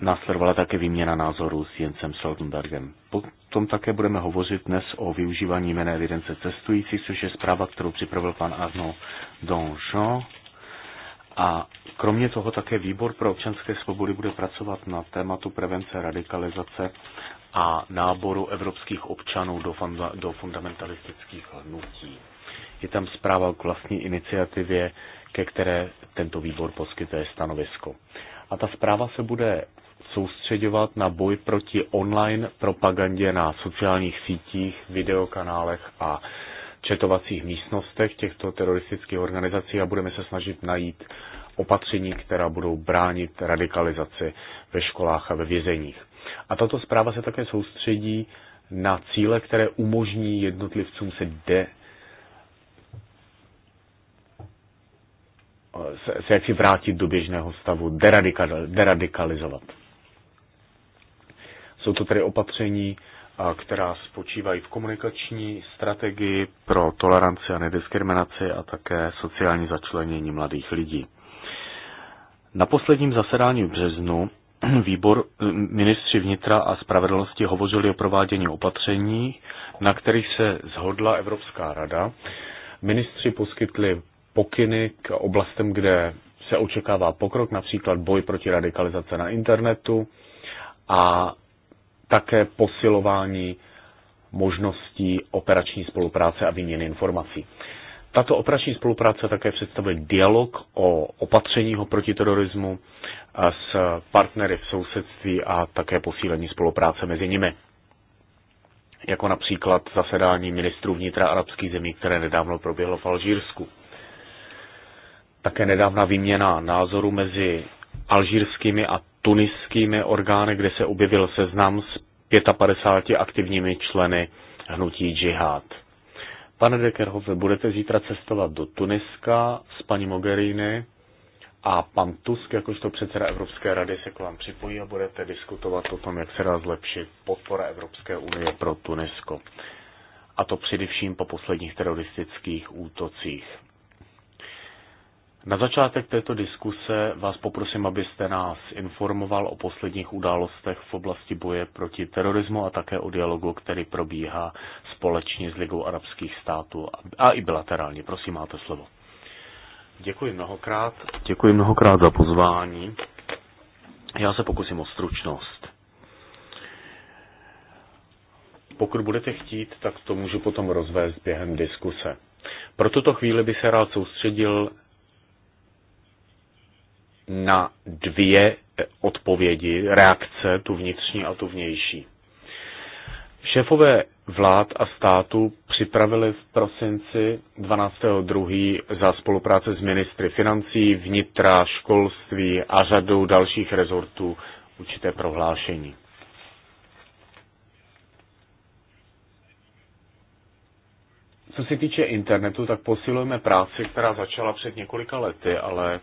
Následovala také výměna názorů s Jensem Soldenbergem. Potom také budeme hovořit dnes o využívání jména evidence cestujících, což je zpráva, kterou připravil pan Arno Donjon a kromě toho také výbor pro občanské svobody bude pracovat na tématu prevence radikalizace a náboru evropských občanů do, funda- do fundamentalistických hnutí. Je tam zpráva k vlastní iniciativě, ke které tento výbor poskytuje stanovisko. A ta zpráva se bude soustředovat na boj proti online propagandě na sociálních sítích, videokanálech a četovacích místnostech těchto teroristických organizací a budeme se snažit najít opatření, která budou bránit radikalizaci ve školách a ve vězeních. A tato zpráva se také soustředí na cíle, které umožní jednotlivcům se de se, se jaksi vrátit do běžného stavu, deradikal, deradikalizovat. Jsou to tedy opatření, která spočívají v komunikační strategii pro toleranci a nediskriminaci a také sociální začlenění mladých lidí. Na posledním zasedání v březnu výbor ministři vnitra a spravedlnosti hovořili o provádění opatření, na kterých se zhodla Evropská rada. Ministři poskytli pokyny k oblastem, kde se očekává pokrok, například boj proti radikalizace na internetu a také posilování možností operační spolupráce a výměny informací. Tato operační spolupráce také představuje dialog o opatřeních proti terorismu s partnery v sousedství a také posílení spolupráce mezi nimi. Jako například zasedání ministrů vnitra arabských zemí, které nedávno proběhlo v Alžírsku. Také nedávna výměna názoru mezi alžírskými a tuniskými orgány, kde se objevil seznam s 55 aktivními členy hnutí džihad. Pane Dekerhofe, budete zítra cestovat do Tuniska s paní Mogherini a pan Tusk, jakožto předseda Evropské rady, se k vám připojí a budete diskutovat o tom, jak se dá zlepšit podpora Evropské unie pro Tunisko. A to především po posledních teroristických útocích. Na začátek této diskuse vás poprosím, abyste nás informoval o posledních událostech v oblasti boje proti terorismu a také o dialogu, který probíhá společně s Ligou arabských států a i bilaterálně. Prosím, máte slovo. Děkuji mnohokrát. Děkuji mnohokrát za pozvání. Já se pokusím o stručnost. Pokud budete chtít, tak to můžu potom rozvést během diskuse. Pro tuto chvíli by se rád soustředil na dvě eh, odpovědi, reakce, tu vnitřní a tu vnější. Šéfové vlád a státu připravili v prosinci 12.2. za spolupráce s ministry financí, vnitra, školství a řadou dalších rezortů určité prohlášení. Co se týče internetu, tak posilujeme práci, která začala před několika lety, ale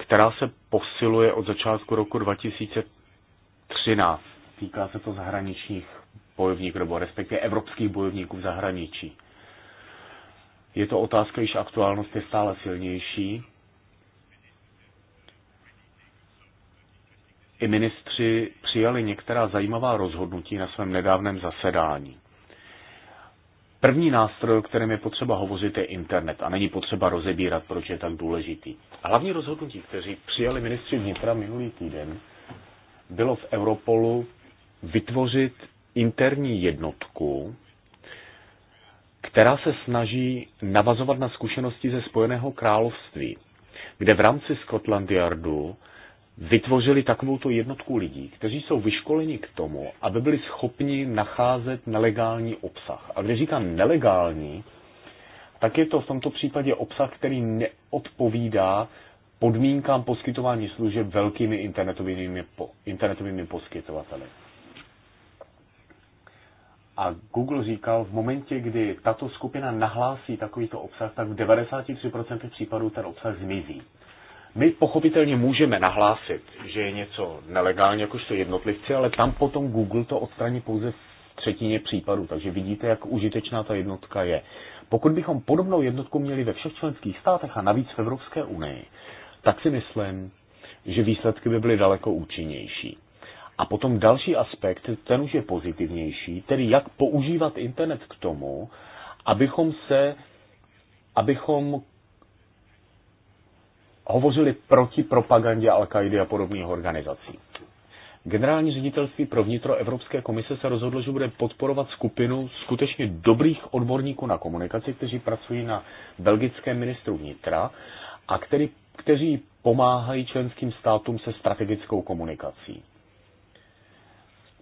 která se posiluje od začátku roku 2013. Týká se to zahraničních bojovníků, nebo respektive evropských bojovníků v zahraničí. Je to otázka, již aktuálnost je stále silnější. I ministři přijali některá zajímavá rozhodnutí na svém nedávném zasedání. První nástroj, o kterém je potřeba hovořit, je internet a není potřeba rozebírat, proč je tak důležitý. Hlavní rozhodnutí, kteří přijali ministři vnitra minulý týden, bylo v Europolu vytvořit interní jednotku, která se snaží navazovat na zkušenosti ze Spojeného království, kde v rámci Scotland Yardu vytvořili takovouto jednotku lidí, kteří jsou vyškoleni k tomu, aby byli schopni nacházet nelegální obsah. A když říkám nelegální, tak je to v tomto případě obsah, který neodpovídá podmínkám poskytování služeb velkými internetovými, po, internetovými poskytovateli. A Google říkal, v momentě, kdy tato skupina nahlásí takovýto obsah, tak v 93% případů ten obsah zmizí. My pochopitelně můžeme nahlásit, že je něco nelegálně, jakožto jednotlivci, ale tam potom Google to odstraní pouze v třetině případů, takže vidíte, jak užitečná ta jednotka je. Pokud bychom podobnou jednotku měli ve všech členských státech a navíc v Evropské unii, tak si myslím, že výsledky by byly daleko účinnější. A potom další aspekt, ten už je pozitivnější, tedy jak používat internet k tomu, abychom se, abychom hovořili proti propagandě al kaidy a podobných organizací. Generální ředitelství pro vnitro Evropské komise se rozhodlo, že bude podporovat skupinu skutečně dobrých odborníků na komunikaci, kteří pracují na belgickém ministru vnitra a který, kteří pomáhají členským státům se strategickou komunikací.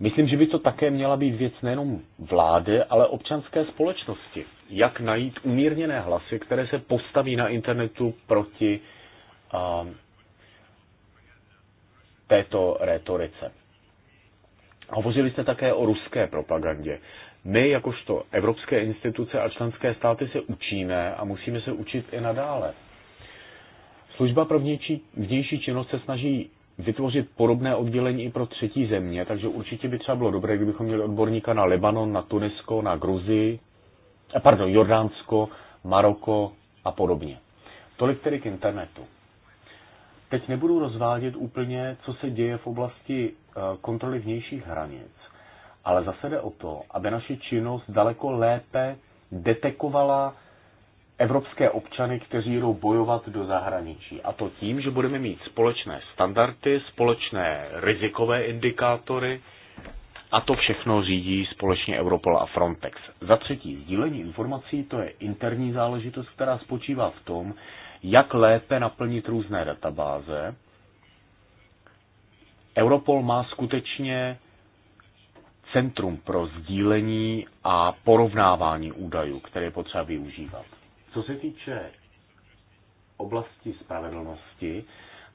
Myslím, že by to také měla být věc nejenom vlády, ale občanské společnosti. Jak najít umírněné hlasy, které se postaví na internetu proti této rétorice. Hovořili jste také o ruské propagandě. My, jakožto evropské instituce a členské státy, se učíme a musíme se učit i nadále. Služba pro vnější, vnější činnost se snaží vytvořit podobné oddělení i pro třetí země, takže určitě by třeba bylo dobré, kdybychom měli odborníka na Libanon, na Tunisko, na Gruzii, eh, pardon, Jordánsko, Maroko a podobně. Tolik tedy k internetu. Teď nebudu rozvádět úplně, co se děje v oblasti eh, kontroly vnějších hranic, ale zase jde o to, aby naše činnost daleko lépe detekovala evropské občany, kteří jdou bojovat do zahraničí. A to tím, že budeme mít společné standardy, společné rizikové indikátory a to všechno řídí společně Europol a Frontex. Za třetí, sdílení informací to je interní záležitost, která spočívá v tom, jak lépe naplnit různé databáze. Europol má skutečně centrum pro sdílení a porovnávání údajů, které je potřeba využívat. Co se týče oblasti spravedlnosti,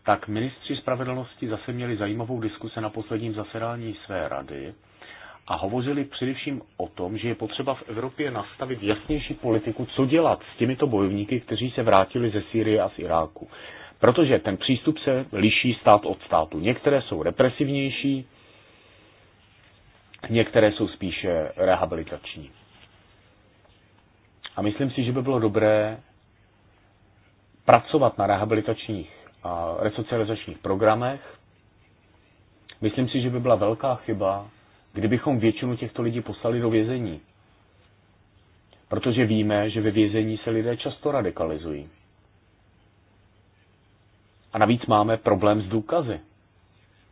tak ministři spravedlnosti zase měli zajímavou diskuse na posledním zasedání své rady, a hovořili především o tom, že je potřeba v Evropě nastavit jasnější politiku, co dělat s těmito bojovníky, kteří se vrátili ze Sýrie a z Iráku. Protože ten přístup se liší stát od státu. Některé jsou represivnější, některé jsou spíše rehabilitační. A myslím si, že by bylo dobré pracovat na rehabilitačních a resocializačních programech. Myslím si, že by byla velká chyba kdybychom většinu těchto lidí poslali do vězení. Protože víme, že ve vězení se lidé často radikalizují. A navíc máme problém s důkazy,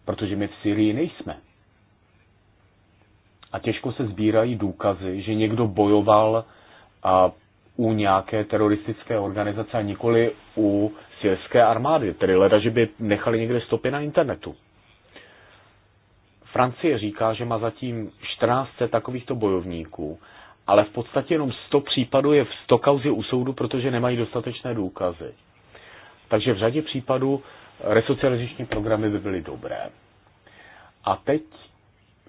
protože my v Syrii nejsme. A těžko se sbírají důkazy, že někdo bojoval a, u nějaké teroristické organizace a nikoli u syrské armády. Tedy leda, že by nechali někde stopy na internetu. Francie říká, že má zatím 14 takovýchto bojovníků, ale v podstatě jenom 100 případů je v 100 kauzy u soudu, protože nemají dostatečné důkazy. Takže v řadě případů resocializační programy by byly dobré. A teď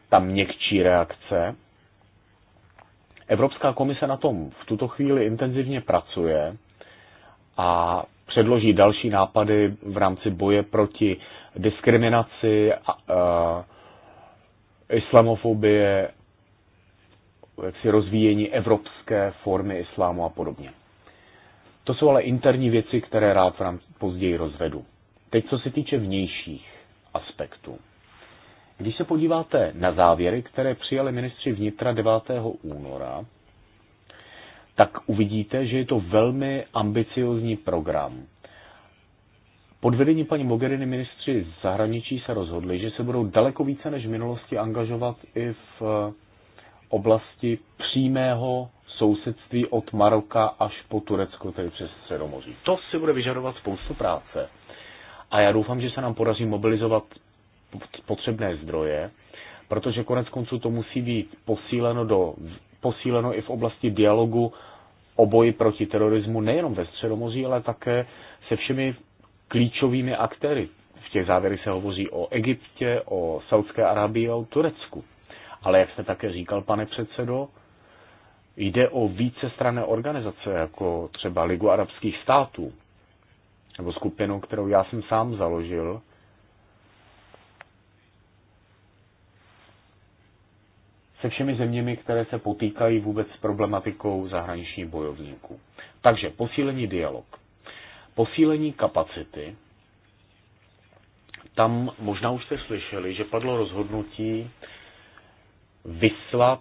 ta měkčí reakce. Evropská komise na tom v tuto chvíli intenzivně pracuje a předloží další nápady v rámci boje proti diskriminaci, a, a, islamofobie, jaksi rozvíjení evropské formy islámu a podobně. To jsou ale interní věci, které rád vám později rozvedu. Teď, co se týče vnějších aspektů. Když se podíváte na závěry, které přijali ministři vnitra 9. února, tak uvidíte, že je to velmi ambiciozní program. Pod vedením paní Mogherini ministři zahraničí se rozhodli, že se budou daleko více než v minulosti angažovat i v eh, oblasti přímého sousedství od Maroka až po Turecko, tedy přes Středomoří. To si bude vyžadovat spoustu práce. A já doufám, že se nám podaří mobilizovat potřebné zdroje, protože konec konců to musí být posíleno, do, posíleno i v oblasti dialogu o boji proti terorismu nejenom ve Středomoří, ale také se všemi klíčovými aktéry. V těch závěrech se hovoří o Egyptě, o Saudské Arabii a o Turecku. Ale jak jste také říkal, pane předsedo, jde o vícestranné organizace, jako třeba Ligu arabských států, nebo skupinu, kterou já jsem sám založil, se všemi zeměmi, které se potýkají vůbec s problematikou zahraničních bojovníků. Takže posílení dialog. Posílení kapacity. Tam možná už jste slyšeli, že padlo rozhodnutí vyslat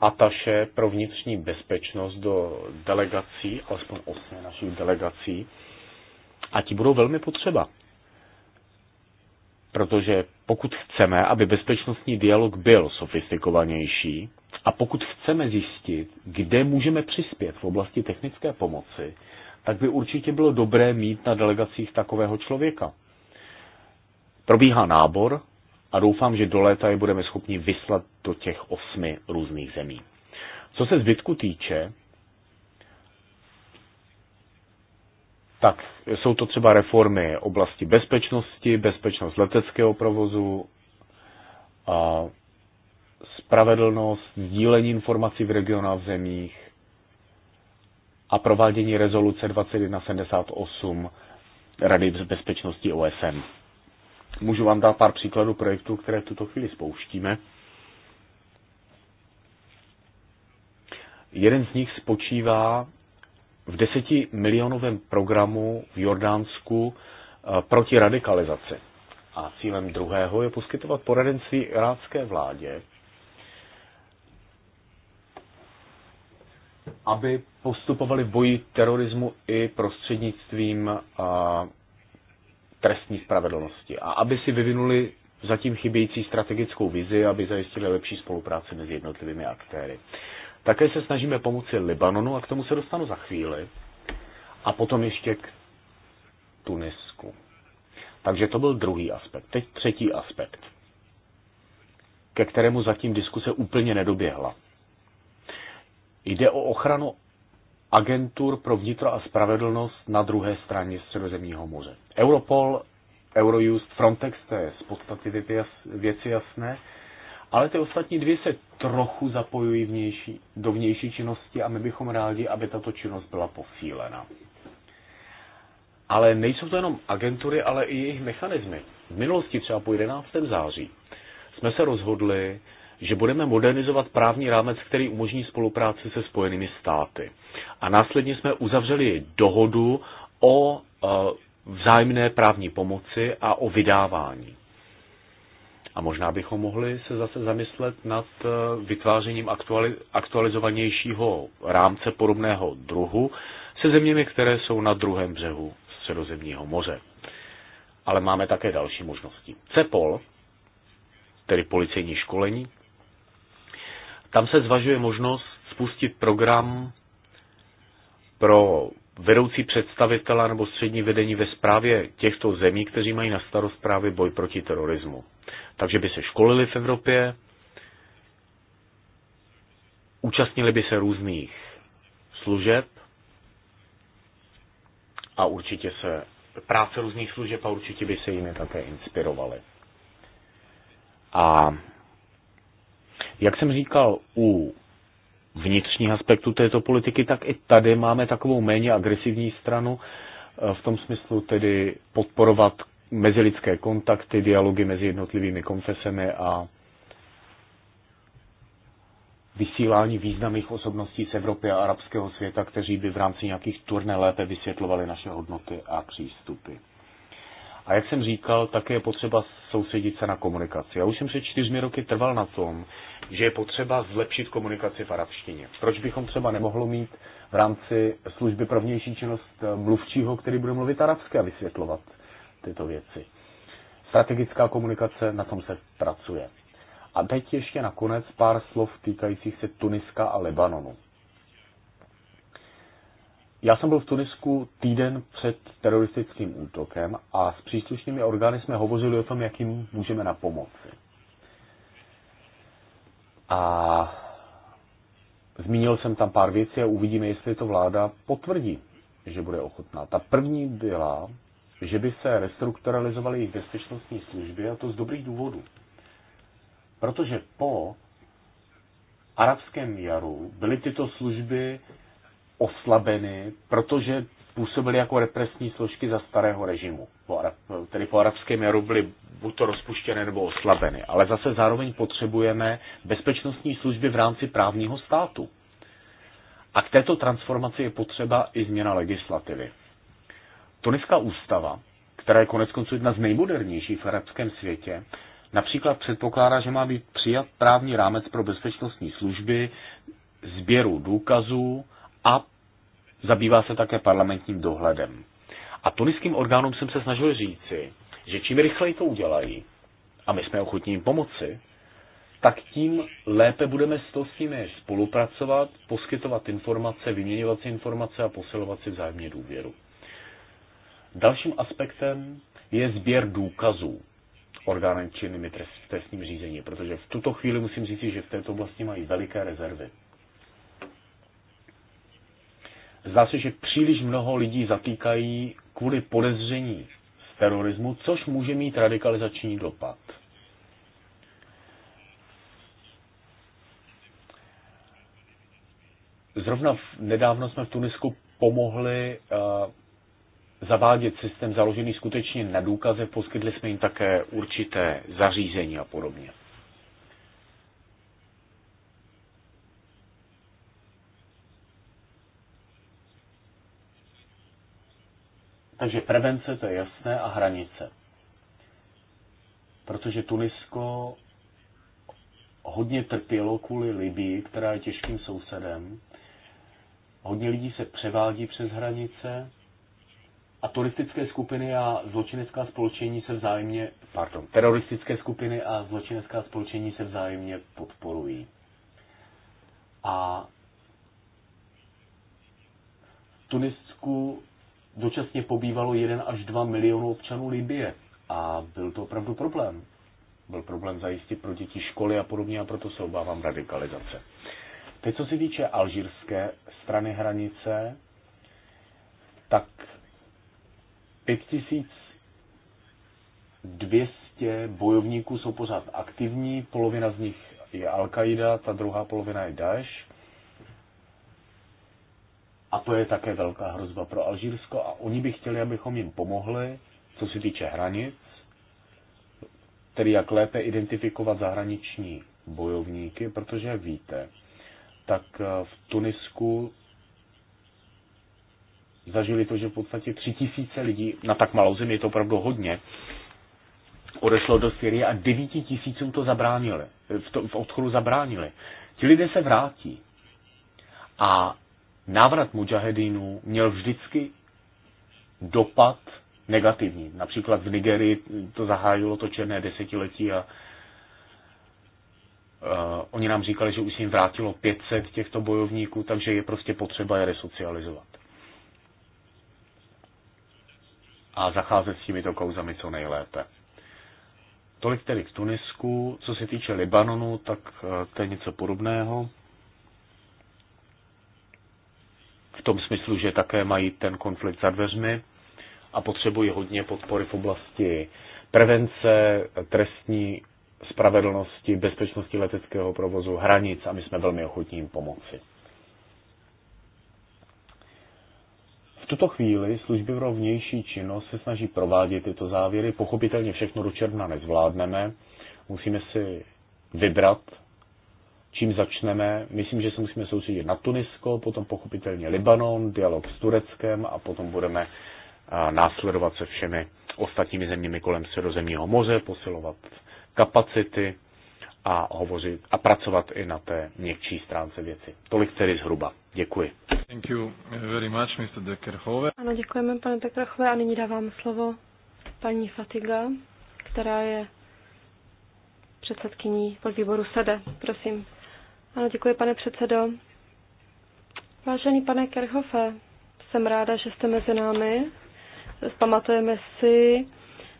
ataše pro vnitřní bezpečnost do delegací, alespoň osm našich delegací, a ti budou velmi potřeba. Protože pokud chceme, aby bezpečnostní dialog byl sofistikovanější a pokud chceme zjistit, kde můžeme přispět v oblasti technické pomoci, tak by určitě bylo dobré mít na delegacích takového člověka. Probíhá nábor a doufám, že do léta je budeme schopni vyslat do těch osmi různých zemí. Co se zbytku týče, tak jsou to třeba reformy oblasti bezpečnosti, bezpečnost leteckého provozu, a spravedlnost, sdílení informací v regionálních zemích, a provádění rezoluce 2178 Rady bezpečnosti OSN. Můžu vám dát pár příkladů projektů, které v tuto chvíli spouštíme. Jeden z nich spočívá v desetimilionovém programu v Jordánsku eh, proti radikalizaci. A cílem druhého je poskytovat poradenství irácké vládě aby postupovali v boji terorismu i prostřednictvím a, trestní spravedlnosti a aby si vyvinuli zatím chybějící strategickou vizi, aby zajistili lepší spolupráci mezi jednotlivými aktéry. Také se snažíme pomoci Libanonu a k tomu se dostanu za chvíli a potom ještě k Tunisku. Takže to byl druhý aspekt. Teď třetí aspekt, ke kterému zatím diskuse úplně nedoběhla. Jde o ochranu agentur pro vnitro a spravedlnost na druhé straně Středozemního moře. Europol, Eurojust, Frontex, to je z podstaty věci jasné, ale ty ostatní dvě se trochu zapojují vnější, do vnější činnosti a my bychom rádi, aby tato činnost byla posílena. Ale nejsou to jenom agentury, ale i jejich mechanismy. V minulosti, třeba po 11. září, jsme se rozhodli, že budeme modernizovat právní rámec, který umožní spolupráci se Spojenými státy. A následně jsme uzavřeli dohodu o e, vzájemné právní pomoci a o vydávání. A možná bychom mohli se zase zamyslet nad e, vytvářením aktualizovanějšího rámce podobného druhu se zeměmi, které jsou na druhém břehu Středozemního moře. Ale máme také další možnosti. CEPOL, tedy policejní školení, tam se zvažuje možnost spustit program pro vedoucí představitela nebo střední vedení ve správě těchto zemí, kteří mají na starost právě boj proti terorismu. Takže by se školili v Evropě, účastnili by se různých služeb a určitě se práce různých služeb a určitě by se jimi také inspirovali. A jak jsem říkal, u vnitřních aspektů této politiky, tak i tady máme takovou méně agresivní stranu, eh, v tom smyslu tedy podporovat mezilidské kontakty, dialogy mezi jednotlivými konfesemi a vysílání významných osobností z Evropy a arabského světa, kteří by v rámci nějakých turné lépe vysvětlovali naše hodnoty a přístupy. A jak jsem říkal, tak je potřeba soustředit se na komunikaci. Já už jsem před čtyřmi roky trval na tom, že je potřeba zlepšit komunikaci v arabštině. Proč bychom třeba nemohli mít v rámci služby prvnější činnost eh, mluvčího, který bude mluvit arabsky a vysvětlovat tyto věci? Strategická komunikace, na tom se pracuje. A teď ještě nakonec pár slov týkajících se Tuniska a Libanonu. Já jsem byl v Tunisku týden před teroristickým útokem a s příslušnými orgány jsme hovořili o tom, jakým můžeme na pomoci. A zmínil jsem tam pár věcí a uvidíme, jestli to vláda potvrdí, že bude ochotná. Ta první byla, že by se restrukturalizovaly jejich bezpečnostní služby a to z dobrých důvodů. Protože po arabském jaru byly tyto služby oslabeny, protože působily jako represní složky za starého režimu. Tedy po arabském jaru byly buď to rozpuštěny nebo oslabeny. Ale zase zároveň potřebujeme bezpečnostní služby v rámci právního státu. A k této transformaci je potřeba i změna legislativy. Tuniská ústava, která je konec konců jedna z nejmodernějších v arabském světě, například předpokládá, že má být přijat právní rámec pro bezpečnostní služby, sběru důkazů, a zabývá se také parlamentním dohledem. A tuniským orgánům jsem se snažil říci, že čím rychleji to udělají, a my jsme ochotní jim pomoci, tak tím lépe budeme s, to, s tím spolupracovat, poskytovat informace, vyměňovat si informace a posilovat si vzájemně důvěru. Dalším aspektem je sběr důkazů orgánem činnými trest, trestním řízení, protože v tuto chvíli musím říct, že v této oblasti mají veliké rezervy. Zdá se, že příliš mnoho lidí zatýkají kvůli podezření z terorismu, což může mít radikalizační dopad. Zrovna v, nedávno jsme v Tunisku pomohli uh, zavádět systém založený skutečně na důkaze, poskytli jsme jim také určité zařízení a podobně. Takže prevence to je jasné a hranice. Protože Tunisko hodně trpělo kvůli Libii, která je těžkým sousedem. Hodně lidí se převádí přes hranice a turistické skupiny a zločinecká spolčení se vzájemně, pardon, teroristické skupiny a zločinecká spolčení se vzájemně podporují. A v Tunisku dočasně pobývalo 1 až 2 milionů občanů Libie a byl to opravdu problém. Byl problém zajistit pro děti školy a podobně a proto se obávám radikalizace. Teď co se týče alžírské strany hranice, tak 5200 bojovníků jsou pořád aktivní, polovina z nich je Al-Qaida, ta druhá polovina je Daesh. A to je také velká hrozba pro Alžírsko a oni by chtěli, abychom jim pomohli, co se týče hranic, tedy jak lépe identifikovat zahraniční bojovníky, protože víte, tak eh, v Tunisku zažili to, že v podstatě tři tisíce lidí, na tak malou zemi je to opravdu hodně, odešlo do Syrie a devíti tisícům to zabránili, v, to, v odchodu zabránili. Ti lidé se vrátí. A návrat mujahedinů měl vždycky dopad negativní. Například v Nigerii to zahájilo to černé desetiletí a uh, oni nám říkali, že už se jim vrátilo 500 těchto bojovníků, takže je prostě potřeba je resocializovat. A zacházet s těmito kouzami co nejlépe. Tolik tedy k Tunisku. Co se týče Libanonu, tak uh, to je něco podobného. v tom smyslu, že také mají ten konflikt za dveřmi a potřebují hodně podpory v oblasti prevence, trestní spravedlnosti, bezpečnosti leteckého provozu, hranic a my jsme velmi ochotní jim pomoci. V tuto chvíli služby pro vnější činnost se snaží provádět tyto závěry. Pochopitelně všechno do června nezvládneme. Musíme si vybrat čím začneme. Myslím, že se musíme soustředit na Tunisko, potom pochopitelně Libanon, dialog s Tureckem a potom budeme následovat se všemi ostatními zeměmi kolem Středozemního moře, posilovat kapacity a, hovořit, a pracovat i na té měkčí stránce věci. Tolik tedy zhruba. Děkuji. Thank you very much, Mr. Deckerhove. Ano, děkujeme, pane Deckerhove, a nyní dávám slovo paní Fatiga, která je předsedkyní podvýboru SEDE. E. Prosím. Ano, děkuji, pane předsedo. Vážený pane Kerhofe, jsem ráda, že jste mezi námi. Pamatujeme si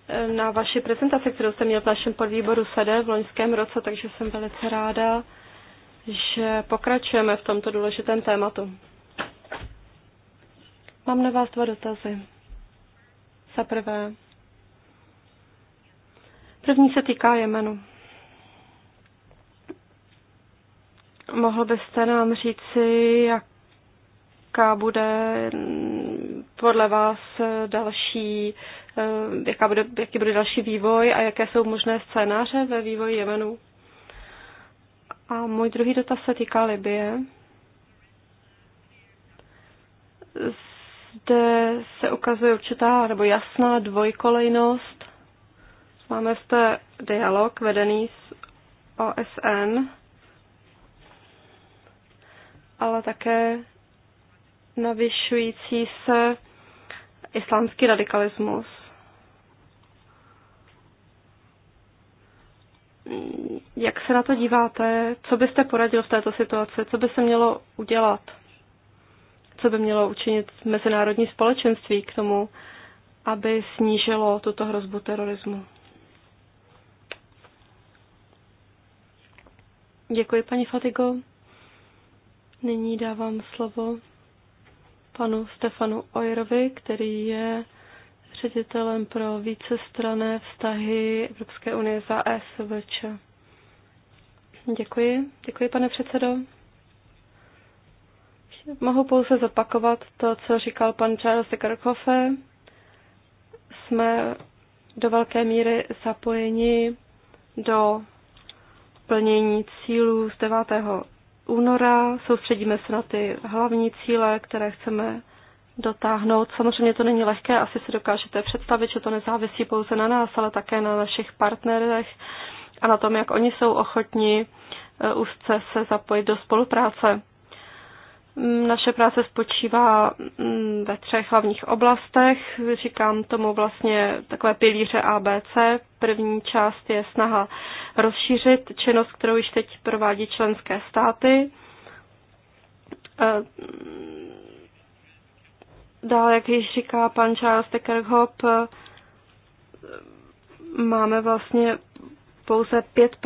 eh, na vaši prezentaci, kterou jste měl v našem podvýboru SEDE v loňském roce, takže jsem velice ráda, že pokračujeme v tomto důležitém tématu. Mám na vás dva dotazy. Za prvé. První se týká Jemenu. Mohl byste nám říci, jaká bude mm, podle vás další, eh, jaká bude, jaký bude další vývoj a jaké jsou možné scénáře ve vývoji Jemenu? A můj druhý dotaz se týká Libie. Zde se ukazuje určitá nebo jasná dvojkolejnost. Máme zde dialog vedený s OSN ale také navyšující se islámský radikalismus. Jak se na to díváte? Co byste poradil v této situaci? Co by se mělo udělat? Co by mělo učinit mezinárodní společenství k tomu, aby snížilo tuto hrozbu terorismu? Děkuji, paní Fatigo. Nyní dávám slovo panu Stefanu Ojrovi, který je ředitelem pro vícestrané vztahy Evropské unie za ESVČ. Děkuji. Děkuji, pane předsedo. Mohu pouze zopakovat to, co říkal pan Charles de Karkofe. Jsme do velké míry zapojeni do plnění cílů z 9 února, soustředíme se na ty hlavní cíle, které chceme dotáhnout. Samozřejmě to není lehké, asi si dokážete představit, že to nezávisí pouze na nás, ale také na našich partnerech a na tom, jak oni jsou ochotní eh, úzce se zapojit do spolupráce. Naše práce spočívá mm, ve třech hlavních oblastech. Říkám tomu vlastně takové pilíře ABC. První část je snaha rozšířit činnost, kterou již teď provádí členské státy. Eh, dále, jak již říká pan Charles de eh, máme vlastně pouze 5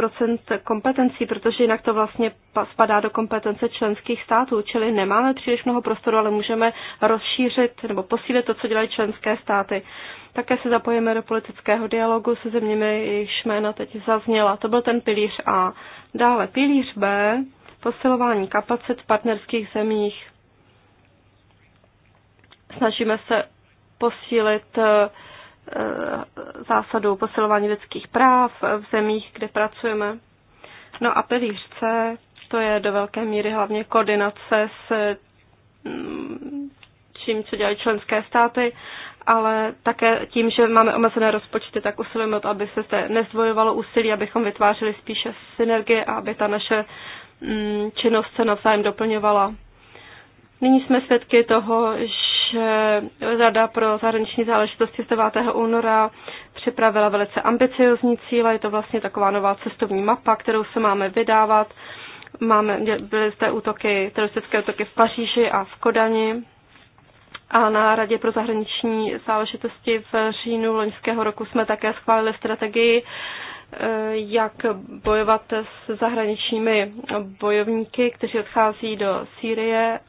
kompetencí, protože jinak to vlastně spadá do kompetence členských států, čili nemáme příliš mnoho prostoru, ale můžeme rozšířit nebo posílit to, co dělají členské státy. Také se zapojíme do politického dialogu se zeměmi, jejichž jména teď zazněla. To byl ten pilíř A. Dále pilíř B, posilování kapacit v partnerských zemích. Snažíme se posílit uh, Eh, zásadou posilování lidských práv v zemích, kde pracujeme. No a pilíř C, to je do velké míry hlavně koordinace s mm, čím, co dělají členské státy, ale také tím, že máme omezené rozpočty, tak usilujeme o to, aby se zde nezdvojovalo úsilí, abychom vytvářeli spíše synergie a aby ta naše mm, činnost se navzájem doplňovala. Nyní jsme svědky toho, že Rada pro zahraniční záležitosti z 9. února připravila velice ambiciozní cíle. Je to vlastně taková nová cestovní mapa, kterou se máme vydávat. Máme, byly zde útoky, teroristické útoky v Paříži a v Kodani. A na Radě pro zahraniční záležitosti v říjnu loňského roku jsme také schválili strategii, eh, jak bojovat s zahraničními bojovníky, kteří odchází do Sýrie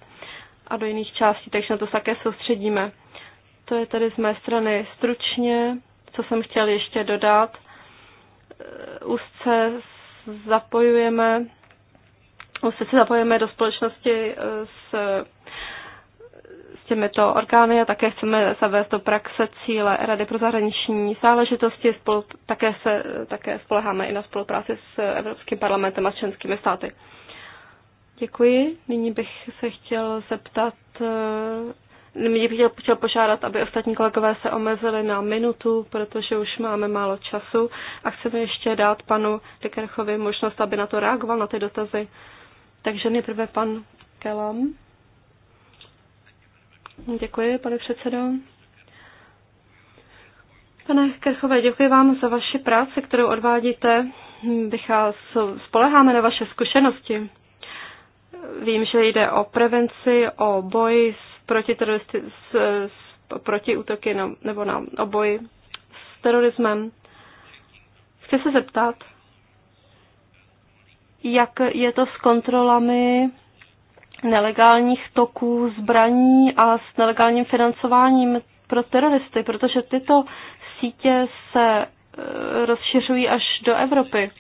a do jiných částí, takže na to se také soustředíme. To je tedy z mé strany stručně, co jsem chtěl ještě dodat. Eh, úzce zapojujeme, úzce se zapojujeme do společnosti eh, s, s těmito orgány a také chceme zavést do praxe cíle Rady pro zahraniční záležitosti. Spolu, také se také spoleháme i na spolupráci s Evropským parlamentem a s členskými státy. Děkuji. Nyní bych se chtěl zeptat, eh, nyní bych chtěl, chtěl požádat, aby ostatní kolegové se omezili na minutu, protože už máme málo času a chceme ještě dát panu Dekerchovi možnost, aby na to reagoval, na ty dotazy. Takže nejprve pan Kelam. Děkuji, pane předsedo. Pane Kerchové, děkuji vám za vaši práci, kterou odvádíte. Vychází, spoleháme na vaše zkušenosti. Vím, že jde o prevenci, o boj s proti, s, s, proti útoky no, nebo na o boj s terorismem. Chci se zeptat, jak je to s kontrolami nelegálních toků zbraní a s nelegálním financováním pro teroristy, protože tyto sítě se eh, rozšiřují až do Evropy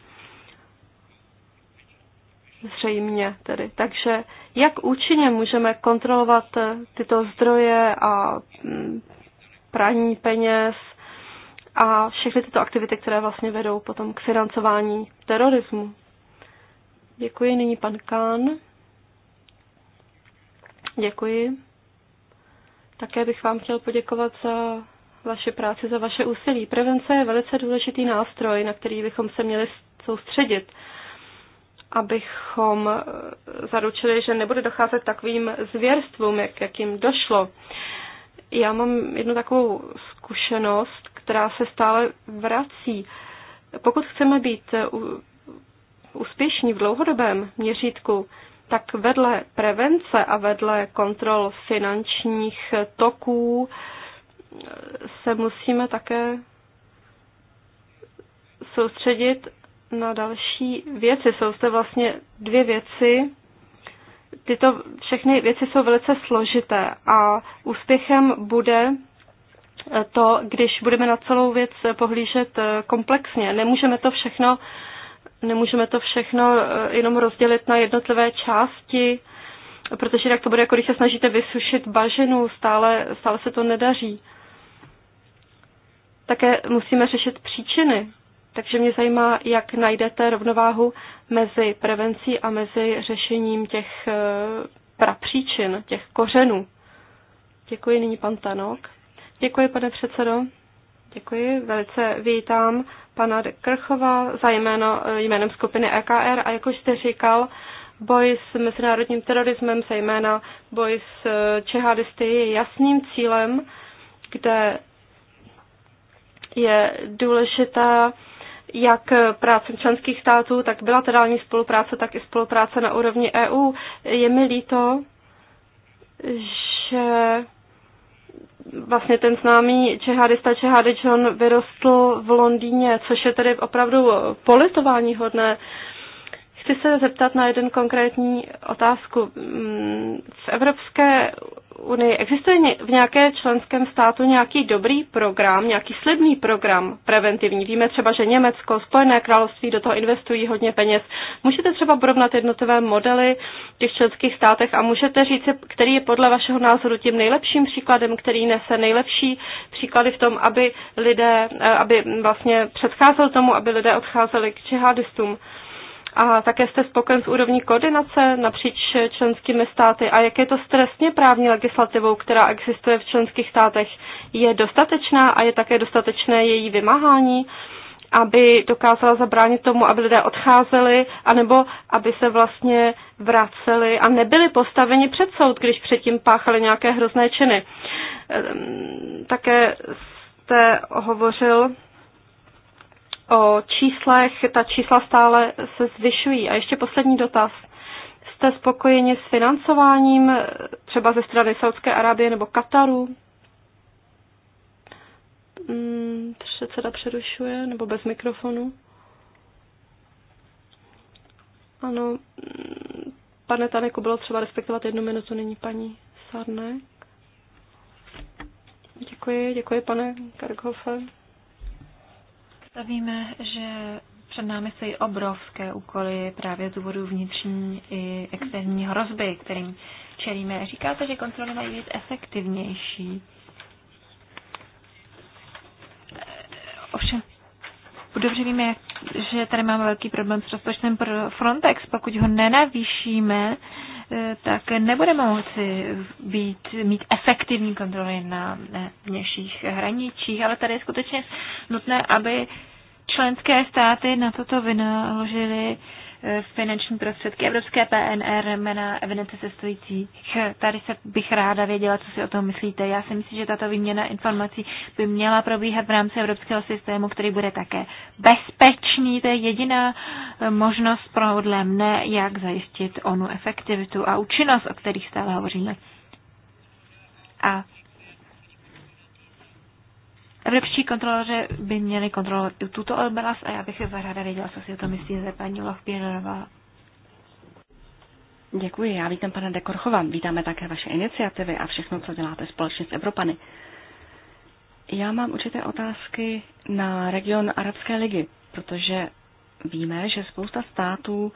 zřejmě tedy. Takže jak účinně můžeme kontrolovat eh, tyto zdroje a mm, praní peněz a všechny tyto aktivity, které vlastně vedou potom k financování terorismu? Děkuji, nyní pan Kán. Děkuji. Také bych vám chtěl poděkovat za vaši práci, za vaše úsilí. Prevence je velice důležitý nástroj, na který bychom se měli soustředit abychom eh, zaručili, že nebude docházet takovým zvěrstvům, jak, jakým došlo. Já mám jednu takovou zkušenost, která se stále vrací. Pokud chceme být eh, úspěšní v dlouhodobém měřítku, tak vedle prevence a vedle kontrol finančních toků eh, se musíme také soustředit na další věci. Jsou zde vlastně dvě věci. Tyto všechny věci jsou velice složité a úspěchem bude to, když budeme na celou věc pohlížet eh, komplexně. Nemůžeme to všechno, nemůžeme to všechno eh, jenom rozdělit na jednotlivé části, protože tak to bude, jako když se snažíte vysušit bažinu, stále, stále se to nedaří. Také musíme řešit příčiny takže mě zajímá, jak najdete rovnováhu mezi prevencí a mezi řešením těch eh, prapříčin, těch kořenů. Děkuji nyní pan Tanok. Děkuji, pane předsedo. Děkuji, velice vítám pana Krchova za jméno, eh, jménem skupiny EKR a jak už jste říkal, boj s mezinárodním terorismem, zejména boj s čehadisty eh, je jasným cílem, kde je důležitá jak práce členských států, tak bilaterální spolupráce, tak i spolupráce na úrovni EU. Je mi líto, že vlastně ten známý čehadista Čehady John vyrostl v Londýně, což je tedy opravdu politování hodné. Chci se zeptat na jeden konkrétní otázku. V Evropské unii. Existuje v nějaké členském státu nějaký dobrý program, nějaký slibný program preventivní? Víme třeba, že Německo, Spojené království do toho investují hodně peněz. Můžete třeba porovnat jednotlivé modely v těch členských státech a můžete říct, který je podle vašeho názoru tím nejlepším příkladem, který nese nejlepší příklady v tom, aby lidé, eh, aby vlastně předcházel tomu, aby lidé odcházeli k džihadistům. A také jste spokojen s úrovní koordinace napříč členskými státy a jak je to s trestně právní legislativou, která existuje v členských státech, je dostatečná a je také dostatečné její vymáhání, aby dokázala zabránit tomu, aby lidé odcházeli, anebo aby se vlastně vraceli a nebyli postaveni před soud, když předtím páchali nějaké hrozné činy. Ehm, také jste hovořil o číslech, ta čísla stále se zvyšují. A ještě poslední dotaz. Jste spokojeni s financováním eh, třeba ze strany Saudské Arábie nebo Kataru? Hmm, předseda přerušuje nebo bez mikrofonu. Ano, hmm, pane Taneku, bylo třeba respektovat jednu minutu, není paní Sarnek. Děkuji, děkuji pane Karkhofe. Víme, že před námi i obrovské úkoly právě z důvodu vnitřní i externí hrozby, kterým čelíme. Říkáte, že kontroly mají být efektivnější. Ovšem, dobře víme, že tady máme velký problém s rozpočtem pro Frontex. Pokud ho nenavýšíme, tak nebudeme moci být, mít efektivní kontroly na vnějších hraničích, ale tady je skutečně nutné, aby členské státy na toto vynaložily Eh, finanční prostředky Evropské PNR jména evidence cestujících. Tady se bych ráda věděla, co si o tom myslíte. Já si myslím, že tato výměna informací by měla probíhat v rámci evropského systému, který bude také bezpečný. To je jediná eh, možnost pro podle mne, jak zajistit onu efektivitu a účinnost, o kterých stále hovoříme. A Evropští kontroloři by měli kontrolovat i tuto oblast a já bych je zahrada věděla, co si o tom ze paní Olaf Děkuji, já vítám pana Dekorchova. Vítáme také vaše iniciativy a všechno, co děláte společně s Evropany. Já mám určité otázky na region Arabské ligy, protože víme, že spousta států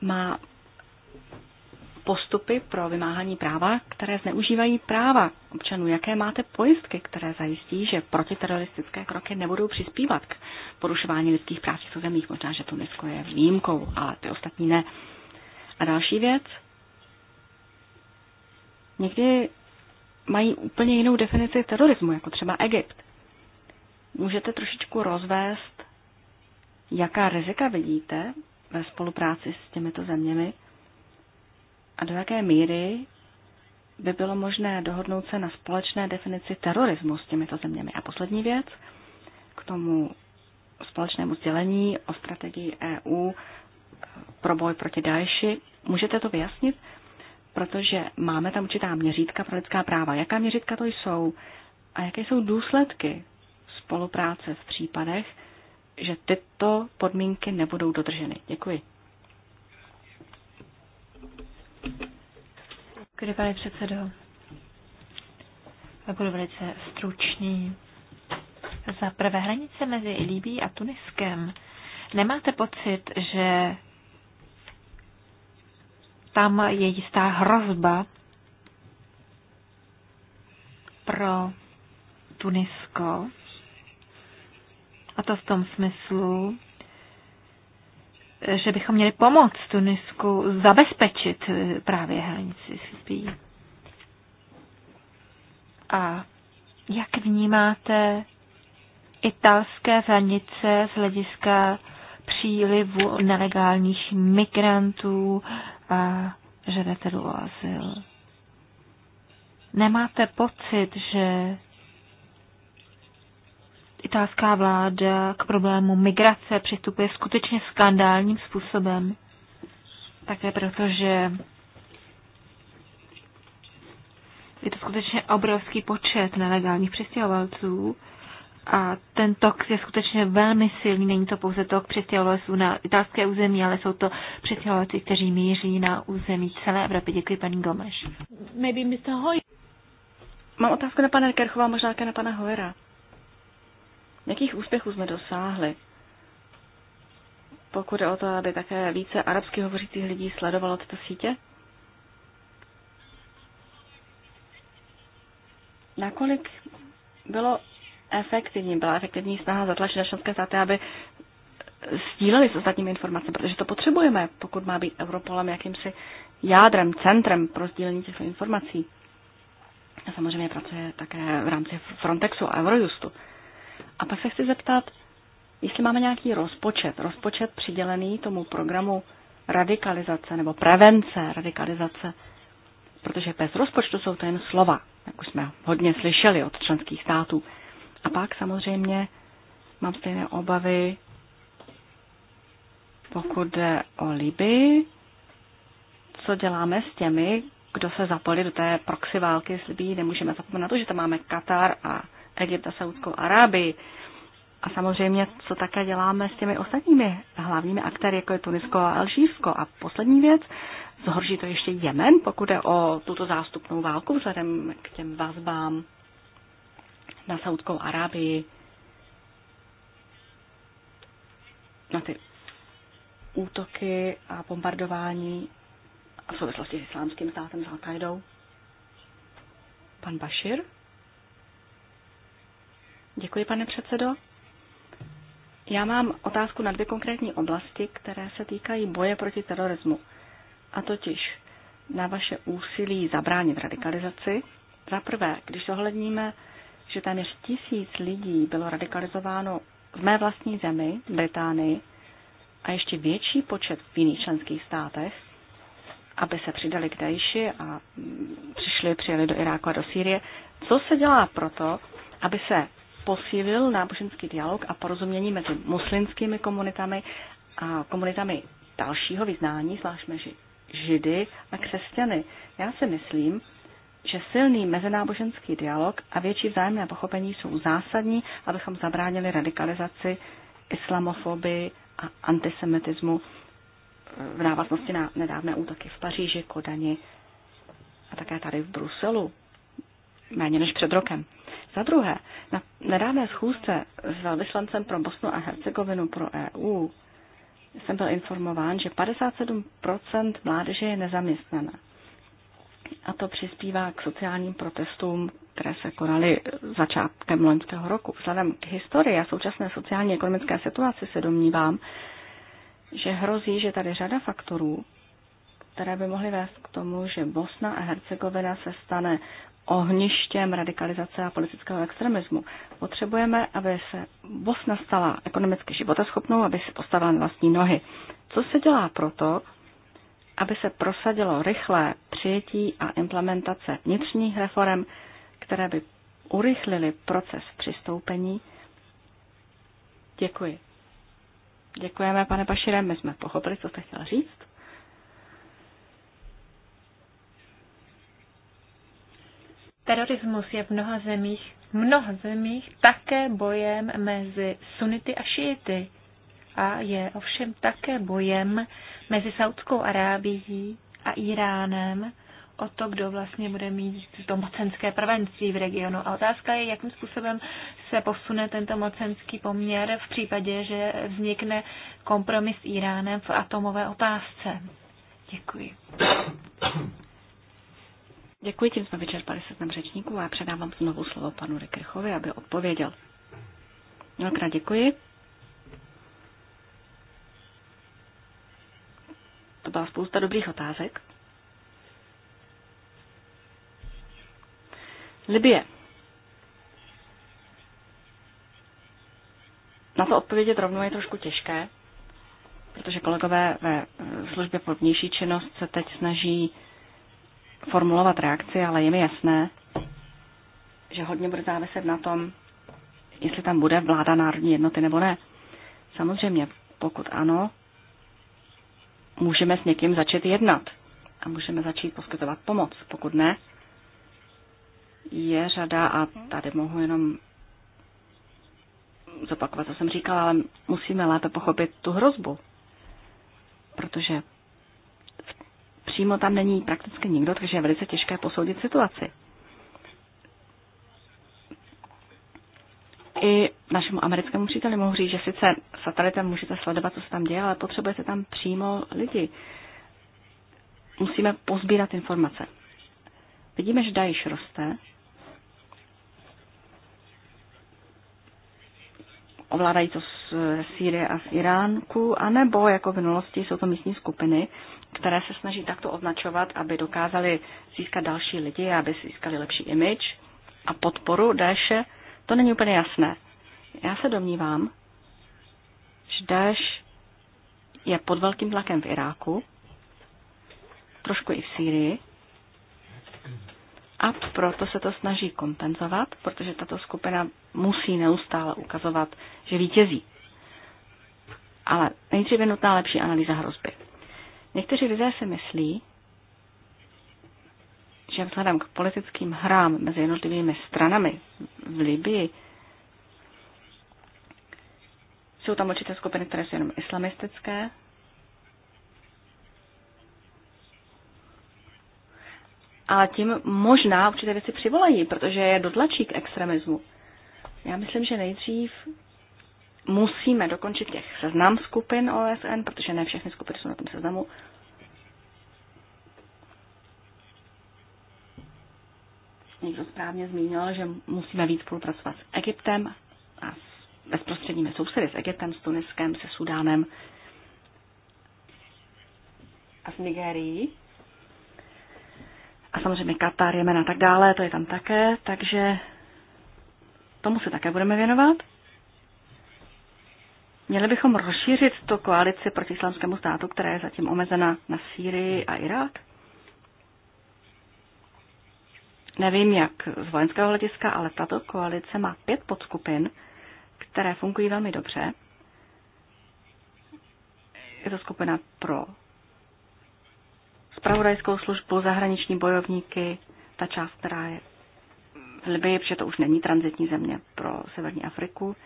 má postupy pro vymáhání práva, které zneužívají práva občanů? Jaké máte pojistky, které zajistí, že protiteroristické kroky nebudou přispívat k porušování lidských práv v zemích? Možná, že Tunisko je výjimkou, ale ty ostatní ne. A další věc. Někdy mají úplně jinou definici terorismu, jako třeba Egypt. Můžete trošičku rozvést, jaká rizika vidíte ve spolupráci s těmito zeměmi? a do jaké míry by bylo možné dohodnout se na společné definici terorismu s těmito zeměmi. A poslední věc k tomu společnému sdělení o strategii EU pro boj proti Daeši. Můžete to vyjasnit? Protože máme tam určitá měřítka pro lidská práva. Jaká měřítka to jsou? A jaké jsou důsledky spolupráce v případech, že tyto podmínky nebudou dodrženy? Děkuji. Děkuji, pane předsedo, budu velice stručný. Za prvé hranice mezi Libí a Tuniskem. Nemáte pocit, že tam je jistá hrozba pro Tunisko? A to v tom smyslu, že bychom měli pomoct Tunisku zabezpečit eh, právě hranici s Libí. A jak vnímáte italské hranice z hlediska přílivu nelegálních migrantů a žadatelů o azyl? Nemáte pocit, že italská vláda k problému migrace přistupuje skutečně skandálním způsobem. Také proto, že je to skutečně obrovský počet nelegálních přistěhovalců a ten tok je skutečně velmi silný. Není to pouze tok přistěhovalců na italské území, ale jsou to přistěhovalci, kteří míří na území celé Evropy. Děkuji, paní Gomeš. Maybe Mr. Hoy. Mám otázku na pana Kerchova, možná také na pana Hojera. Jakých úspěchů jsme dosáhli? Pokud je o to, aby také více arabsky hovořících lidí sledovalo tyto sítě? Nakolik bylo efektivní, byla efektivní snaha zatlačit na členské státy, aby sdíleli s ostatními informacemi, protože to potřebujeme, pokud má být Europolem jakýmsi jádrem, centrem pro sdílení těchto informací. A samozřejmě pracuje také v rámci Frontexu a Eurojustu. A pak se chci zeptat, jestli máme nějaký rozpočet, rozpočet přidělený tomu programu radikalizace nebo prevence radikalizace, protože bez rozpočtu jsou to jen slova, jak už jsme hodně slyšeli od členských států. A pak samozřejmě mám stejné obavy, pokud jde o Liby, co děláme s těmi, kdo se zapojili do té proxy války s Libí, nemůžeme zapomenout, že tam máme Katar a Egypta, Saudskou Arábii. A samozřejmě, co také děláme s těmi ostatními hlavními aktéry, jako je Tunisko a Alžírsko. A poslední věc, zhorší to ještě Jemen, pokud je o tuto zástupnou válku vzhledem k těm vazbám na Saudskou Arábii, na ty útoky a bombardování a v souvislosti s islámským státem s Al-Qaidou. Pan Bashir? Děkuji, pane předsedo. Já mám otázku na dvě konkrétní oblasti, které se týkají boje proti terorismu. A totiž na vaše úsilí zabránit radikalizaci. Za prvé, když zohledníme, že téměř tisíc lidí bylo radikalizováno v mé vlastní zemi, Británii, a ještě větší počet v jiných členských státech, aby se přidali k Dejši a mm, přišli, přijeli do Iráku a do Sýrie. Co se dělá proto, aby se posílil náboženský dialog a porozumění mezi muslimskými komunitami a komunitami dalšího vyznání, zvlášť mezi židy a křesťany. Já si myslím, že silný mezináboženský dialog a větší vzájemné pochopení jsou zásadní, abychom zabránili radikalizaci, islamofobii a antisemitismu eh, v návaznosti na nedávné útoky v Paříži, Kodani a také tady v Bruselu, méně než před rokem. Za druhé, na nedávné schůzce s velvyslancem pro Bosnu a Hercegovinu pro EU jsem byl informován, že 57 mládeže je nezaměstnané. A to přispívá k sociálním protestům, které se konaly začátkem loňského roku. Vzhledem k historii a současné sociální ekonomické situaci se domnívám, že hrozí, že tady řada faktorů, které by mohly vést k tomu, že Bosna a Hercegovina se stane ohništěm radikalizace a politického extremismu. Potřebujeme, aby se Bosna stala ekonomicky životaschopnou, aby se postavila na vlastní nohy. Co se dělá proto, aby se prosadilo rychlé přijetí a implementace vnitřních reform, které by urychlily proces přistoupení? Děkuji. Děkujeme, pane Pašire, my jsme pochopili, co jste chtěl říct. Terorismus je v mnoha zemích, mnoha zemích také bojem mezi sunity a šijity a je ovšem také bojem mezi Saudskou Arábií a Iránem o to, kdo vlastně bude mít to mocenské prvenství v regionu. A otázka je, jakým způsobem se posune tento mocenský poměr v případě, že vznikne kompromis s Iránem v atomové otázce. Děkuji. Děkuji, tím jsme vyčerpali znam řečníků a předávám znovu slovo panu Rekrchovi, aby odpověděl. Mnohokrát děkuji. To byla spousta dobrých otázek. Libie. Na to odpovědět rovnou je trošku těžké, protože kolegové ve službě pro vnější činnost se teď snaží formulovat reakci, ale je mi jasné, že hodně bude záviset na tom, jestli tam bude vláda národní jednoty nebo ne. Samozřejmě, pokud ano, můžeme s někým začít jednat a můžeme začít poskytovat pomoc. Pokud ne, je řada, a tady mohu jenom zopakovat, co jsem říkala, ale musíme lépe pochopit tu hrozbu. Protože přímo tam není prakticky nikdo, takže je velice těžké posoudit situaci. I našemu americkému příteli mohu říct, že sice satelitem můžete sledovat, co se tam děje, ale potřebujete tam přímo lidi. Musíme pozbírat informace. Vidíme, že Daesh roste. Ovládají to z Sýrie a z Iránku, anebo jako v minulosti jsou to místní skupiny, které se snaží takto označovat, aby dokázali získat další lidi, aby získali lepší image a podporu Daeše. To není úplně jasné. Já se domnívám, že Daeš je pod velkým tlakem v Iráku, trošku i v Sýrii, a proto se to snaží kompenzovat, protože tato skupina musí neustále ukazovat, že vítězí. Ale nejdříve nutná lepší analýza hrozby. Někteří lidé si myslí, že vzhledem k politickým hrám mezi jednotlivými stranami v Libii jsou tam určité skupiny, které jsou jenom islamistické. Ale tím možná určité věci přivolají, protože je dotlačí k extremismu. Já myslím, že nejdřív musíme dokončit těch seznam skupin OSN, protože ne všechny skupiny jsou na tom seznamu. Někdo správně zmínil, že musíme víc spolupracovat s Egyptem a s bezprostředními sousedy, s Egyptem, s Tuniskem, se Sudánem a s Nigerií. A samozřejmě Katar, Jemen a tak dále, to je tam také, takže tomu se také budeme věnovat. Měli bychom rozšířit tu koalici proti islámskému státu, která je zatím omezena na Sýrii a Irák? Nevím, jak z vojenského hlediska, ale tato koalice má pět podskupin, které fungují velmi dobře. Je to skupina pro spravodajskou službu, zahraniční bojovníky, ta část, která je v Libii, protože to už není transitní země pro severní Afriku,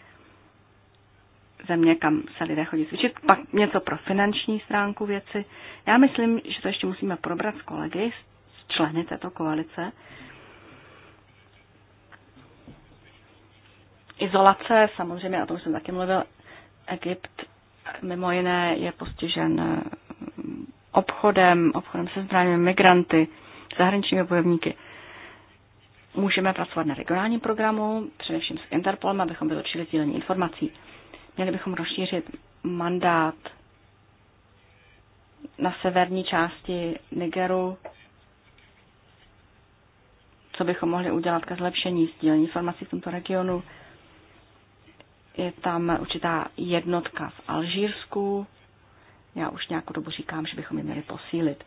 země, kam se lidé chodí cvičit, pak něco pro finanční stránku věci. Já myslím, že to ještě musíme probrat s kolegy, s členy této koalice. Izolace, samozřejmě, o tom jsem taky mluvil, Egypt mimo jiné je postižen eh, obchodem, obchodem se zbraněmi, migranty, zahraničními bojovníky. Můžeme pracovat na regionálním programu, především s Interpolem, abychom byli určitě sdílení informací. Měli bychom rozšířit mandát na severní části Nigeru, co bychom mohli udělat ke zlepšení sdílení informací v tomto regionu. Je tam určitá jednotka v Alžírsku. Já už nějakou dobu říkám, že bychom ji měli posílit.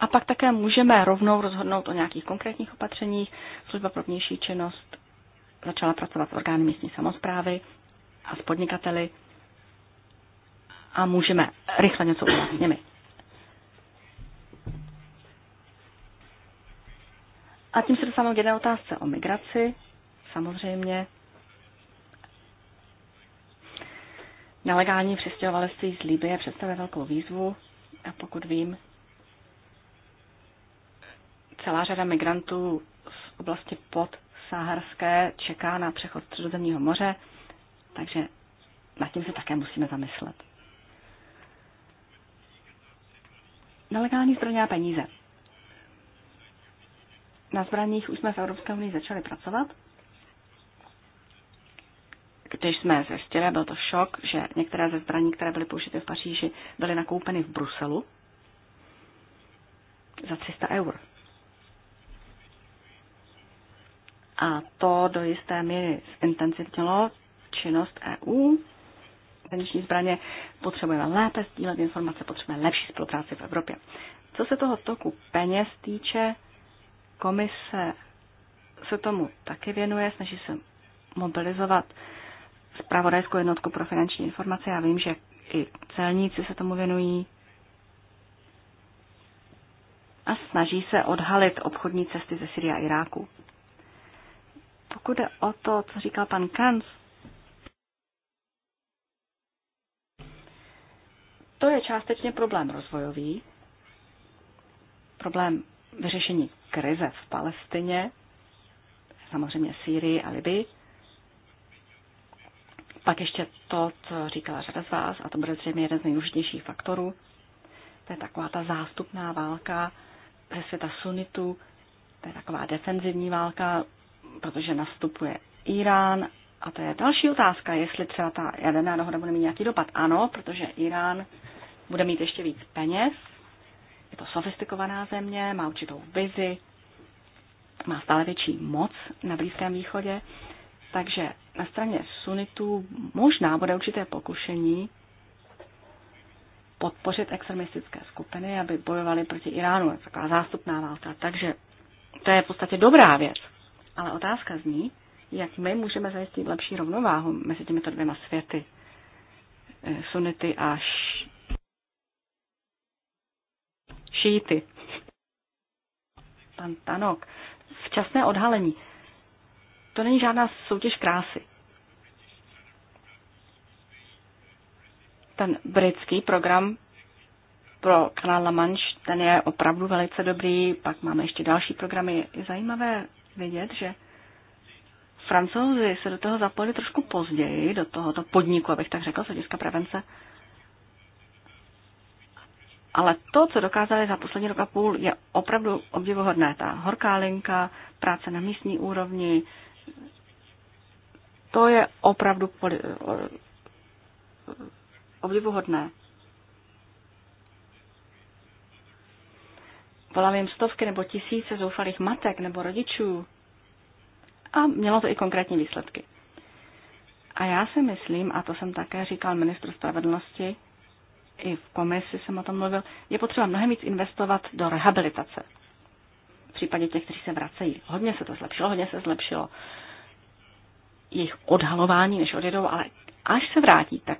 A pak také můžeme rovnou rozhodnout o nějakých konkrétních opatřeních. Služba pro vnější činnost začala pracovat s orgány místní samozprávy a s podnikateli a můžeme rychle něco udělat s nimi. A tím se dostávám k jedné otázce o migraci, samozřejmě. Nelegální přistěhovalectví z Libie představuje velkou výzvu a pokud vím, celá řada migrantů z oblasti pod Saharské čeká na přechod středozemního moře, takže nad tím se také musíme zamyslet. Nelegální zbraně a peníze. Na zbraních už jsme v Evropské unii začali pracovat. Když jsme zjistili, byl to šok, že některé ze zbraní, které byly použity v Paříži, byly nakoupeny v Bruselu za 300 eur. A to do jisté míry zintenzivnilo činnost EU. Konvenční zbraně potřebujeme lépe sdílet informace, potřebujeme lepší spolupráci v Evropě. Co se toho toku peněz týče, komise se tomu taky věnuje, snaží se mobilizovat zpravodajskou jednotku pro finanční informace. Já vím, že i celníci se tomu věnují a snaží se odhalit obchodní cesty ze Syrie a Iráku. Pokud jde o to, co říkal pan Kanz, to je částečně problém rozvojový, problém vyřešení krize v Palestině, samozřejmě Sýrii a Libii. Pak ještě to, co říkala řada z vás, a to bude zřejmě jeden z nejdůležitějších faktorů, to je taková ta zástupná válka ze světa sunitu, to je taková defenzivní válka protože nastupuje Irán. A to je další otázka, jestli třeba ta jaderná dohoda bude mít nějaký dopad. Ano, protože Irán bude mít ještě víc peněz, je to sofistikovaná země, má určitou vizi, má stále větší moc na Blízkém východě, takže na straně sunitů možná bude určité pokušení podpořit extremistické skupiny, aby bojovali proti Iránu. Je taková zástupná válka. Takže to je v podstatě dobrá věc. Ale otázka zní, jak my můžeme zajistit lepší rovnováhu mezi těmito dvěma světy, eh, sunity a š... šíty. Pan Tanok, včasné odhalení. To není žádná soutěž krásy. Ten britský program pro kanál La Manche, ten je opravdu velice dobrý, pak máme ještě další programy. Je zajímavé Vědět, že francouzi se do toho zapojili trošku později, do tohoto podniku, abych tak řekl, z hlediska prevence. Ale to, co dokázali za poslední rok a půl, je opravdu obdivuhodné. Ta horká linka, práce na místní úrovni, to je opravdu obdivuhodné. Volám jim stovky nebo tisíce zoufalých matek nebo rodičů. A mělo to i konkrétní výsledky. A já si myslím, a to jsem také říkal ministru spravedlnosti, i v komisi jsem o tom mluvil, je potřeba mnohem víc investovat do rehabilitace. V případě těch, kteří se vracejí. Hodně se to zlepšilo, hodně se zlepšilo jejich odhalování, než odjedou, ale až se vrátí, tak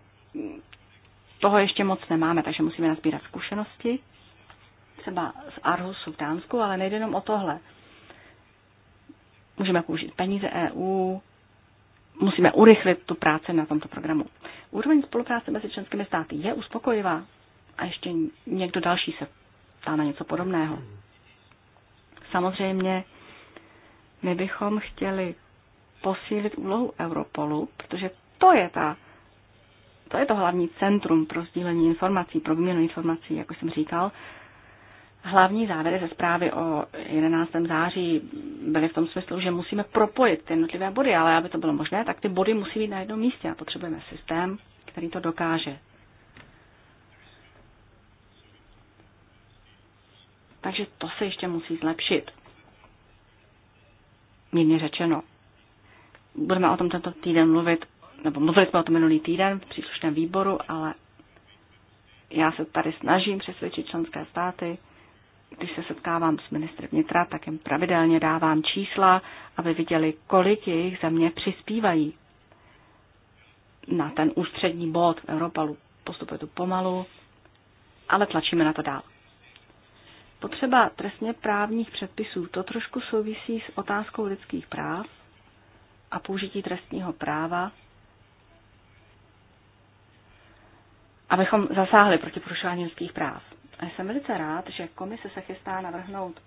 toho ještě moc nemáme, takže musíme nazbírat zkušenosti třeba z Arhusu v Dánsku, ale nejde jenom o tohle. Můžeme použít peníze EU, musíme urychlit tu práci na tomto programu. Úroveň spolupráce mezi členskými státy je uspokojivá a ještě někdo další se ptá na něco podobného. Samozřejmě my bychom chtěli posílit úlohu Europolu, protože to je ta to je to hlavní centrum pro sdílení informací, pro výměnu informací, jako jsem říkal, Hlavní závěry ze zprávy o 11. září byly v tom smyslu, že musíme propojit ty jednotlivé body, ale aby to bylo možné, tak ty body musí být na jednom místě a potřebujeme systém, který to dokáže. Takže to se ještě musí zlepšit. Mírně řečeno. Budeme o tom tento týden mluvit, nebo mluvili jsme o tom minulý týden v příslušném výboru, ale já se tady snažím přesvědčit členské státy, když se setkávám s ministry vnitra, tak jim pravidelně dávám čísla, aby viděli, kolik jejich země přispívají na ten ústřední bod v Europalu. Postupuje tu pomalu, ale tlačíme na to dál. Potřeba trestně právních předpisů, to trošku souvisí s otázkou lidských práv a použití trestního práva, abychom zasáhli proti porušování lidských práv. Jsem velice rád, že komise se chystá navrhnout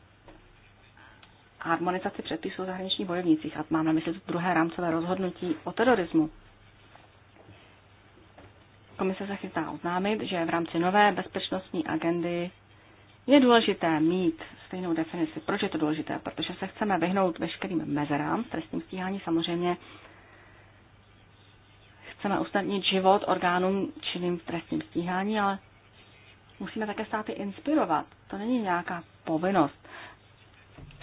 harmonizaci předpisů o zahraničních bojovnicích a mám na mysli druhé rámcové rozhodnutí o terorismu. Komise se chystá oznámit, že v rámci nové bezpečnostní agendy je důležité mít stejnou definici. Proč je to důležité? Protože se chceme vyhnout veškerým mezerám v trestním stíhání. Samozřejmě chceme usnadnit život orgánům činným v trestním stíhání, ale musíme také státy inspirovat. To není nějaká povinnost.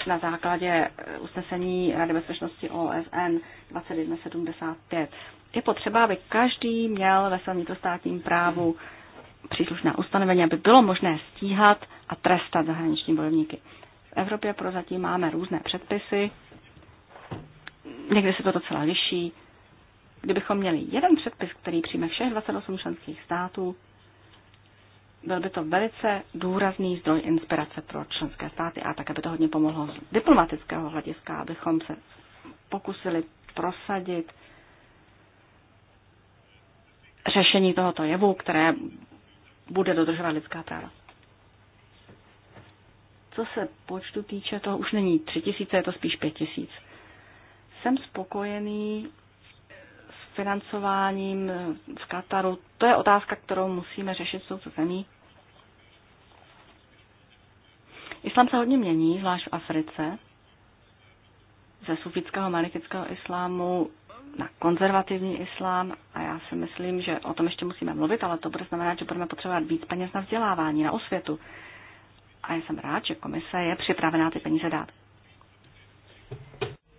Na základě eh, usnesení Rady bezpečnosti OSN 2175 je potřeba, aby každý měl ve svém vnitrostátním právu příslušné ustanovení, aby bylo možné stíhat a trestat zahraniční bojovníky. V Evropě prozatím máme různé předpisy, někdy se to docela liší. Kdybychom měli jeden předpis, který přijme všech 28 členských států, byl by to velice důrazný zdroj inspirace pro členské státy a také by to hodně pomohlo z diplomatického hlediska, abychom se pokusili prosadit řešení tohoto jevu, které bude dodržovat lidská práva. Co se počtu týče, to už není tři tisíce, je to spíš pět tisíc. Jsem spokojený financováním v eh, Kataru, to je otázka, kterou musíme řešit s touto zemí. Islám se hodně mění, zvlášť v Africe. Ze sufického malikického islámu na konzervativní islám a já si myslím, že o tom ještě musíme mluvit, ale to bude znamenat, že budeme potřebovat víc peněz na vzdělávání, na osvětu. A já jsem rád, že komise je připravená ty peníze dát.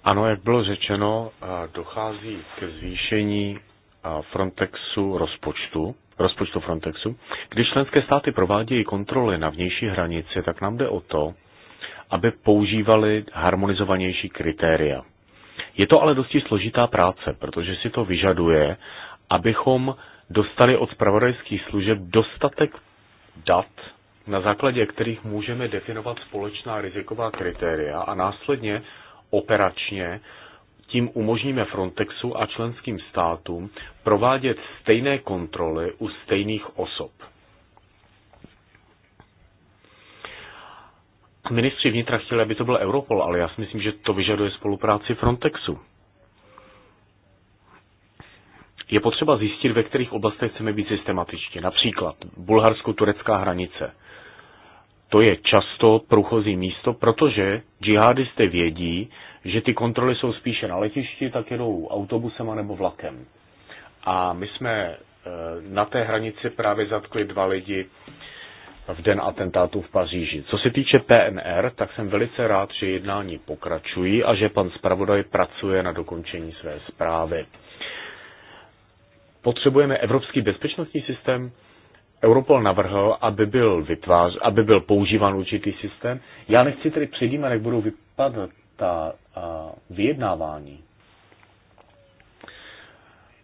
Ano, jak bylo řečeno, dochází k zvýšení Frontexu rozpočtu, rozpočtu Frontexu. Když členské státy provádějí kontroly na vnější hranici, tak nám jde o to, aby používali harmonizovanější kritéria. Je to ale dosti složitá práce, protože si to vyžaduje, abychom dostali od spravodajských služeb dostatek dat, na základě kterých můžeme definovat společná riziková kritéria a následně operačně, tím umožníme Frontexu a členským státům provádět stejné kontroly u stejných osob. Ministři vnitra chtěli, aby to byl Europol, ale já si myslím, že to vyžaduje spolupráci Frontexu. Je potřeba zjistit, ve kterých oblastech chceme být systematičtí. Například bulharsko-turecká hranice – to je často průchozí místo, protože džihadisté vědí, že ty kontroly jsou spíše na letišti, tak jedou autobusem nebo vlakem. A my jsme eh, na té hranici právě zatkli dva lidi v den atentátu v Paříži. Co se týče PNR, tak jsem velice rád, že jednání pokračují a že pan zpravodaj pracuje na dokončení své zprávy. Potřebujeme evropský bezpečnostní systém, Europol navrhl, aby byl, vytvář, aby byl používán určitý systém. Já nechci tedy předjímat, jak budou vypadat ta a, vyjednávání.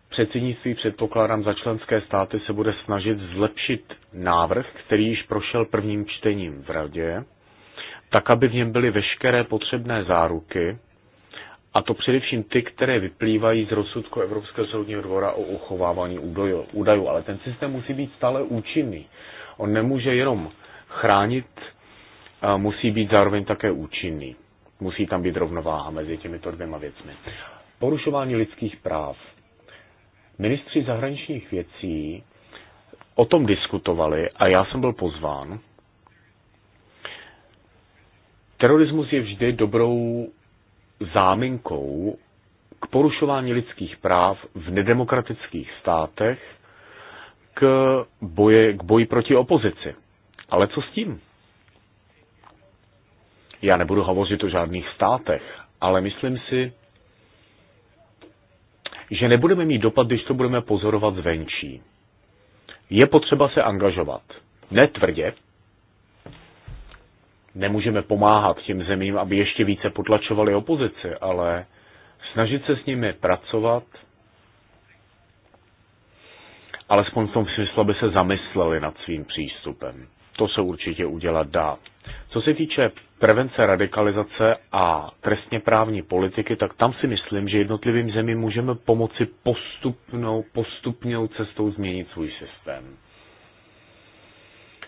Předsednictví předpokládám za členské státy se bude snažit zlepšit návrh, který již prošel prvním čtením v radě, tak aby v něm byly veškeré potřebné záruky a to především ty, které vyplývají z rozsudku Evropského soudního dvora o uchovávání údajů, Ale ten systém musí být stále účinný. On nemůže jenom chránit, musí být zároveň také účinný. Musí tam být rovnováha mezi těmito dvěma věcmi. Porušování lidských práv. Ministři zahraničních věcí o tom diskutovali a já jsem byl pozván. Terorismus je vždy dobrou záminkou k porušování lidských práv v nedemokratických státech k, boje, k boji proti opozici. Ale co s tím? Já nebudu hovořit o žádných státech, ale myslím si, že nebudeme mít dopad, když to budeme pozorovat zvenčí. Je potřeba se angažovat. Netvrdě, nemůžeme pomáhat těm zemím, aby ještě více potlačovali opozici, ale snažit se s nimi pracovat, alespoň v tom smyslu, aby se zamysleli nad svým přístupem. To se určitě udělat dá. Co se týče prevence radikalizace a trestně právní politiky, tak tam si myslím, že jednotlivým zemím můžeme pomoci postupnou, postupnou cestou změnit svůj systém.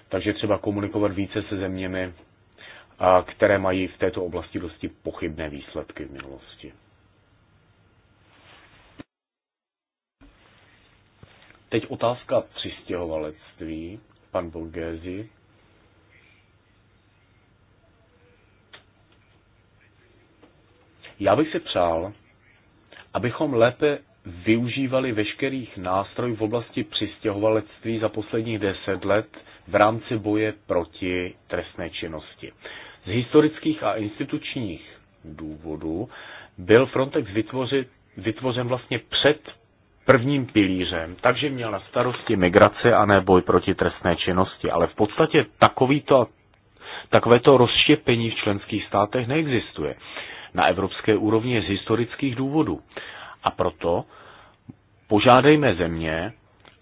Takže třeba komunikovat více se zeměmi které mají v této oblasti dosti pochybné výsledky v minulosti. Teď otázka přistěhovalectví. Pan Borgézi. Já bych se přál, abychom lépe využívali veškerých nástrojů v oblasti přistěhovalectví za posledních deset let v rámci boje proti trestné činnosti. Z historických a institučních důvodů byl Frontex vytvořit, vytvořen vlastně před prvním pilířem, takže měl na starosti migrace a ne boj proti trestné činnosti. Ale v podstatě takovýto, takovéto rozštěpení v členských státech neexistuje. Na evropské úrovni je z historických důvodů. A proto požádejme země,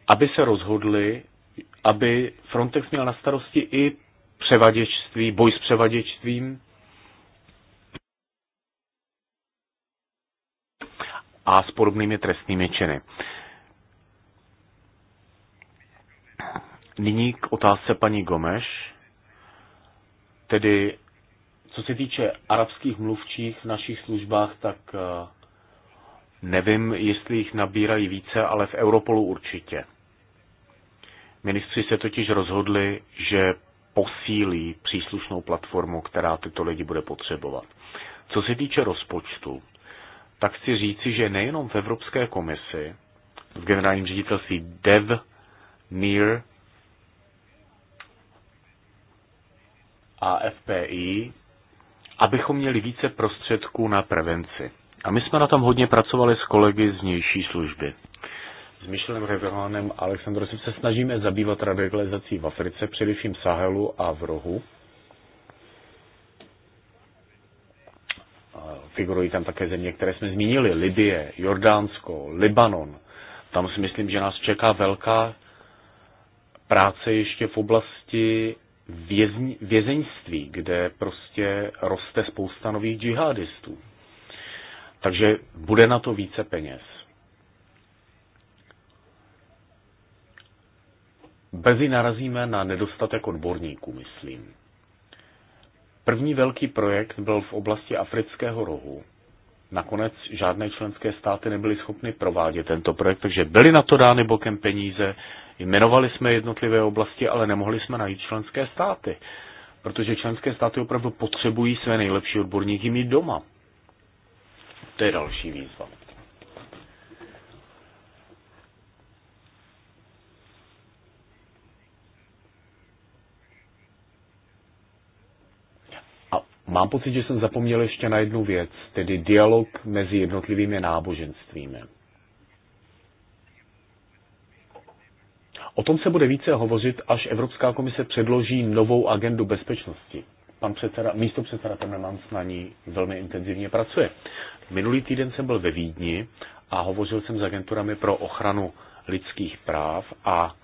aby se rozhodli, aby Frontex měl na starosti i převaděčství, boj s převaděčstvím. a s podobnými trestnými činy. Nyní k otázce paní Gomeš, tedy co se týče arabských mluvčích v našich službách, tak eh, nevím, jestli jich nabírají více, ale v Europolu určitě. Ministři se totiž rozhodli, že posílí příslušnou platformu, která tyto lidi bude potřebovat. Co se týče rozpočtu, tak chci říci, že nejenom v Evropské komisi, v generálním ředitelství DEV, Near a FPI, abychom měli více prostředků na prevenci. A my jsme na tom hodně pracovali s kolegy z nější služby s Michelem Revelánem a Aleksandrosem se snažíme zabývat radikalizací v Africe, především v Sahelu a v Rohu. Figurují tam také země, které jsme zmínili, Libie, Jordánsko, Libanon. Tam si myslím, že nás čeká velká práce ještě v oblasti vězni, vězeňství, kde prostě roste spousta nových džihadistů. Takže bude na to více peněz. brzy narazíme na nedostatek odborníků, myslím. První velký projekt byl v oblasti Afrického rohu. Nakonec žádné členské státy nebyly schopny provádět tento projekt, takže byly na to dány bokem peníze, jmenovali jsme jednotlivé oblasti, ale nemohli jsme najít členské státy, protože členské státy opravdu potřebují své nejlepší odborníky mít doma. To je další výzva. Mám pocit, že jsem zapomněl ještě na jednu věc, tedy dialog mezi jednotlivými náboženstvími. O tom se bude více hovořit, až Evropská komise předloží novou agendu bezpečnosti. Pan předseda, místo předseda Temelmans na ní velmi intenzivně pracuje. Minulý týden jsem byl ve Vídni a hovořil jsem s agenturami pro ochranu lidských práv a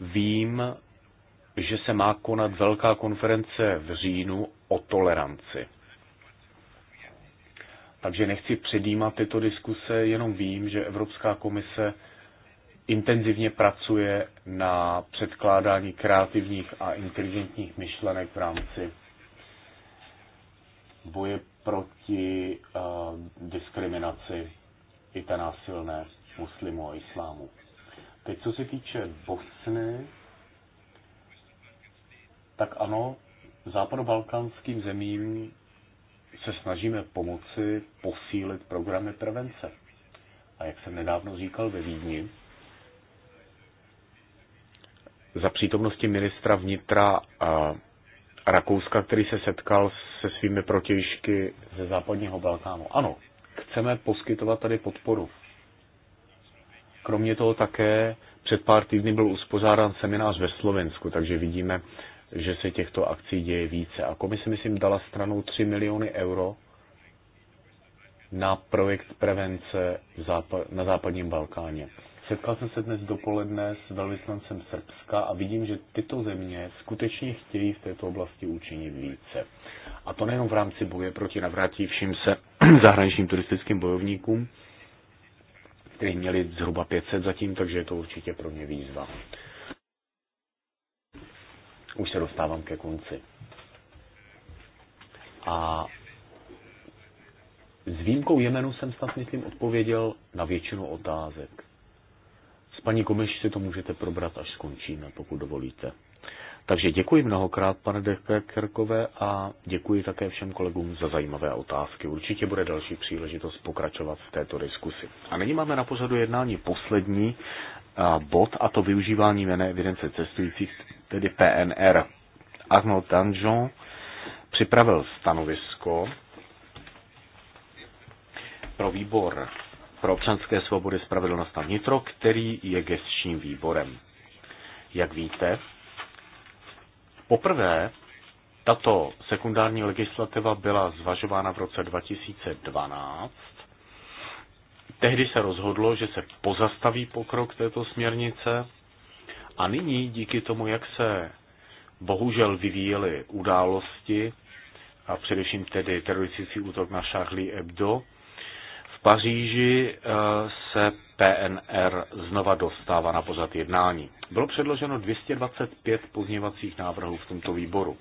vím, že se má konat velká konference v říjnu o toleranci. Takže nechci předjímat tyto diskuse, jenom vím, že Evropská komise intenzivně pracuje na předkládání kreativních a inteligentních myšlenek v rámci boje proti uh, diskriminaci i té násilné muslimu a islámu. Teď co se týče Bosny, tak ano, západobalkánským zemím se snažíme pomoci posílit programy prevence. A jak jsem nedávno říkal ve Vídni, za přítomnosti ministra vnitra a Rakouska, který se setkal se svými protějšky ze západního Balkánu. Ano, chceme poskytovat tady podporu. Kromě toho také před pár týdny byl uspořádán seminář ve Slovensku, takže vidíme, že se těchto akcí děje více. A komise, myslím, dala stranou 3 miliony euro na projekt prevence na západním Balkáně. Setkal jsem se dnes dopoledne s velvyslancem Srbska a vidím, že tyto země skutečně chtějí v této oblasti učinit více. A to nejenom v rámci boje proti navrátivším se zahraničním turistickým bojovníkům, kteří měli zhruba 500 zatím, takže je to určitě pro mě výzva. Už se dostávám ke konci. A s výjimkou Jemenu jsem snad, myslím, odpověděl na většinu otázek. S paní Komeš si to můžete probrat, až skončíme, pokud dovolíte. Takže děkuji mnohokrát, pane Dekerkové, a děkuji také všem kolegům za zajímavé otázky. Určitě bude další příležitost pokračovat v této diskusi. A nyní máme na pořadu jednání poslední bod, a to využívání jmené evidence cestujících, tedy PNR. Arnaud Danjon připravil stanovisko pro výbor pro občanské svobody, spravedlnost a vnitro, který je gestčním výborem. Jak víte, poprvé tato sekundární legislativa byla zvažována v roce 2012 Tehdy se rozhodlo, že se pozastaví pokrok této směrnice a nyní díky tomu, jak se bohužel vyvíjely události, a především tedy teroristický útok na Charlie Hebdo, v Paříži eh, se PNR znova dostává na pořad jednání. Bylo předloženo 225 pozněvacích návrhů v tomto výboru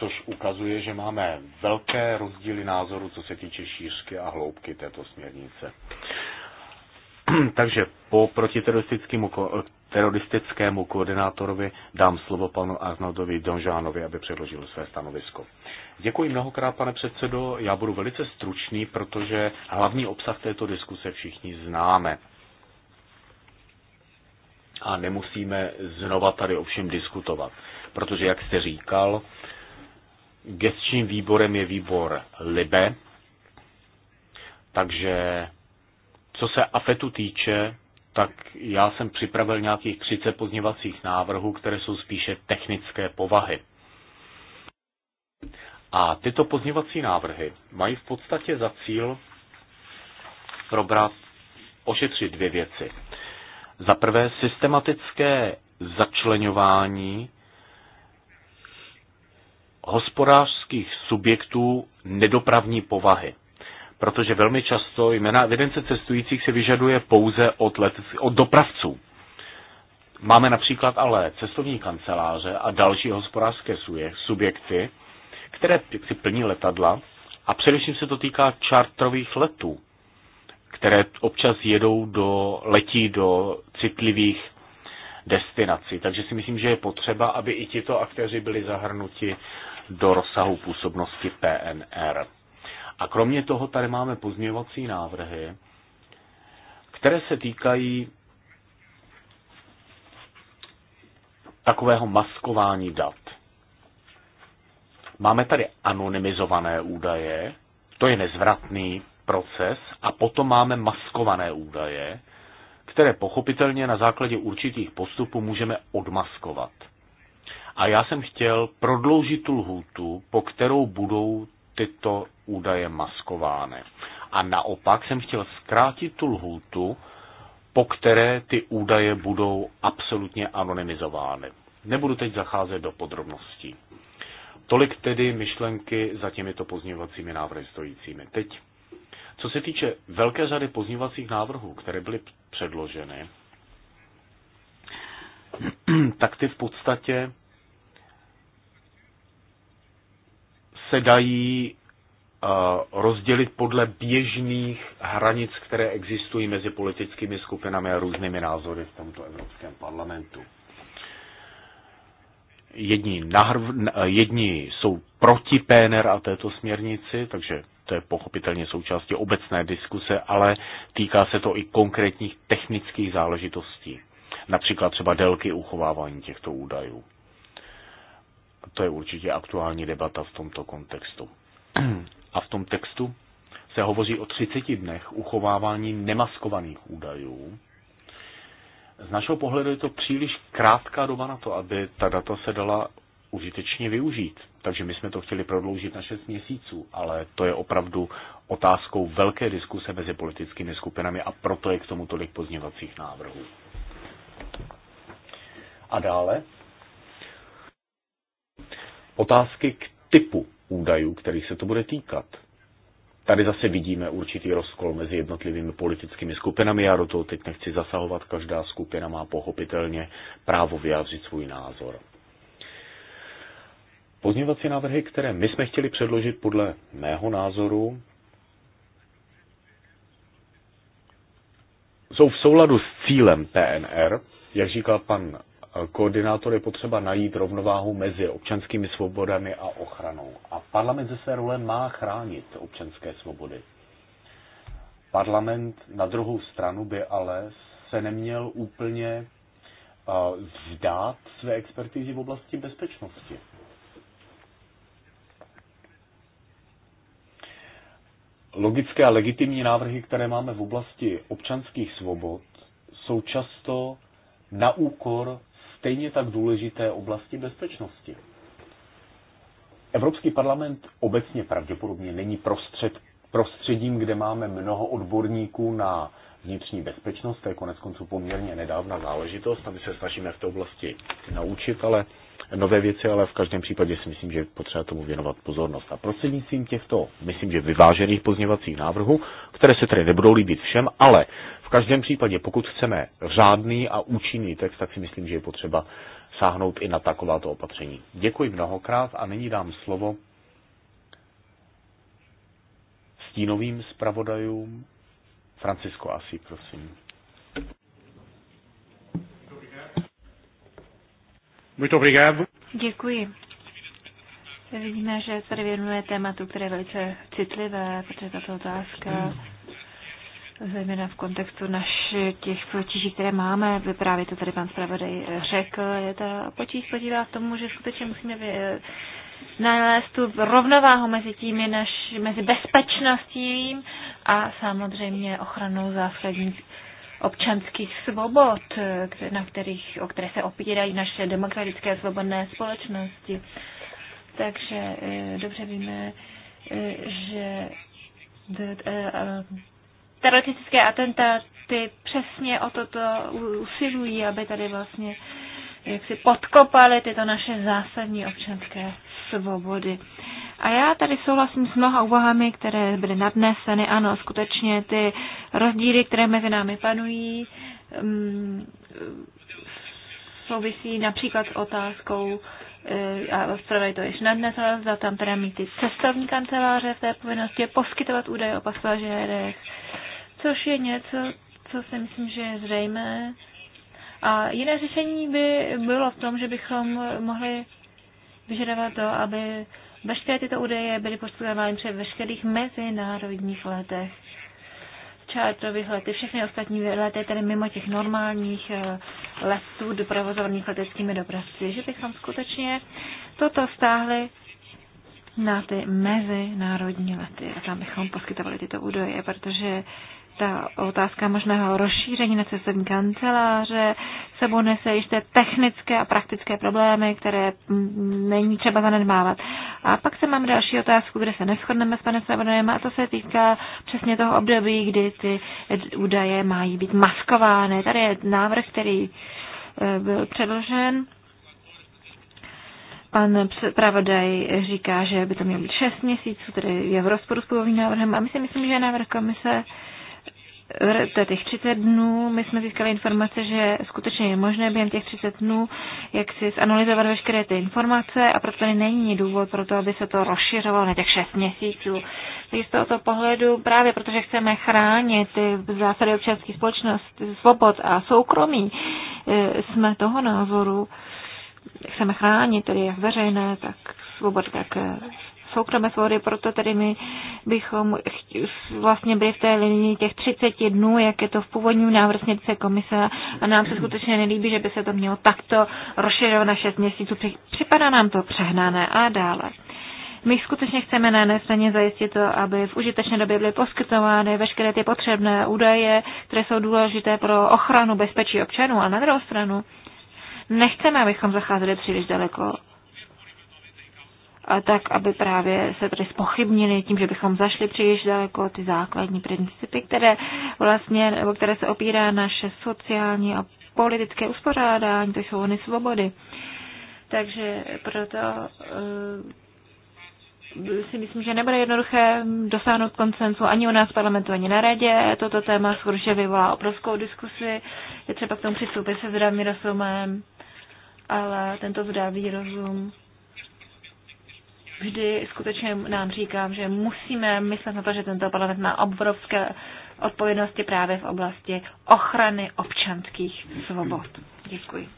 což ukazuje, že máme velké rozdíly názoru, co se týče šířky a hloubky této směrnice. Takže po protiteroristickému teroristickému koordinátorovi dám slovo panu Arnoldovi Donžánovi, aby předložil své stanovisko. Děkuji mnohokrát, pane předsedo. Já budu velice stručný, protože hlavní obsah této diskuse všichni známe. A nemusíme znova tady ovšem diskutovat, protože, jak jste říkal, Gestčním výborem je výbor LIBE, takže co se AFETu týče, tak já jsem připravil nějakých 30 pozněvacích návrhů, které jsou spíše technické povahy. A tyto pozněvací návrhy mají v podstatě za cíl probrat, ošetřit dvě věci. Za prvé systematické začlenování hospodářských subjektů nedopravní povahy. Protože velmi často jména evidence cestujících se vyžaduje pouze od, let, od dopravců. Máme například ale cestovní kanceláře a další hospodářské subjekty, které si plní letadla a především se to týká čartrových letů, které občas jedou do, letí do citlivých destinací. Takže si myslím, že je potřeba, aby i tito aktéři byli zahrnuti do rozsahu působnosti PNR. A kromě toho tady máme pozměňovací návrhy, které se týkají takového maskování dat. Máme tady anonymizované údaje, to je nezvratný proces, a potom máme maskované údaje, které pochopitelně na základě určitých postupů můžeme odmaskovat. A já jsem chtěl prodloužit tu lhůtu, po kterou budou tyto údaje maskovány. A naopak jsem chtěl zkrátit tu lhůtu, po které ty údaje budou absolutně anonymizovány. Nebudu teď zacházet do podrobností. Tolik tedy myšlenky za těmito pozměňovacími návrhy stojícími. Teď, co se týče velké řady pozměňovacích návrhů, které byly předloženy, tak ty v podstatě se dají eh, rozdělit podle běžných hranic, které existují mezi politickými skupinami a různými názory v tomto Evropském parlamentu. Jedni, nahrv, eh, jedni jsou proti PNR a této směrnici, takže to je pochopitelně součástí obecné diskuse, ale týká se to i konkrétních technických záležitostí, například třeba délky uchovávání těchto údajů to je určitě aktuální debata v tomto kontextu. A v tom textu se hovoří o 30 dnech uchovávání nemaskovaných údajů. Z našeho pohledu je to příliš krátká doba na to, aby ta data se dala užitečně využít. Takže my jsme to chtěli prodloužit na 6 měsíců, ale to je opravdu otázkou velké diskuse mezi politickými skupinami a proto je k tomu tolik pozněvacích návrhů. A dále otázky k typu údajů, který se to bude týkat. Tady zase vidíme určitý rozkol mezi jednotlivými politickými skupinami. Já do toho teď nechci zasahovat, každá skupina má pochopitelně právo vyjádřit svůj názor. Pozměňovací návrhy, které my jsme chtěli předložit podle mého názoru, jsou v souladu s cílem PNR, jak říkal pan koordinátor je potřeba najít rovnováhu mezi občanskými svobodami a ochranou. A parlament ze své role má chránit občanské svobody. Parlament na druhou stranu by ale se neměl úplně eh, vzdát své expertizy v oblasti bezpečnosti. Logické a legitimní návrhy, které máme v oblasti občanských svobod, jsou často na úkor stejně tak důležité oblasti bezpečnosti. Evropský parlament obecně pravděpodobně není prostřed, prostředím, kde máme mnoho odborníků na vnitřní bezpečnost, to je konec konců poměrně nedávna záležitost a my se snažíme v té oblasti naučit, ale nové věci, ale v každém případě si myslím, že je potřeba tomu věnovat pozornost. A prostřednictvím těchto, myslím, že vyvážených pozněvacích návrhů, které se tedy nebudou líbit všem, ale každém případě, pokud chceme řádný a účinný text, tak si myslím, že je potřeba sáhnout i na takováto opatření. Děkuji mnohokrát a nyní dám slovo stínovým zpravodajům. Francisco Asi, prosím. Děkuji. Vidíme, že tady věnuje tématu, které je velice citlivé, protože tato otázka zejména v kontextu našich těch potíží, které máme, právě to tady pan zpravodaj řekl, je ta potíž podívá v tomu, že skutečně musíme vě- nalézt tu rovnováhu mezi tím, naš, mezi bezpečností a samozřejmě ochranou zásadních občanských svobod, na kterých, o které se opírají naše demokratické svobodné společnosti. Takže eh, dobře víme, eh, že eh, teroristické atentáty přesně o toto usilují, aby tady vlastně jak si podkopali tyto naše zásadní občanské svobody. A já tady souhlasím s mnoha úvahami, které byly nadneseny. Ano, skutečně ty rozdíly, které mezi námi panují, mm, souvisí například s otázkou Eh, a zpravodaj to již ale za tam teda mít ty cestovní kanceláře v té povinnosti poskytovat údaje o pasažérech, což je něco, co si myslím, že je zřejmé. A jiné řešení by bylo v tom, že bychom mohli vyžadovat to, aby veškeré tyto údaje byly poskytovány při veškerých mezinárodních letech čártových lety, všechny ostatní lety, tedy mimo těch normálních eh, letů doprovozovaných leteckými dopravci, že bychom skutečně toto stáhli na ty mezinárodní lety a tam bychom poskytovali tyto údaje, protože ta otázka možného rozšíření na cestovní kanceláře sebou nese ještě technické a praktické problémy, které není třeba zanedbávat. A pak se mám další otázku, kde se neschodneme s panem Svobodem a to se týká přesně toho období, kdy ty údaje mají být maskovány. Tady je návrh, který eh, byl předložen. Pan pravodaj říká, že by to mělo být 6 měsíců, tedy je v rozporu s původním návrhem a my si myslím, že návrh komise v těch 30 dnů my jsme získali informace, že skutečně je možné během těch 30 dnů jak si zanalizovat veškeré ty informace a proto není důvod pro to, aby se to rozšiřovalo na těch 6 měsíců. Takže z tohoto pohledu právě protože chceme chránit zásady občanské společnosti, svobod a soukromí, eh, jsme toho názoru, chceme chránit tedy jak veřejné, tak svobod, tak eh, soukromé svobody, proto tedy my bychom vlastně byli v té linii těch 30 dnů, jak je to v původním návrhu směrnice komise a nám se skutečně nelíbí, že by se to mělo takto rozšiřovat na 6 měsíců. Připadá nám to přehnané a dále. My skutečně chceme na jedné straně zajistit to, aby v užitečné době byly poskytovány veškeré ty potřebné údaje, které jsou důležité pro ochranu bezpečí občanů a na druhou stranu nechceme, abychom zacházeli příliš daleko a tak, aby právě se tady spochybnili tím, že bychom zašli příliš daleko ty základní principy, které vlastně, nebo které se opírá naše sociální a politické uspořádání, to jsou ony svobody. Takže proto eh, si myslím, že nebude jednoduché dosáhnout koncensu ani u nás v parlamentu, ani na radě. Toto téma skutečně vyvolá obrovskou diskusi. Je třeba k tomu přistoupit se zdravým rozumem, ale tento zdravý rozum vždy skutečně nám říkám, že musíme myslet na to, že tento parlament má obrovské odpovědnosti právě v oblasti ochrany občanských svobod. Děkuji.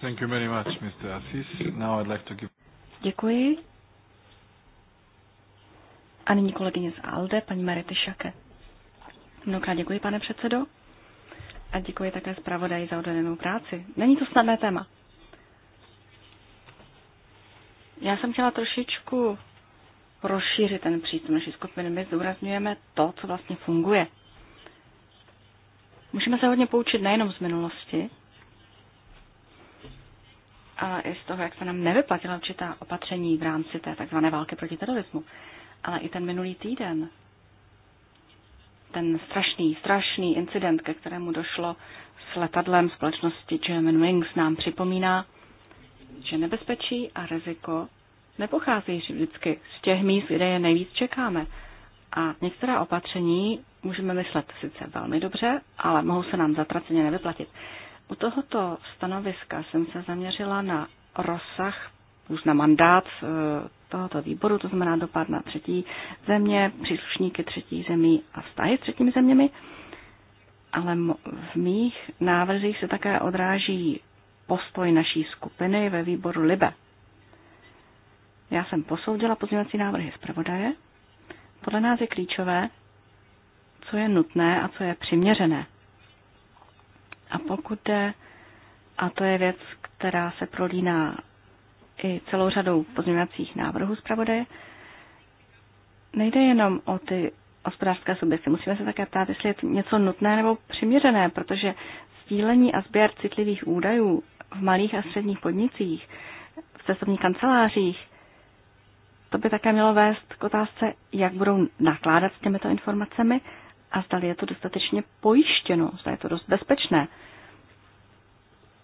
Thank you very much, Mr. Assis. Now I'd like to give... Děkuji. A nyní kolegyně z ALDE, paní Marity Šake. Mnohokrát děkuji, pane předsedo. A děkuji také zpravodaji za odvedenou práci. Není to snadné téma. Já jsem chtěla trošičku rozšířit ten přístup naší skupiny. My zdůrazňujeme to, co vlastně funguje. Můžeme se hodně poučit nejenom z minulosti, ale i z toho, jak se nám nevyplatila určitá opatření v rámci té tzv. války proti terorismu. Ale i ten minulý týden, ten strašný, strašný incident, ke kterému došlo s letadlem společnosti German Wings, nám připomíná, že nebezpečí a riziko nepochází vždycky z těch míst, kde je nejvíc čekáme. A některá opatření můžeme myslet sice velmi dobře, ale mohou se nám zatraceně nevyplatit. U tohoto stanoviska jsem se zaměřila na rozsah, už na mandát eh, tohoto výboru, to znamená dopad na třetí země, příslušníky třetí zemí a vztahy s třetími zeměmi, ale v mých návrzích se také odráží postoj naší skupiny ve výboru LIBE. Já jsem posoudila pozměňovací návrhy zpravodaje. Podle nás je klíčové, co je nutné a co je přiměřené. A pokud jde, a to je věc, která se prolíná i celou řadou pozměňovacích návrhů zpravodaje, nejde jenom o ty hospodářské subjekty. Musíme se také ptát, jestli je to něco nutné nebo přiměřené, protože sdílení a sběr citlivých údajů v malých a středních podnicích, v cestovních kancelářích, to by také mělo vést k otázce, jak budou nakládat s těmito informacemi a zda je to dostatečně pojištěno, zda je to dost bezpečné.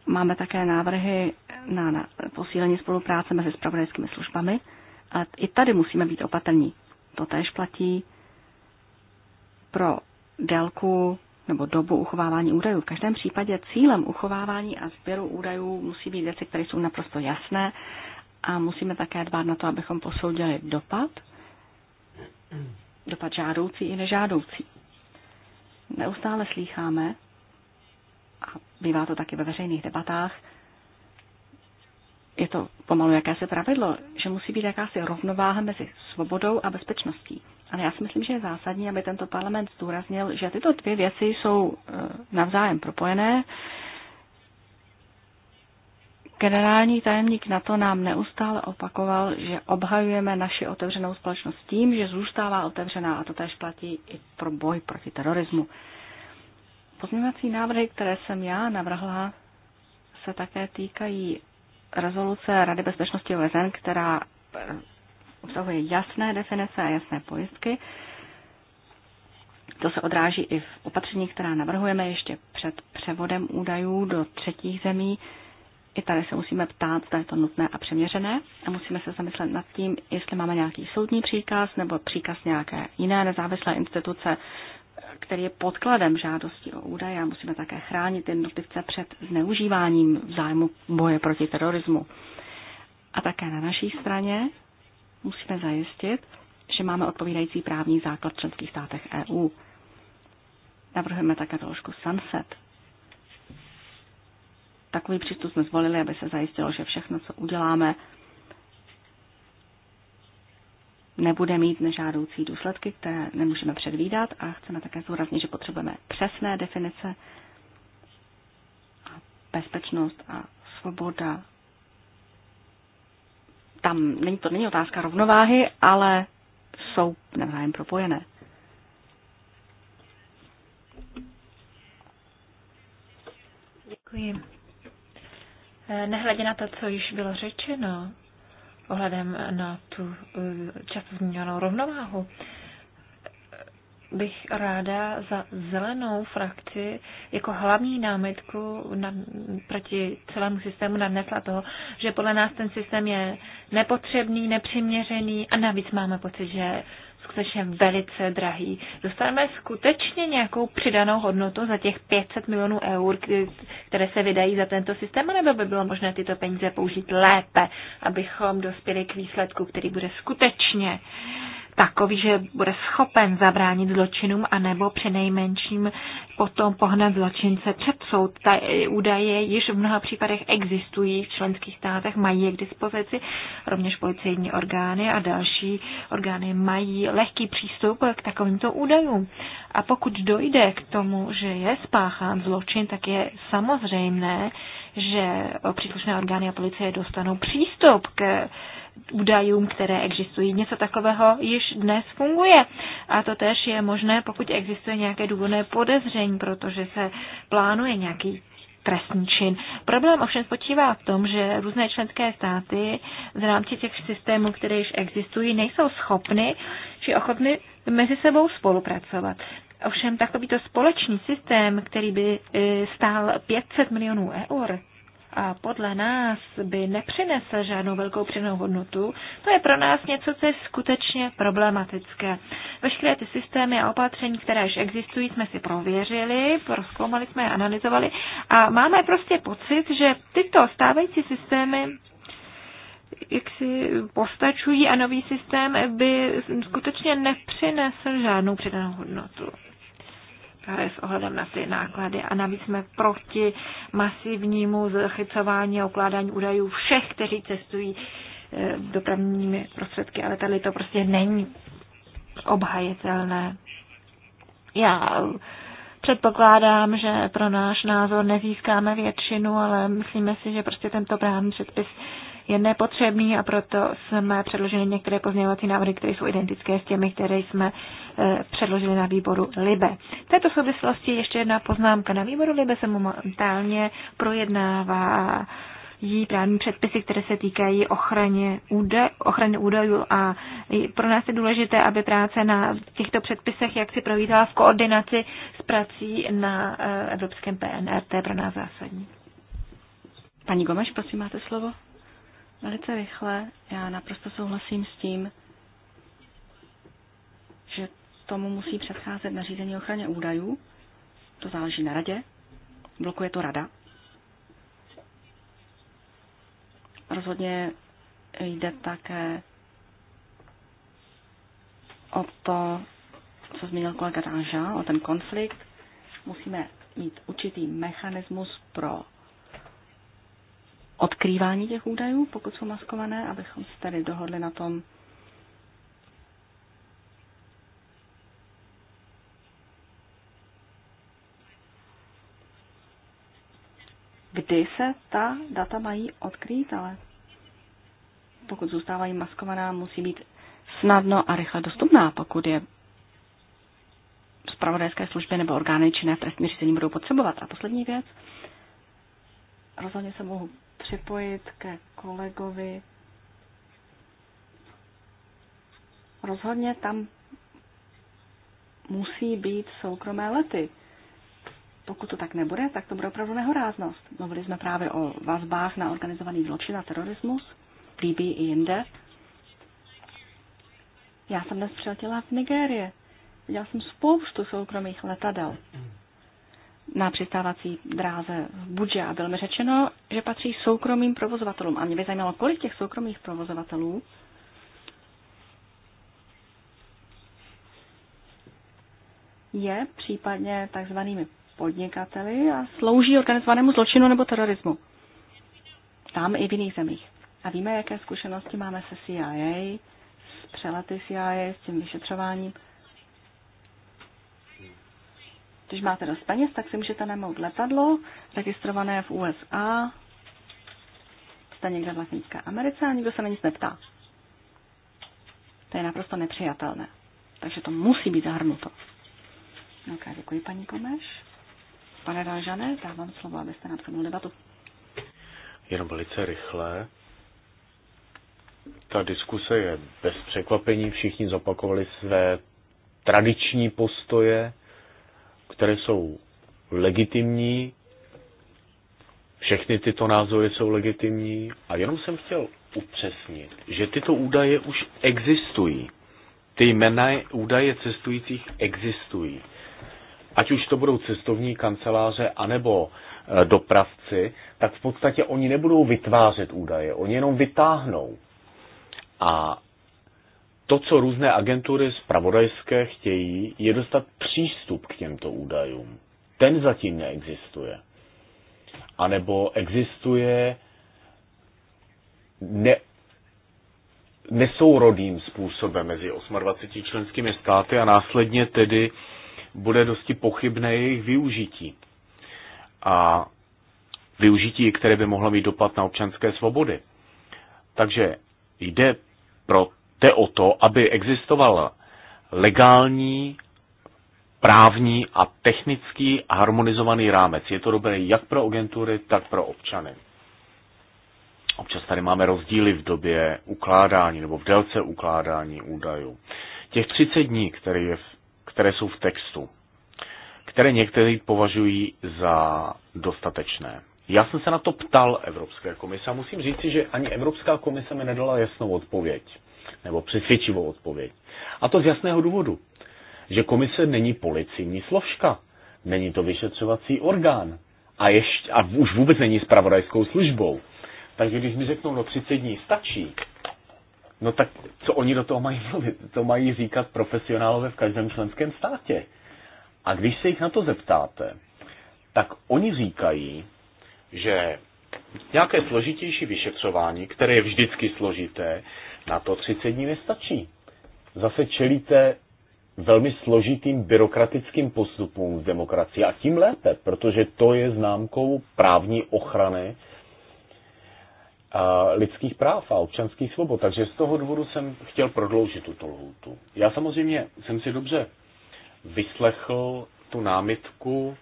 Máme také návrhy na, na posílení spolupráce mezi spravodajskými službami, a i tady musíme být opatrní. To též platí pro délku nebo dobu uchovávání údajů. V každém případě cílem uchovávání a sběru údajů musí být věci, které jsou naprosto jasné a musíme také dbát na to, abychom posoudili dopad, dopad žádoucí i nežádoucí. Neustále slýcháme, a bývá to taky ve veřejných debatách, je to pomalu jakési pravidlo, že musí být jakási rovnováha mezi svobodou a bezpečností. Ale já si myslím, že je zásadní, aby tento parlament zdůraznil, že tyto dvě věci jsou eh, navzájem propojené. Generální tajemník NATO nám neustále opakoval, že obhajujeme naši otevřenou společnost tím, že zůstává otevřená a to též platí i pro boj proti terorismu. Pozměňovací návrhy, které jsem já navrhla, se také týkají rezoluce Rady bezpečnosti OSN, která eh, obsahuje jasné definice a jasné pojistky. To se odráží i v opatření, která navrhujeme ještě před převodem údajů do třetích zemí. I tady se musíme ptát, zda je to nutné a přeměřené a musíme se zamyslet nad tím, jestli máme nějaký soudní příkaz nebo příkaz nějaké jiné nezávislé instituce, který je podkladem žádosti o údaje a musíme také chránit jednotlivce před zneužíváním v zájmu boje proti terorismu. A také na naší straně musíme zajistit, že máme odpovídající právní základ v členských státech EU. Navrhujeme také trošku sunset. Takový přístup jsme zvolili, aby se zajistilo, že všechno, co uděláme, nebude mít nežádoucí důsledky, které nemůžeme předvídat a chceme také zúraznit, že potřebujeme přesné definice a bezpečnost a svoboda tam není, to není otázka rovnováhy, ale jsou navzájem propojené. Děkuji. Eh, nehledě na to, co již bylo řečeno, ohledem na tu eh, často zmíněnou rovnováhu, bych ráda za zelenou frakci jako hlavní námitku na, proti celému systému nadnesla toho, že podle nás ten systém je nepotřebný, nepřiměřený a navíc máme pocit, že skutečně velice drahý. Dostaneme skutečně nějakou přidanou hodnotu za těch 500 milionů eur, které se vydají za tento systém, nebo by bylo možné tyto peníze použít lépe, abychom dospěli k výsledku, který bude skutečně uh, takový, že bude schopen zabránit zločinům a při přinejmenším potom pohnat zločince před soud. Ta údaje již v mnoha případech existují v členských státech, mají je k dispozici, rovněž policejní orgány a další orgány mají lehký přístup k takovýmto údajům. A pokud dojde k tomu, že je spáchán zločin, tak je samozřejmé, že příslušné orgány a policie dostanou přístup k údajům, které existují. Něco takového již dnes funguje. A to tež je možné, pokud existuje nějaké důvodné podezření, protože se plánuje nějaký trestní čin. Problém ovšem spočívá v tom, že různé členské státy v rámci těch systémů, které již existují, nejsou schopny či ochotny mezi sebou spolupracovat. Ovšem takovýto společný systém, který by eh, stál 500 milionů eur, a podle nás by nepřinesl žádnou velkou přidanou hodnotu, to je pro nás něco, co je skutečně problematické. Veškeré ty systémy a opatření, které už existují, jsme si prověřili, proskoumali jsme je, analyzovali a máme prostě pocit, že tyto stávající systémy jak si postačují a nový systém by skutečně nepřinesl žádnou přidanou hodnotu právě s ohledem na ty náklady. A navíc jsme proti masivnímu zachycování a ukládání údajů všech, kteří cestují eh, dopravními prostředky, ale tady to prostě není obhajitelné. Já předpokládám, že pro náš názor nezískáme většinu, ale myslíme si, že prostě tento právní předpis je nepotřebný a proto jsme předložili některé pozměňovací návrhy, které jsou identické s těmi, které jsme eh, předložili na výboru LIBE. V této souvislosti ještě jedna poznámka. Na výboru LIBE se momentálně projednává jí právní předpisy, které se týkají ochraně úde, ochrany údajů a pro nás je důležité, aby práce na těchto předpisech jak si provítala v koordinaci s prací na eh, evropském PNR, to je pro nás zásadní. Paní Gomeš, prosím, máte slovo. Velice rychle, já naprosto souhlasím s tím, že tomu musí předcházet nařízení ochraně údajů. To záleží na radě. Blokuje to rada. Rozhodně jde také o to, co zmínil kolega Tanža, o ten konflikt. Musíme mít určitý mechanismus pro odkrývání těch údajů, pokud jsou maskované, abychom se tady dohodli na tom, kdy se ta data mají odkrýt, ale pokud zůstávají maskovaná, musí být snadno a rychle dostupná, pokud je zpravodajské služby nebo orgány činné v trestním řízení budou potřebovat. A poslední věc, rozhodně se mohu připojit ke kolegovi. Rozhodně tam musí být soukromé lety. Pokud to tak nebude, tak to bude opravdu nehoráznost. Mluvili jsme právě o vazbách na organizovaný zločin a terorismus v Líbii i jinde. Já jsem dnes přiletěla v Nigérie. Viděla jsem spoustu soukromých letadel na přistávací dráze v Budže a bylo mi řečeno, že patří soukromým provozovatelům. A mě by zajímalo, kolik těch soukromých provozovatelů je případně takzvanými podnikateli a slouží organizovanému zločinu nebo terorismu. Tam i v jiných zemích. A víme, jaké zkušenosti máme se CIA, s přelety CIA, s tím vyšetřováním. Když máte dost peněz, tak si můžete najmout letadlo registrované v USA, jste někde v Latinské Americe a nikdo se na nic neptá. To je naprosto nepřijatelné. Takže to musí být zahrnuto. No, ok, děkuji, paní Komeš. Pane Dalžané, dávám slovo, abyste nám debatu. Jenom velice rychle. Ta diskuse je bez překvapení. Všichni zopakovali své tradiční postoje které jsou legitimní, všechny tyto názory jsou legitimní a jenom jsem chtěl upřesnit, že tyto údaje už existují. Ty jména údaje cestujících existují. Ať už to budou cestovní kanceláře anebo eh, dopravci, tak v podstatě oni nebudou vytvářet údaje, oni jenom vytáhnou. A to, co různé agentury zpravodajské chtějí, je dostat přístup k těmto údajům. Ten zatím neexistuje. A nebo existuje ne, nesourodým způsobem mezi 28 členskými státy a následně tedy bude dosti pochybné jejich využití. A využití, které by mohlo mít dopad na občanské svobody. Takže jde pro jde o to, aby existoval legální, právní a technický harmonizovaný rámec. Je to dobré jak pro agentury, tak pro občany. Občas tady máme rozdíly v době ukládání nebo v délce ukládání údajů. Těch 30 dní, které, je, které jsou v textu, které někteří považují za dostatečné. Já jsem se na to ptal Evropské komise a musím říci, že ani Evropská komise mi nedala jasnou odpověď nebo přesvědčivou odpověď. A to z jasného důvodu, že komise není policijní složka, není to vyšetřovací orgán a, ještě, a už vůbec není spravodajskou službou. Takže když mi řeknou, no 30 dní stačí, no tak co oni do toho mají mluvit? To mají říkat profesionálové v každém členském státě. A když se jich na to zeptáte, tak oni říkají, že nějaké složitější vyšetřování, které je vždycky složité, na to 30 dní nestačí. Zase čelíte velmi složitým byrokratickým postupům v demokracii a tím lépe, protože to je známkou právní ochrany a lidských práv a občanských svobod. Takže z toho důvodu jsem chtěl prodloužit tuto lhůtu. Já samozřejmě jsem si dobře vyslechl tu námitku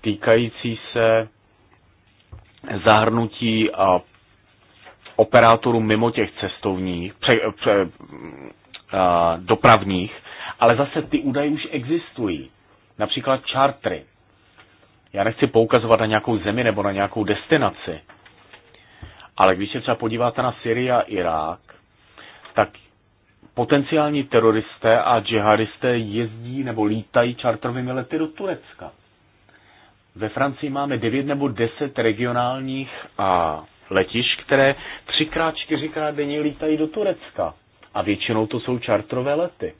týkající se zahrnutí a operátorů mimo těch cestovních, pře, pře, a, eh, dopravních, ale zase ty údaje už existují. Například čartry. Já nechci poukazovat na nějakou zemi nebo na nějakou destinaci, ale když se třeba podíváte na Syrii a Irák, tak potenciální teroristé a džihadisté jezdí nebo lítají čartrovými lety do Turecka. Ve Francii máme 9 nebo 10 regionálních a letišť, které třikrát, čtyřikrát denně lítají do Turecka. A většinou to jsou čartrové lety.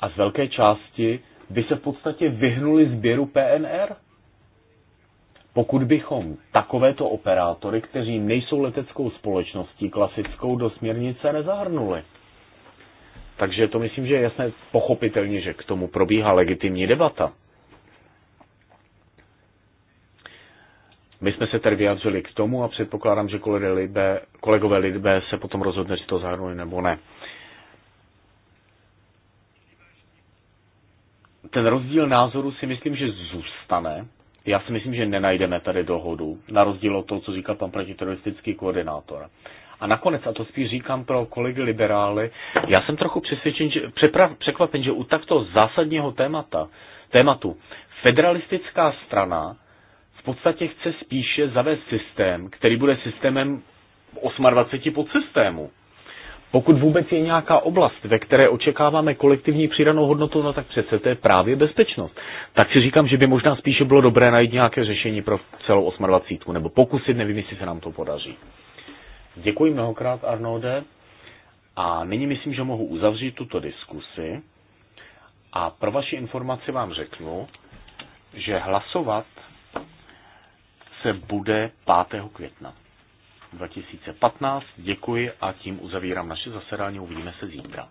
A z velké části by se v podstatě vyhnuli sběru PNR. Pokud bychom takovéto operátory, kteří nejsou leteckou společností klasickou, do směrnice nezahrnuli. Takže to myslím, že je jasné pochopitelně, že k tomu probíhá legitimní debata. My jsme se tedy vyjádřili k tomu a předpokládám, že lidbe, kolegové lidbe se potom rozhodne, že to zahrnuli nebo ne. Ten rozdíl názoru si myslím, že zůstane. Já si myslím, že nenajdeme tady dohodu, na rozdíl od toho, co říkal pan protiteroristický koordinátor. A nakonec, a to spíš říkám pro kolegy liberály, já jsem trochu přesvědčen, že, přeprav, překvapen, že u takto zásadního témata, tématu federalistická strana podstatě chce spíše zavést systém, který bude systémem 28 podsystémů. Pokud vůbec je nějaká oblast, ve které očekáváme kolektivní přidanou hodnotu, no tak přece to je právě bezpečnost. Tak si říkám, že by možná spíše bylo dobré najít nějaké řešení pro celou 28, nebo pokusit, nevím, jestli se nám to podaří. Děkuji mnohokrát, Arnode. A nyní myslím, že mohu uzavřít tuto diskusi. A pro vaši informaci vám řeknu, že hlasovat se bude 5. května 2015. Děkuji a tím uzavírám naše zasedání. Uvidíme se zítra.